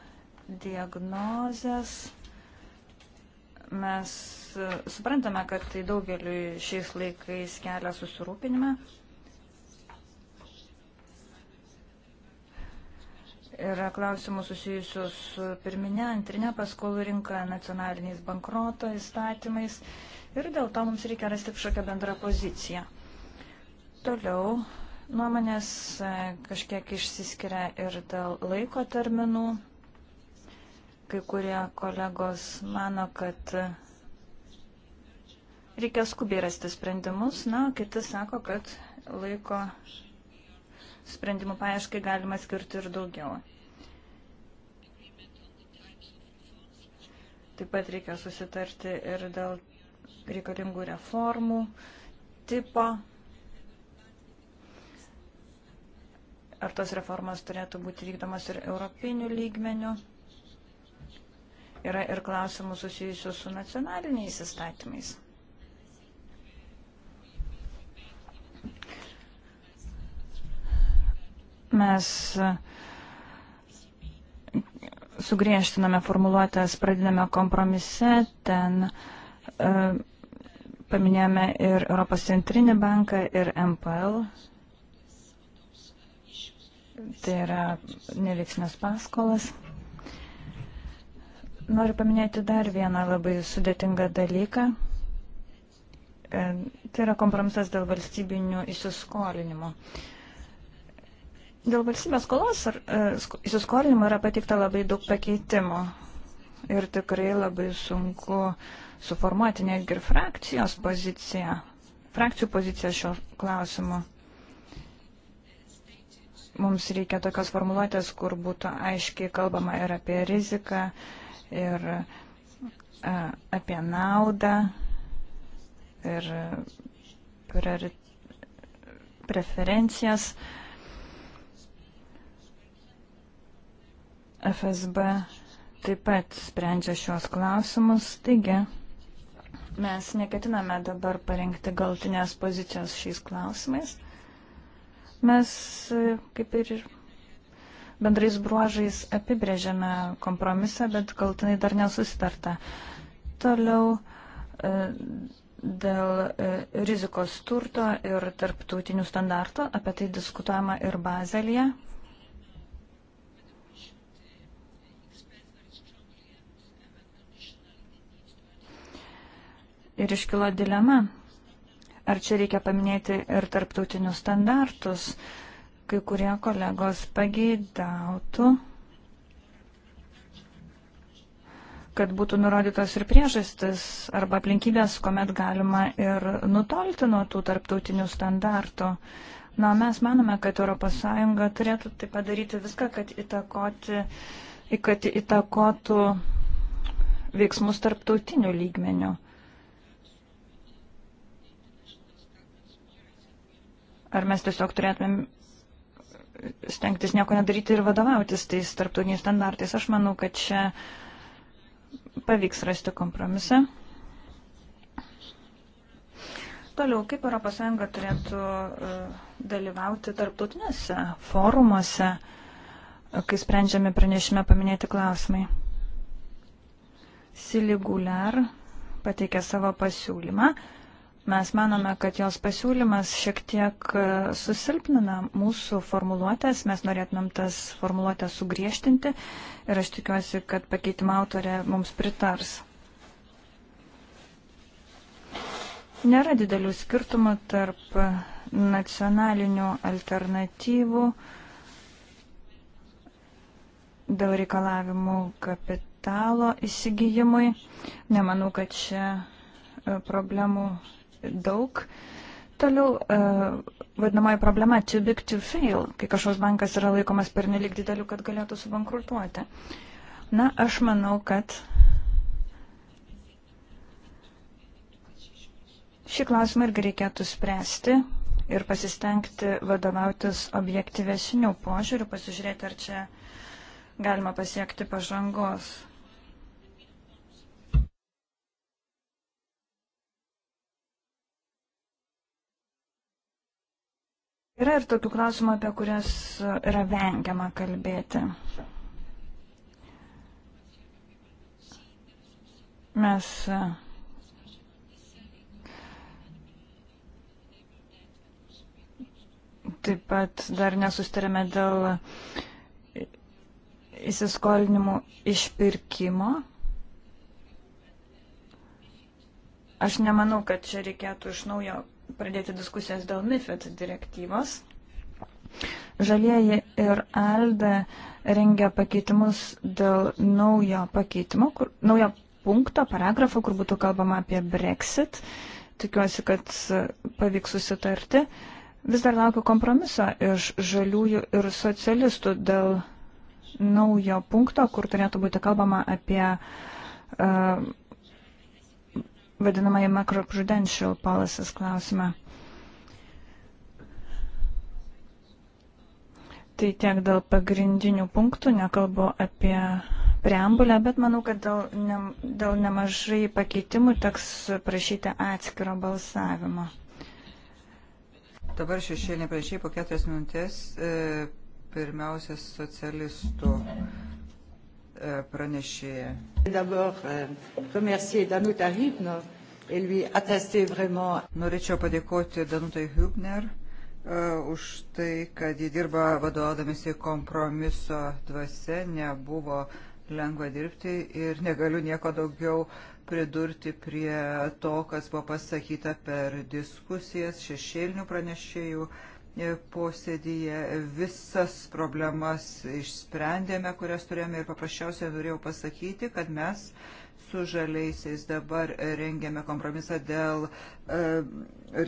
diagnozės. Mes e, suprantame, kad tai daugeliu šiais laikais kelia susirūpinimą. Yra klausimų susijusių su pirminė, antrinė paskolų rinka, nacionaliniais bankroto įstatymais ir dėl to mums reikia rasti kažkokią bendrą poziciją. Toliau nuomonės e, kažkiek išsiskiria ir dėl laiko terminų. Kai kurie kolegos mano, kad e, reikia skubiai rasti sprendimus, na, kiti sako, kad laiko sprendimų paieškai galima skirti ir daugiau. Taip pat reikia susitarti ir dėl reikalingų reformų tipo. Ar tos reformos turėtų būti vykdomas ir europinių lygmenių. Yra ir klausimų susijusių su nacionaliniais įstatymais. mes sugriežtiname formuluotės pradiname kompromise, ten e, paminėjome ir Europos centrinį banką, ir MPL. Tai yra neveiksnės paskolas. Noriu paminėti dar vieną labai sudėtingą dalyką. E, tai yra kompromisas dėl valstybinių įsiskolinimų. Dėl valstybės skolos ir e, įsiskolinimo yra pateikta labai daug pakeitimų. Ir tikrai labai sunku suformuoti netgi ir frakcijos poziciją, frakcijų poziciją šio klausimu. Mums reikia tokios formuluotės, kur būtų aiškiai kalbama ir apie riziką, ir e, apie naudą, ir preferencijas. Uh, FSB taip pat sprendžia šios klausimus. Taigi, mes neketiname dabar parengti galtinės pozicijos šiais klausimais. Mes e, kaip ir bendrais bruožais apibrėžiame kompromisą, bet galtinai dar nesusitarta. Toliau e, dėl e, rizikos turto ir tarptautinių standartų, apie tai diskutuojama ir Bazelėje. Ir iškilo dilema, ar čia reikia paminėti ir tarptautinius standartus, kai kurie kolegos pageidautų, kad būtų nurodytos ir priežastis arba aplinkybės, kuomet galima ir nutolti nuo tų tarptautinių standartų. Na, mes manome, kad ES turėtų tai padaryti viską, kad, įtakoti, kad įtakotų veiksmus tarptautinių lygmenių. Ar mes tiesiog turėtumėm stengtis nieko nedaryti ir vadovautis tais tarptautiniais standartais. Aš manau, kad čia pavyks rasti kompromisą. Toliau, kaip ES turėtų e, dalyvauti tarptautinėse forumuose, e, kai sprendžiami pranešime paminėti klausimai. Siliguler pateikė savo pasiūlymą. Mes manome, kad jos pasiūlymas šiek tiek e, susilpnina mūsų formuluotės, mes norėtumėm tas formuluotės sugriežtinti ir aš tikiuosi, kad pakeitimo autorė mums pritars. Nėra didelių skirtumų tarp nacionalinių alternatyvų dėl reikalavimų kapitalo įsigijimui. Nemanau, kad čia e, problemų daug. Toliau e, vadinamoji problema too big to fail, kai kažkoks bankas yra laikomas per nelik dideliu, kad galėtų subankrutuoti. Na, aš manau, kad šį klausimą irgi reikėtų spręsti ir pasistengti vadovautis objektyvesnių požiūrių, pasižiūrėti, ar čia galima pasiekti pažangos. Yra ir tokių klausimų, apie kurias yra vengiama kalbėti. Mes taip pat dar nesustarėme dėl įsiskolinimų išpirkimo. Aš nemanau, kad čia reikėtų iš naujo pradėti diskusijas dėl MIFID direktyvos. Žalieji ir Alde rengia pakeitimus dėl naujo pakeitimo, kur, naujo punkto, paragrafo, kur būtų kalbama apie Brexit. Tikiuosi, kad pavyks susitarti. Vis dar laukiu kompromiso iš žaliųjų ir socialistų dėl naujo punkto, kur turėtų būti kalbama apie uh, vadinamąjį macroprudential policies klausimą. Tai tiek dėl pagrindinių punktų, nekalbu apie preambulę, bet manau, kad dėl, ne, dėl nemažai pakeitimų teks prašyti atskiro balsavimo. Dabar šešėlinė prašyja po keturias minutės. E, pirmiausia, socialistų E, pranešėja. Euh, Norėčiau padėkoti Danutai Hübner e, už tai, kad ji dirba vadovodamėsi kompromiso dvasia, nebuvo lengva dirbti ir negaliu nieko daugiau pridurti prie to, kas buvo pasakyta per diskusijas šešėlinių pranešėjų. Uh, posėdyje visas problemas išsprendėme, kurias turėjome ir paprasčiausiai norėjau pasakyti, kad mes su žaliaisiais dabar rengiame kompromisą dėl e,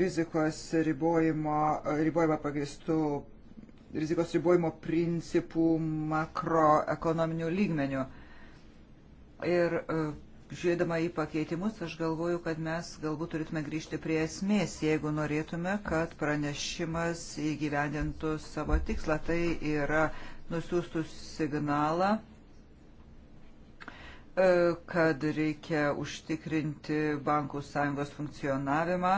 rizikos ribojimo, ribojimo pagristų rizikos ribojimo principų makroekonominių lygmenių. Ir e, žiūrėdama į pakeitimus, aš galvoju, kad mes galbūt turėtume grįžti prie esmės, jeigu norėtume, kad pranešimas įgyvendintų savo tikslą. Tai yra nusiųstų signalą, e, kad reikia užtikrinti bankų sąjungos funkcionavimą.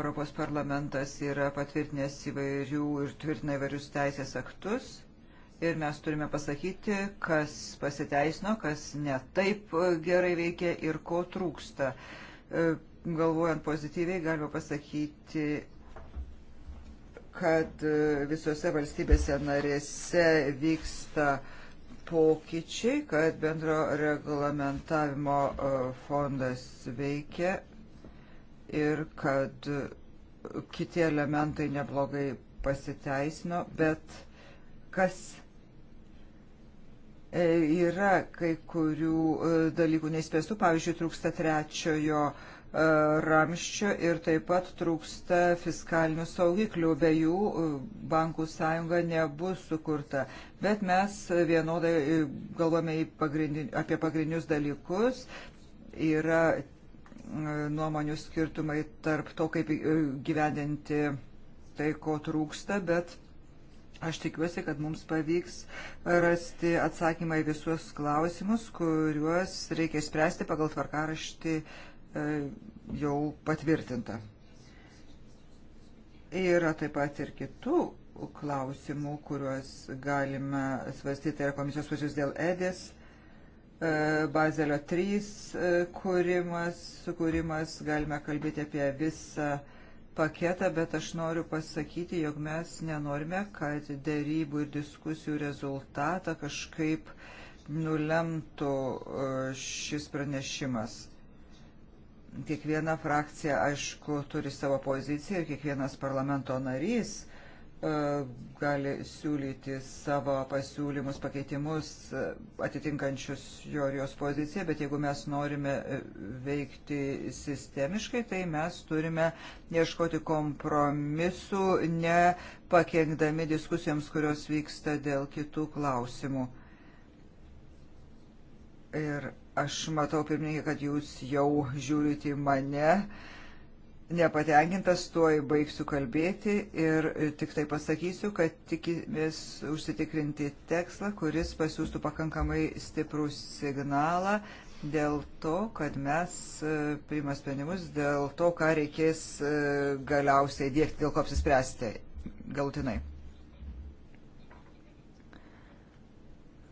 Europos parlamentas yra patvirtinęs įvairių ir tvirtina įvairius teisės aktus ir mes turime pasakyti, kas pasiteisino, kas netaip gerai veikia ir ko trūksta. E, galvojant pozityviai, galima pasakyti, kad e, visose valstybėse narėse vyksta pokyčiai, kad bendro reglamentavimo e, fondas veikia ir kad kiti elementai neblogai pasiteisino, bet kas E, yra kai kurių e, dalykų neįspręstų, pavyzdžiui, trūksta trečiojo e, ramščio ir taip pat trūksta fiskalinių saugiklių, be jų bankų sąjunga nebus sukurta. Bet mes vienodai galvome pagrindin, apie pagrindinius dalykus. Yra nuomonių skirtumai tarp to, kaip gyvendinti tai, ko trūksta, bet Aš tikiuosi, kad mums pavyks rasti atsakymą į visus klausimus, kuriuos reikia spręsti pagal tvarkaraštį e, jau patvirtintą. Yra taip pat ir kitų klausimų, kuriuos galime svarstyti ir komisijos pačius dėl edės. E, Bazelio 3 e, kūrimas, sukūrimas, galime kalbėti apie visą uh, paketą, bet aš noriu pasakyti, jog mes nenorime, kad dėrybų ir diskusijų rezultatą kažkaip nulemtų e, šis pranešimas. Kiekviena frakcija, aišku, turi savo poziciją ir kiekvienas parlamento narys E, gali siūlyti savo pasiūlymus, pakeitimus e, atitinkančius jo ir jos poziciją, bet jeigu mes norime e, veikti sistemiškai, tai mes turime ieškoti kompromisų, nepakengdami diskusijoms, kurios vyksta dėl kitų klausimų. Ir aš matau, pirmininkai, kad jūs jau žiūrite į mane nepatenkintas, tuoj baigsiu kalbėti ir tik tai pasakysiu, kad tikimės užsitikrinti tekstą, kuris pasiūstų pakankamai stiprų signalą dėl to, kad mes e, priima sprendimus, dėl to, ką reikės e, galiausiai dėkti, dėl ko apsispręsti galutinai.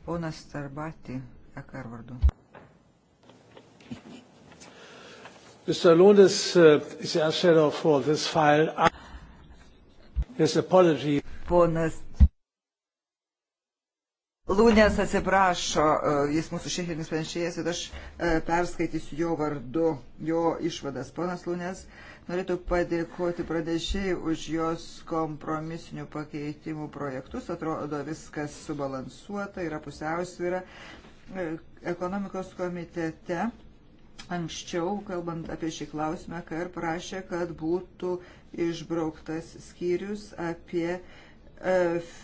Ponas Tarbati, Ekar vardu. Mr. Lunes uh, is our shadow for this file. I... His apology. Ponas Lūnės atsiprašo, uh, jis mūsų šešėlinis pranešėjas ir aš uh, perskaitysiu jo vardu, jo išvadas. Ponas Lūnės norėtų padėkoti pranešėjai už jos kompromisinių pakeitimų projektus. Atrodo, viskas subalansuota, yra pusiausvyra. Uh, ekonomikos komitete anksčiau, kalbant apie šį klausimą, KR prašė, kad būtų išbrauktas skyrius apie e,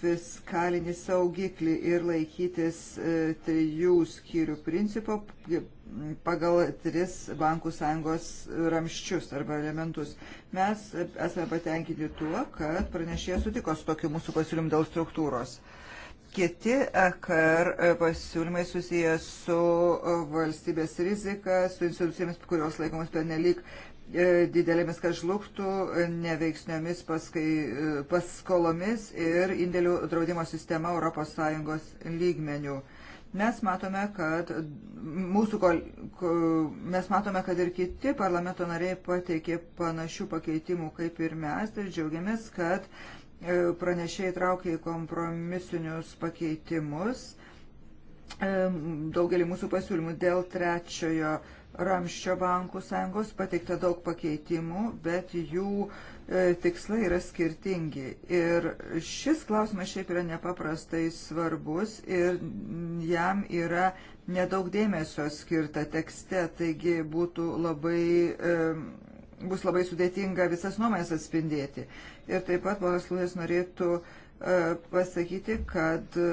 fiskalinį saugiklį ir laikytis e, trijų skyrių principo pagal tris bankų sąjungos ramščius arba elementus. Mes esame patenkinti tuo, kad pranešėjas sutiko su tokiu mūsų pasiūlymu dėl struktūros. Kiti EKR e, pasiūlymai susijęs su e, valstybės rizika, su institucijomis, kurios laikomas pernelyg e, didelėmis, kad žlugtų, neveiksniomis paskai, paskolomis ir indėlių draudimo sistema ES lygmenių. Mes matome, kad mūsų, mes matome, kad ir kiti parlamento nariai pateikė panašių pakeitimų kaip ir mes ir džiaugiamės, kad E, pranešėjai traukė į kompromisinius pakeitimus e, daugelį mūsų pasiūlymų dėl trečiojo ramščio bankų sąjungos pateikta daug pakeitimų, bet jų e, tikslai yra skirtingi. Ir šis klausimas šiaip yra nepaprastai svarbus ir jam yra nedaug dėmesio skirta tekste, taigi būtų labai bus labai sudėtinga visas nuomonės atspindėti. Ir taip pat ponas Lūnės norėtų e, pasakyti, kad e,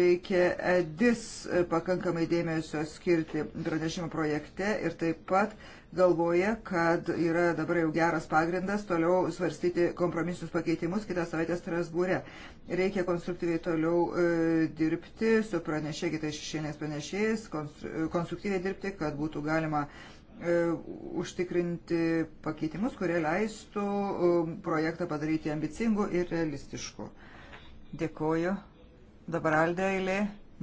reikia edis e, pakankamai dėmesio skirti pranešimo projekte ir taip pat galvoja, kad yra dabar jau geras pagrindas toliau svarstyti kompromisinius pakeitimus kitą savaitę Strasbūre. Reikia konstruktyviai toliau e, dirbti su pranešė kitais šešėlės pranešėjais, konstru, konstruktyviai dirbti, kad būtų galima e, E, užtikrinti pakeitimus, kurie leistų e, projektą padaryti ambicingu ir realistišku. Dėkoju. Dabar Aldė eilė.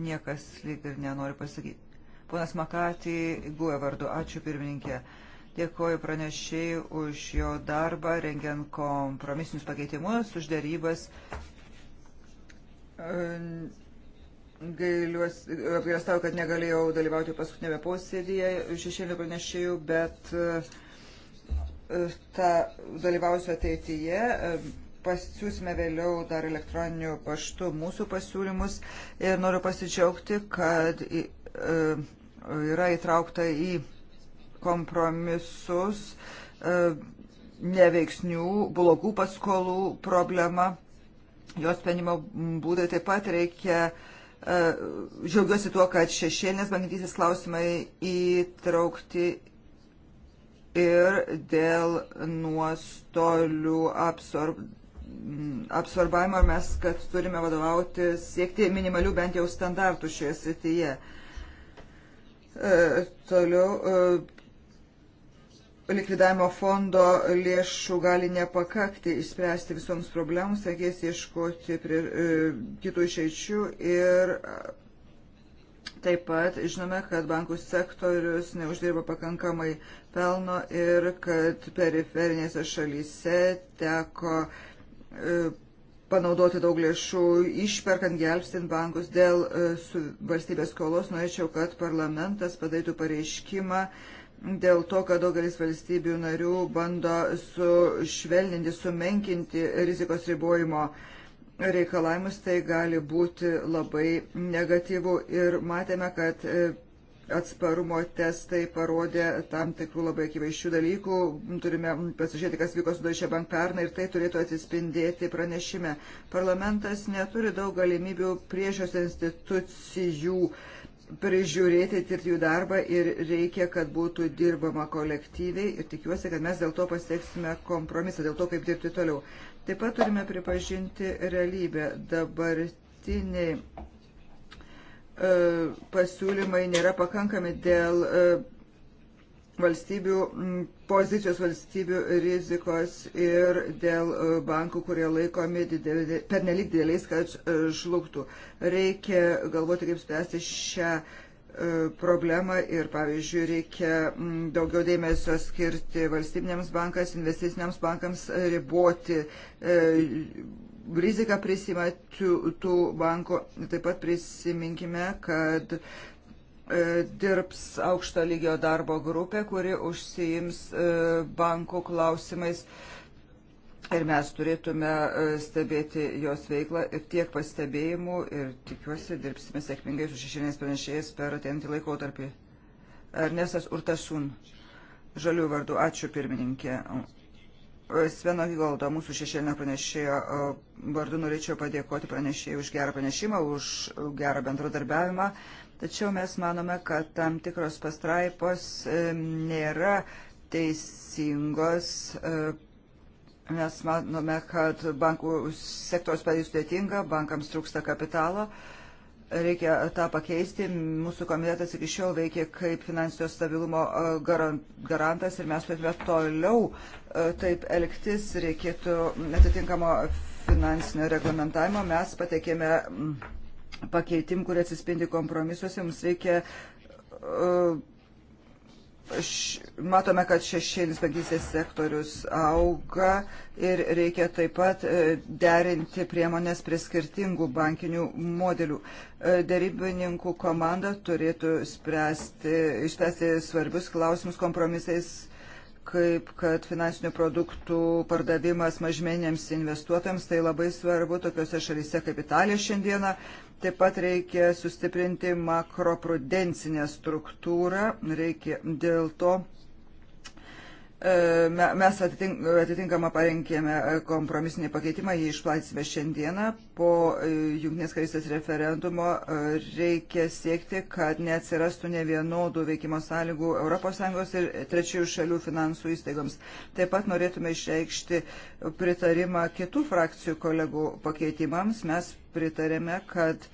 Niekas lyg ir nenori pasakyti. Ponas Makatį, Guė e vardu. Ačiū pirmininkė. Dėkoju pranešėjai už jo darbą, rengiant kompromisinius pakeitimus, už dėrybas. E, Apgailestau, kad negalėjau dalyvauti paskutinėme posėdėje šešėlio pranešėjų, bet e, tą dalyvausiu ateityje. E, pasiūsime vėliau dar elektroniniu paštu mūsų pasiūlymus ir noriu pasidžiaugti, kad e, yra įtraukta į kompromisus neveiksnių blogų paskolų problema. Jos sprendimo būdai taip pat reikia uh, E, Žiaugiuosi tuo, kad šešėlinės bankinysis klausimai įtraukti ir dėl nuostolių absorb, absorbavimo mes, kad turime vadovauti siekti minimalių bent jau standartų šioje srityje. E, toliau e, likvidavimo fondo lėšų gali nepakakti išspręsti visoms problemams, reikės ieškoti prie, e, kitų išeičių ir e, taip pat žinome, kad bankų sektorius neuždirba pakankamai pelno ir kad periferinėse šalyse teko e, panaudoti daug lėšų, išperkant, gelbstint bankus dėl e, valstybės skolos. Norėčiau, kad parlamentas padarytų pareiškimą e, dėl to, kad daugelis valstybių narių bando sušvelninti, sumenkinti rizikos ribojimo reikalavimus, tai gali būti labai negatyvu. Ir matėme, kad e, atsparumo testai parodė tam tikrų labai akivaizdžių dalykų. Turime pasižiūrėti, kas vyko su Deutsche Bank pernai ir tai turėtų atsispindėti pranešime. Parlamentas neturi daug galimybių priežios institucijų uh, prižiūrėti, tirti jų darbą ir reikia, kad būtų dirbama kolektyviai ir tikiuosi, kad mes dėl to pasieksime kompromisą, dėl to, kaip dirbti toliau. Taip pat turime pripažinti realybę. Dabartiniai e, pasiūlymai nėra pakankami dėl e, valstybių pozicijos valstybių rizikos ir dėl e, bankų, kurie laikomi didelė, per nelik dideliais, kad e, žlugtų. Reikia galvoti, kaip spręsti šią e, problemą ir, pavyzdžiui, reikia daugiau dėmesio skirti valstybinėms bankams, investiciniams bankams, riboti riziką prisimati tų bankų. Taip pat prisiminkime, kad uh, E, dirbs aukšto lygio darbo grupė, kuri užsiims e, bankų klausimais. Ir mes turėtume e, stebėti jos veiklą ir tiek pastebėjimų ir tikiuosi dirbsime sėkmingai su šešiniais pranešėjais per atėjantį laikotarpį. Ernestas Urtasun, žalių vardu, ačiū pirmininkė. Sveno Gigoldo, mūsų šešėlinio pranešėjo vardu norėčiau padėkoti pranešėjai už gerą pranešimą, už gerą bendradarbiavimą. Tačiau mes manome, kad tam tikros pastraipos e, nėra teisingos. E, mes manome, kad bankų sektoriaus padėtis sudėtinga, bankams trūksta kapitalo. Reikia tą pakeisti. Mūsų komitetas iki šiol veikia kaip finansinio stabilumo e, garantas ir mes turėtume toliau taip elgtis. Reikėtų atitinkamo finansinio reglamentavimo. Mes pateikėme pakeitimų, kurie atsispindi kompromisuose. Mums reikia uh, matome, kad šešėlis bankysės sektorius auga ir reikia taip pat uh, derinti priemonės prie skirtingų bankinių modelių. Uh, Darybininkų komanda turėtų spręsti, išspręsti svarbius klausimus kompromisais kaip kad finansinių produktų pardavimas mažmenėms investuotojams, tai labai svarbu tokiuose šalyse kaip Italija šiandieną, Taip pat reikia sustiprinti makroprudencinę struktūrą, reikia dėl to E, mes atitinkamą parinkėme e, kompromisinį pakeitimą, jį išplatysime šiandieną. Po e, Junktinės karystės referendumo reikia siekti, kad neatsirastų ne vienodų veikimo sąlygų ES ir trečiųjų šalių finansų įstaigoms. Taip pat norėtume išreikšti pritarimą kitų frakcijų kolegų pakeitimams. Mes pritarėme, kad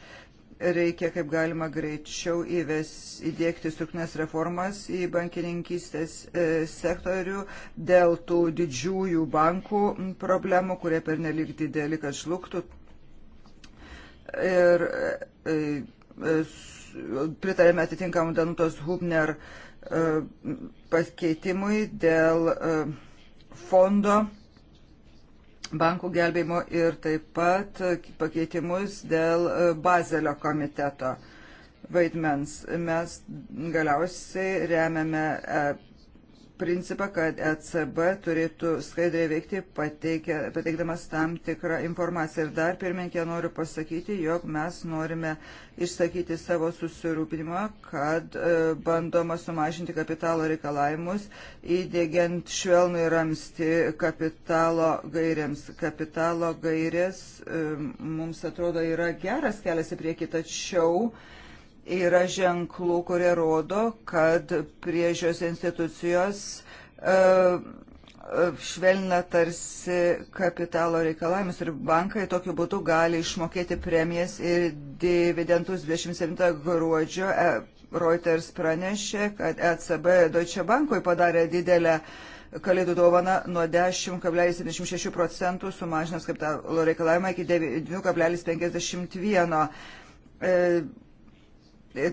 reikia kaip galima greičiau įves, įdėkti struktūrinės reformas į bankininkystės e, sektorių dėl tų didžiųjų bankų problemų, kurie per nelik dideli, kad žlugtų. Ir e, e, pritarėme atitinkamų Danutos Hubner pakeitimui dėl fondo bankų gelbėjimo ir taip pat pakeitimus dėl e, Bazelio komiteto vaidmens. Mes galiausiai remiame e, principą, kad ECB turėtų skaidriai veikti pateikia, pateikdamas tam tikrą informaciją. Ir dar pirmininkė noriu pasakyti, jog mes norime išsakyti savo susirūpinimą, kad e, bandoma sumažinti kapitalo reikalavimus, įdėgiant švelnai ramsti kapitalo gairiams. Kapitalo gairės e, mums atrodo yra geras kelias į priekį, tačiau e, yra ženklų, kurie rodo, kad priežios institucijos e, e, švelnina tarsi kapitalo reikalavimus ir bankai tokiu būdu gali išmokėti premijas ir dividendus 27 gruodžio. E, Reuters pranešė, kad ECB Deutsche Bankui padarė didelę kalėdų dovaną nuo 10,76 procentų sumažinęs kapitalo reikalavimą iki 9,51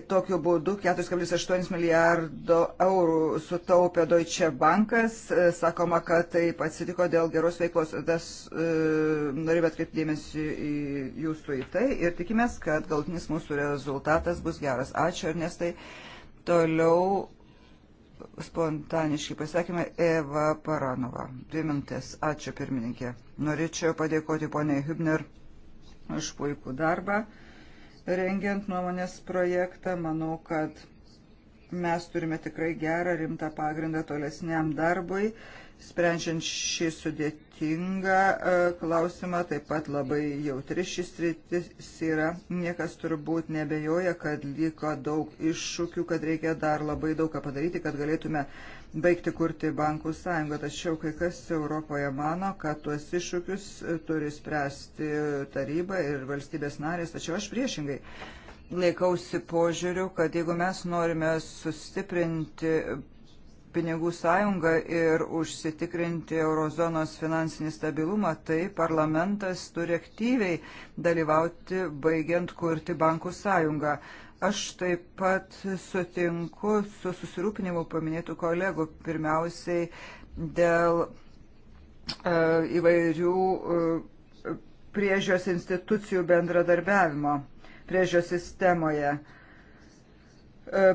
Tokiu būdu 4,8 milijardo eurų sutaupė Deutsche Bankas. Sakoma, kad taip atsitiko dėl geros veiklos. Tas e, norime atkreipti dėmesį į jūsų į tai ir tikimės, kad galtinis mūsų rezultatas bus geras. Ačiū, Ernestai. Toliau spontaniškai pasakymą Eva Paranova. Dvi minutės. Ačiū, pirmininkė. Norėčiau padėkoti poniai Hübner už puikų darbą. Rengiant nuomonės projektą, manau, kad mes turime tikrai gerą, rimtą pagrindą tolesniam darbui, sprendžiant šį sudėtingą e, klausimą, taip pat labai jautri šis rytis yra. Niekas turbūt nebejoja, kad liko daug iššūkių, kad reikia dar labai daug ką padaryti, kad galėtume uh, baigti kurti bankų sąjungą. Tačiau kai kas Europoje mano, kad tuos iššūkius e, turi spręsti taryba ir valstybės narės, tačiau aš priešingai laikausi požiūriu, kad jeigu mes norime sustiprinti pinigų sąjungą ir užsitikrinti eurozonos finansinį stabilumą, tai parlamentas turi aktyviai dalyvauti baigiant kurti bankų sąjungą. Aš taip pat sutinku su susirūpinimu paminėtų kolegų, pirmiausiai dėl e, įvairių e, priežios institucijų bendradarbiavimo priežios sistemoje e,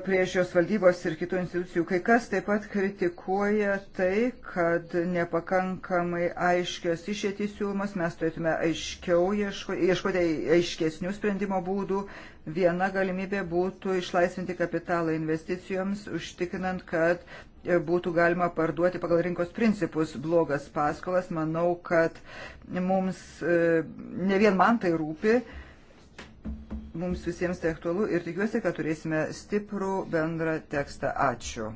priežios valdybos ir kitų institucijų. Kai kas taip pat kritikuoja tai, kad nepakankamai aiškios išėtys siūlomas, mes turėtume aiškiau ieško, ieškoti aiškesnių sprendimo būdų, Viena galimybė būtų išlaisvinti kapitalą investicijoms, užtikrinant, kad e, būtų galima parduoti pagal rinkos principus blogas paskolas. Manau, kad mums, e, ne vien man tai rūpi, mums visiems tai aktualu ir tikiuosi, kad turėsime stiprų bendrą tekstą. Ačiū.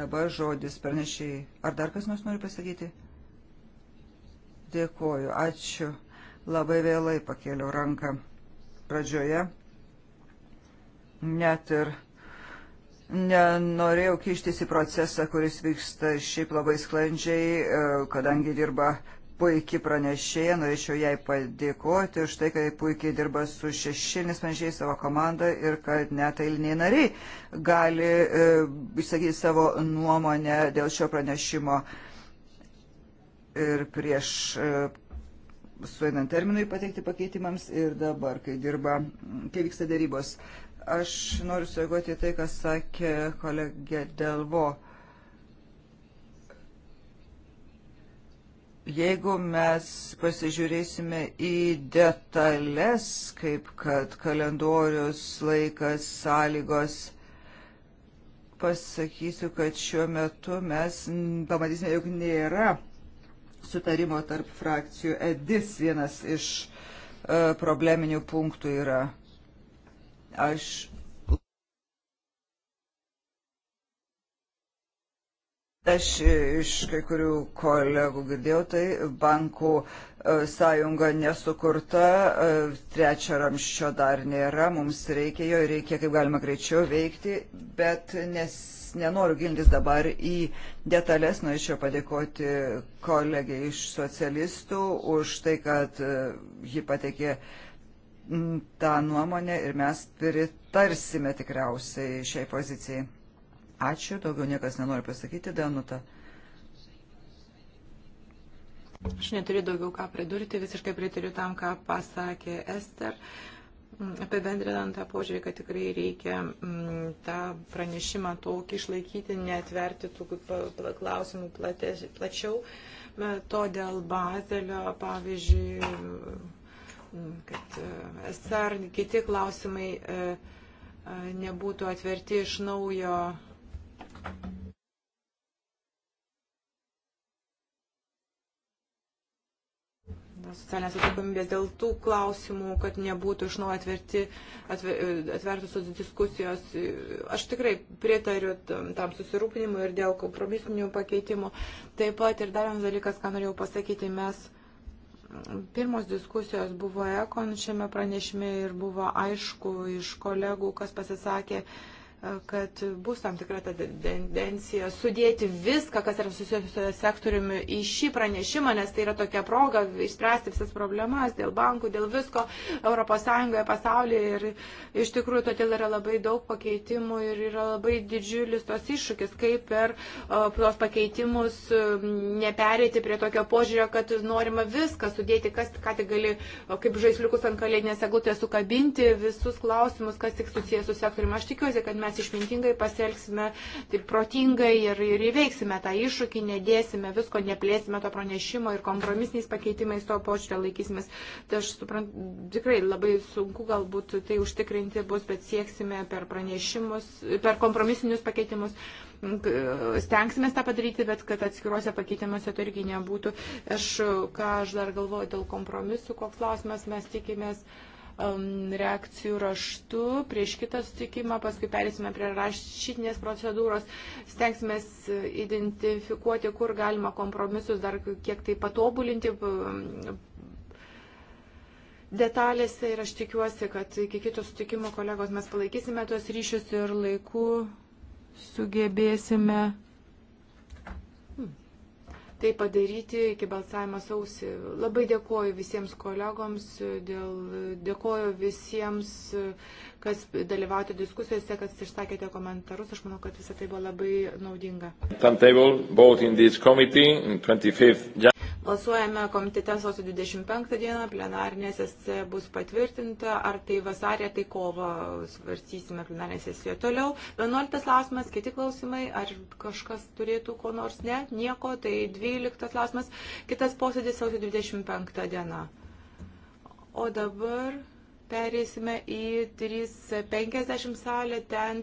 Dabar žodis pranešiai. Ar dar kas nors nori pasakyti? Dėkoju. Ačiū. Labai vėlai pakėliau ranką pradžioje net ir nenorėjau kištis į procesą, kuris vyksta šiaip labai sklandžiai, e, kadangi dirba puikiai pranešėja, norėčiau jai padėkoti už tai, kad puikiai dirba su šešėlinis panašiai savo komanda ir kad net eiliniai nariai gali e, išsakyti savo nuomonę dėl šio pranešimo. Ir prieš e, suėnant terminui pateikti pakeitimams ir dabar, kai dirba, kai vyksta dėrybos. Aš noriu sureaguoti tai, kas sakė kolegė Delvo. Jeigu mes pasižiūrėsime į detalės, kaip kad kalendorius, laikas, sąlygos, pasakysiu, kad šiuo metu mes pamatysime, jog nėra sutarimo tarp frakcijų. Edis vienas iš e, probleminių punktų yra. Aš Aš iš kai kurių kolegų girdėjau, tai bankų e, sąjunga nesukurta, e, trečio ramščio dar nėra, mums reikia jo ir reikia kaip galima greičiau veikti, bet nes nenoriu gilintis dabar į detalės, norėčiau padėkoti kolegiai iš socialistų už tai, kad e, ji pateikė tą nuomonę ir mes pritarsime tikriausiai šiai pozicijai. Ačiū, daugiau niekas nenori pasakyti, Danuta. Aš neturiu daugiau ką pridurti, visiškai pritariu tam, ką pasakė Ester. Uh, apibendrinant tą požiūrį, kad tikrai reikia mm, tą pranešimą tokį išlaikyti, netverti tų klausimų platės, plačiau, bet to dėl bazelio, pavyzdžiui, mm, kad e, SR kiti klausimai e, e, nebūtų atverti iš naujo socialinės atsakomybės dėl tų klausimų, kad nebūtų iš naujo atverti, atver, atvertusios diskusijos. Aš tikrai pritariu tam susirūpinimui ir dėl kompromisinių pakeitimų. Taip pat ir dar vienas dalykas, ką norėjau pasakyti, mes pirmos diskusijos buvo ekon šiame pranešime ir buvo aišku iš kolegų, kas pasisakė, uh, kad bus tam tikra ta tendencija sudėti viską, kas yra susijęs su sektoriumi į šį pranešimą, nes tai yra tokia proga išspręsti visas problemas dėl bankų, dėl visko ES, pasaulyje. Ir iš tikrųjų todėl yra labai daug pakeitimų ir yra labai didžiulis tos iššūkis, kaip per uh, tos pakeitimus uh, neperėti prie tokio požiūrio, kad norima viską sudėti, kas ką tik gali, uh, kaip žaisliukus ant kalėdinės eglutės sukabinti, visus klausimus, kas tik susijęs su sektoriumi. Aš tikiuosi, kad mes mes išmintingai pasielgsime, tai protingai ir, ir įveiksime tą iššūkį, nedėsime visko, neplėsime to pranešimo ir kompromisiniais pakeitimais to požiūrio laikysimės. Tai aš suprantu, tikrai labai sunku galbūt tai užtikrinti bus, bet sieksime per pranešimus, per kompromisinius pakeitimus stengsime tą padaryti, bet kad atskiruose pakeitimuose to irgi nebūtų. Aš, ką aš dar galvoju dėl kompromisų, koks klausimas mes tikimės. Uh, Um, reakcijų raštu prieš kitą sutikimą, paskui perėsime prie rašytinės procedūros, stengsime identifikuoti, kur galima kompromisus dar kiek tai patobulinti um, detalėse ir aš tikiuosi, kad iki kito sutikimo kolegos mes palaikysime tuos ryšius ir laiku sugebėsime tai padaryti iki balsavimo sausį. Labai dėkoju visiems kolegoms, dėl, dėkoju visiems kas dalyvauti diskusijose, kas išsakėte komentarus. Aš manau, kad visą tai buvo labai naudinga. Balsuojame komitete sausio 25 dieną, plenarinė sesija bus patvirtinta, ar tai vasarė, tai kovo svarstysime plenarinė sesija toliau. 11 klausimas, kiti klausimai, ar kažkas turėtų ko nors, ne, nieko, tai 12 klausimas, kitas posėdis sausio 25 diena. O dabar Perėsime į 350 salę, ten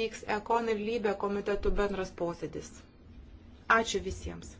vyks Ekon ir Lybė komitetų bendras posėdis. Ačiū visiems.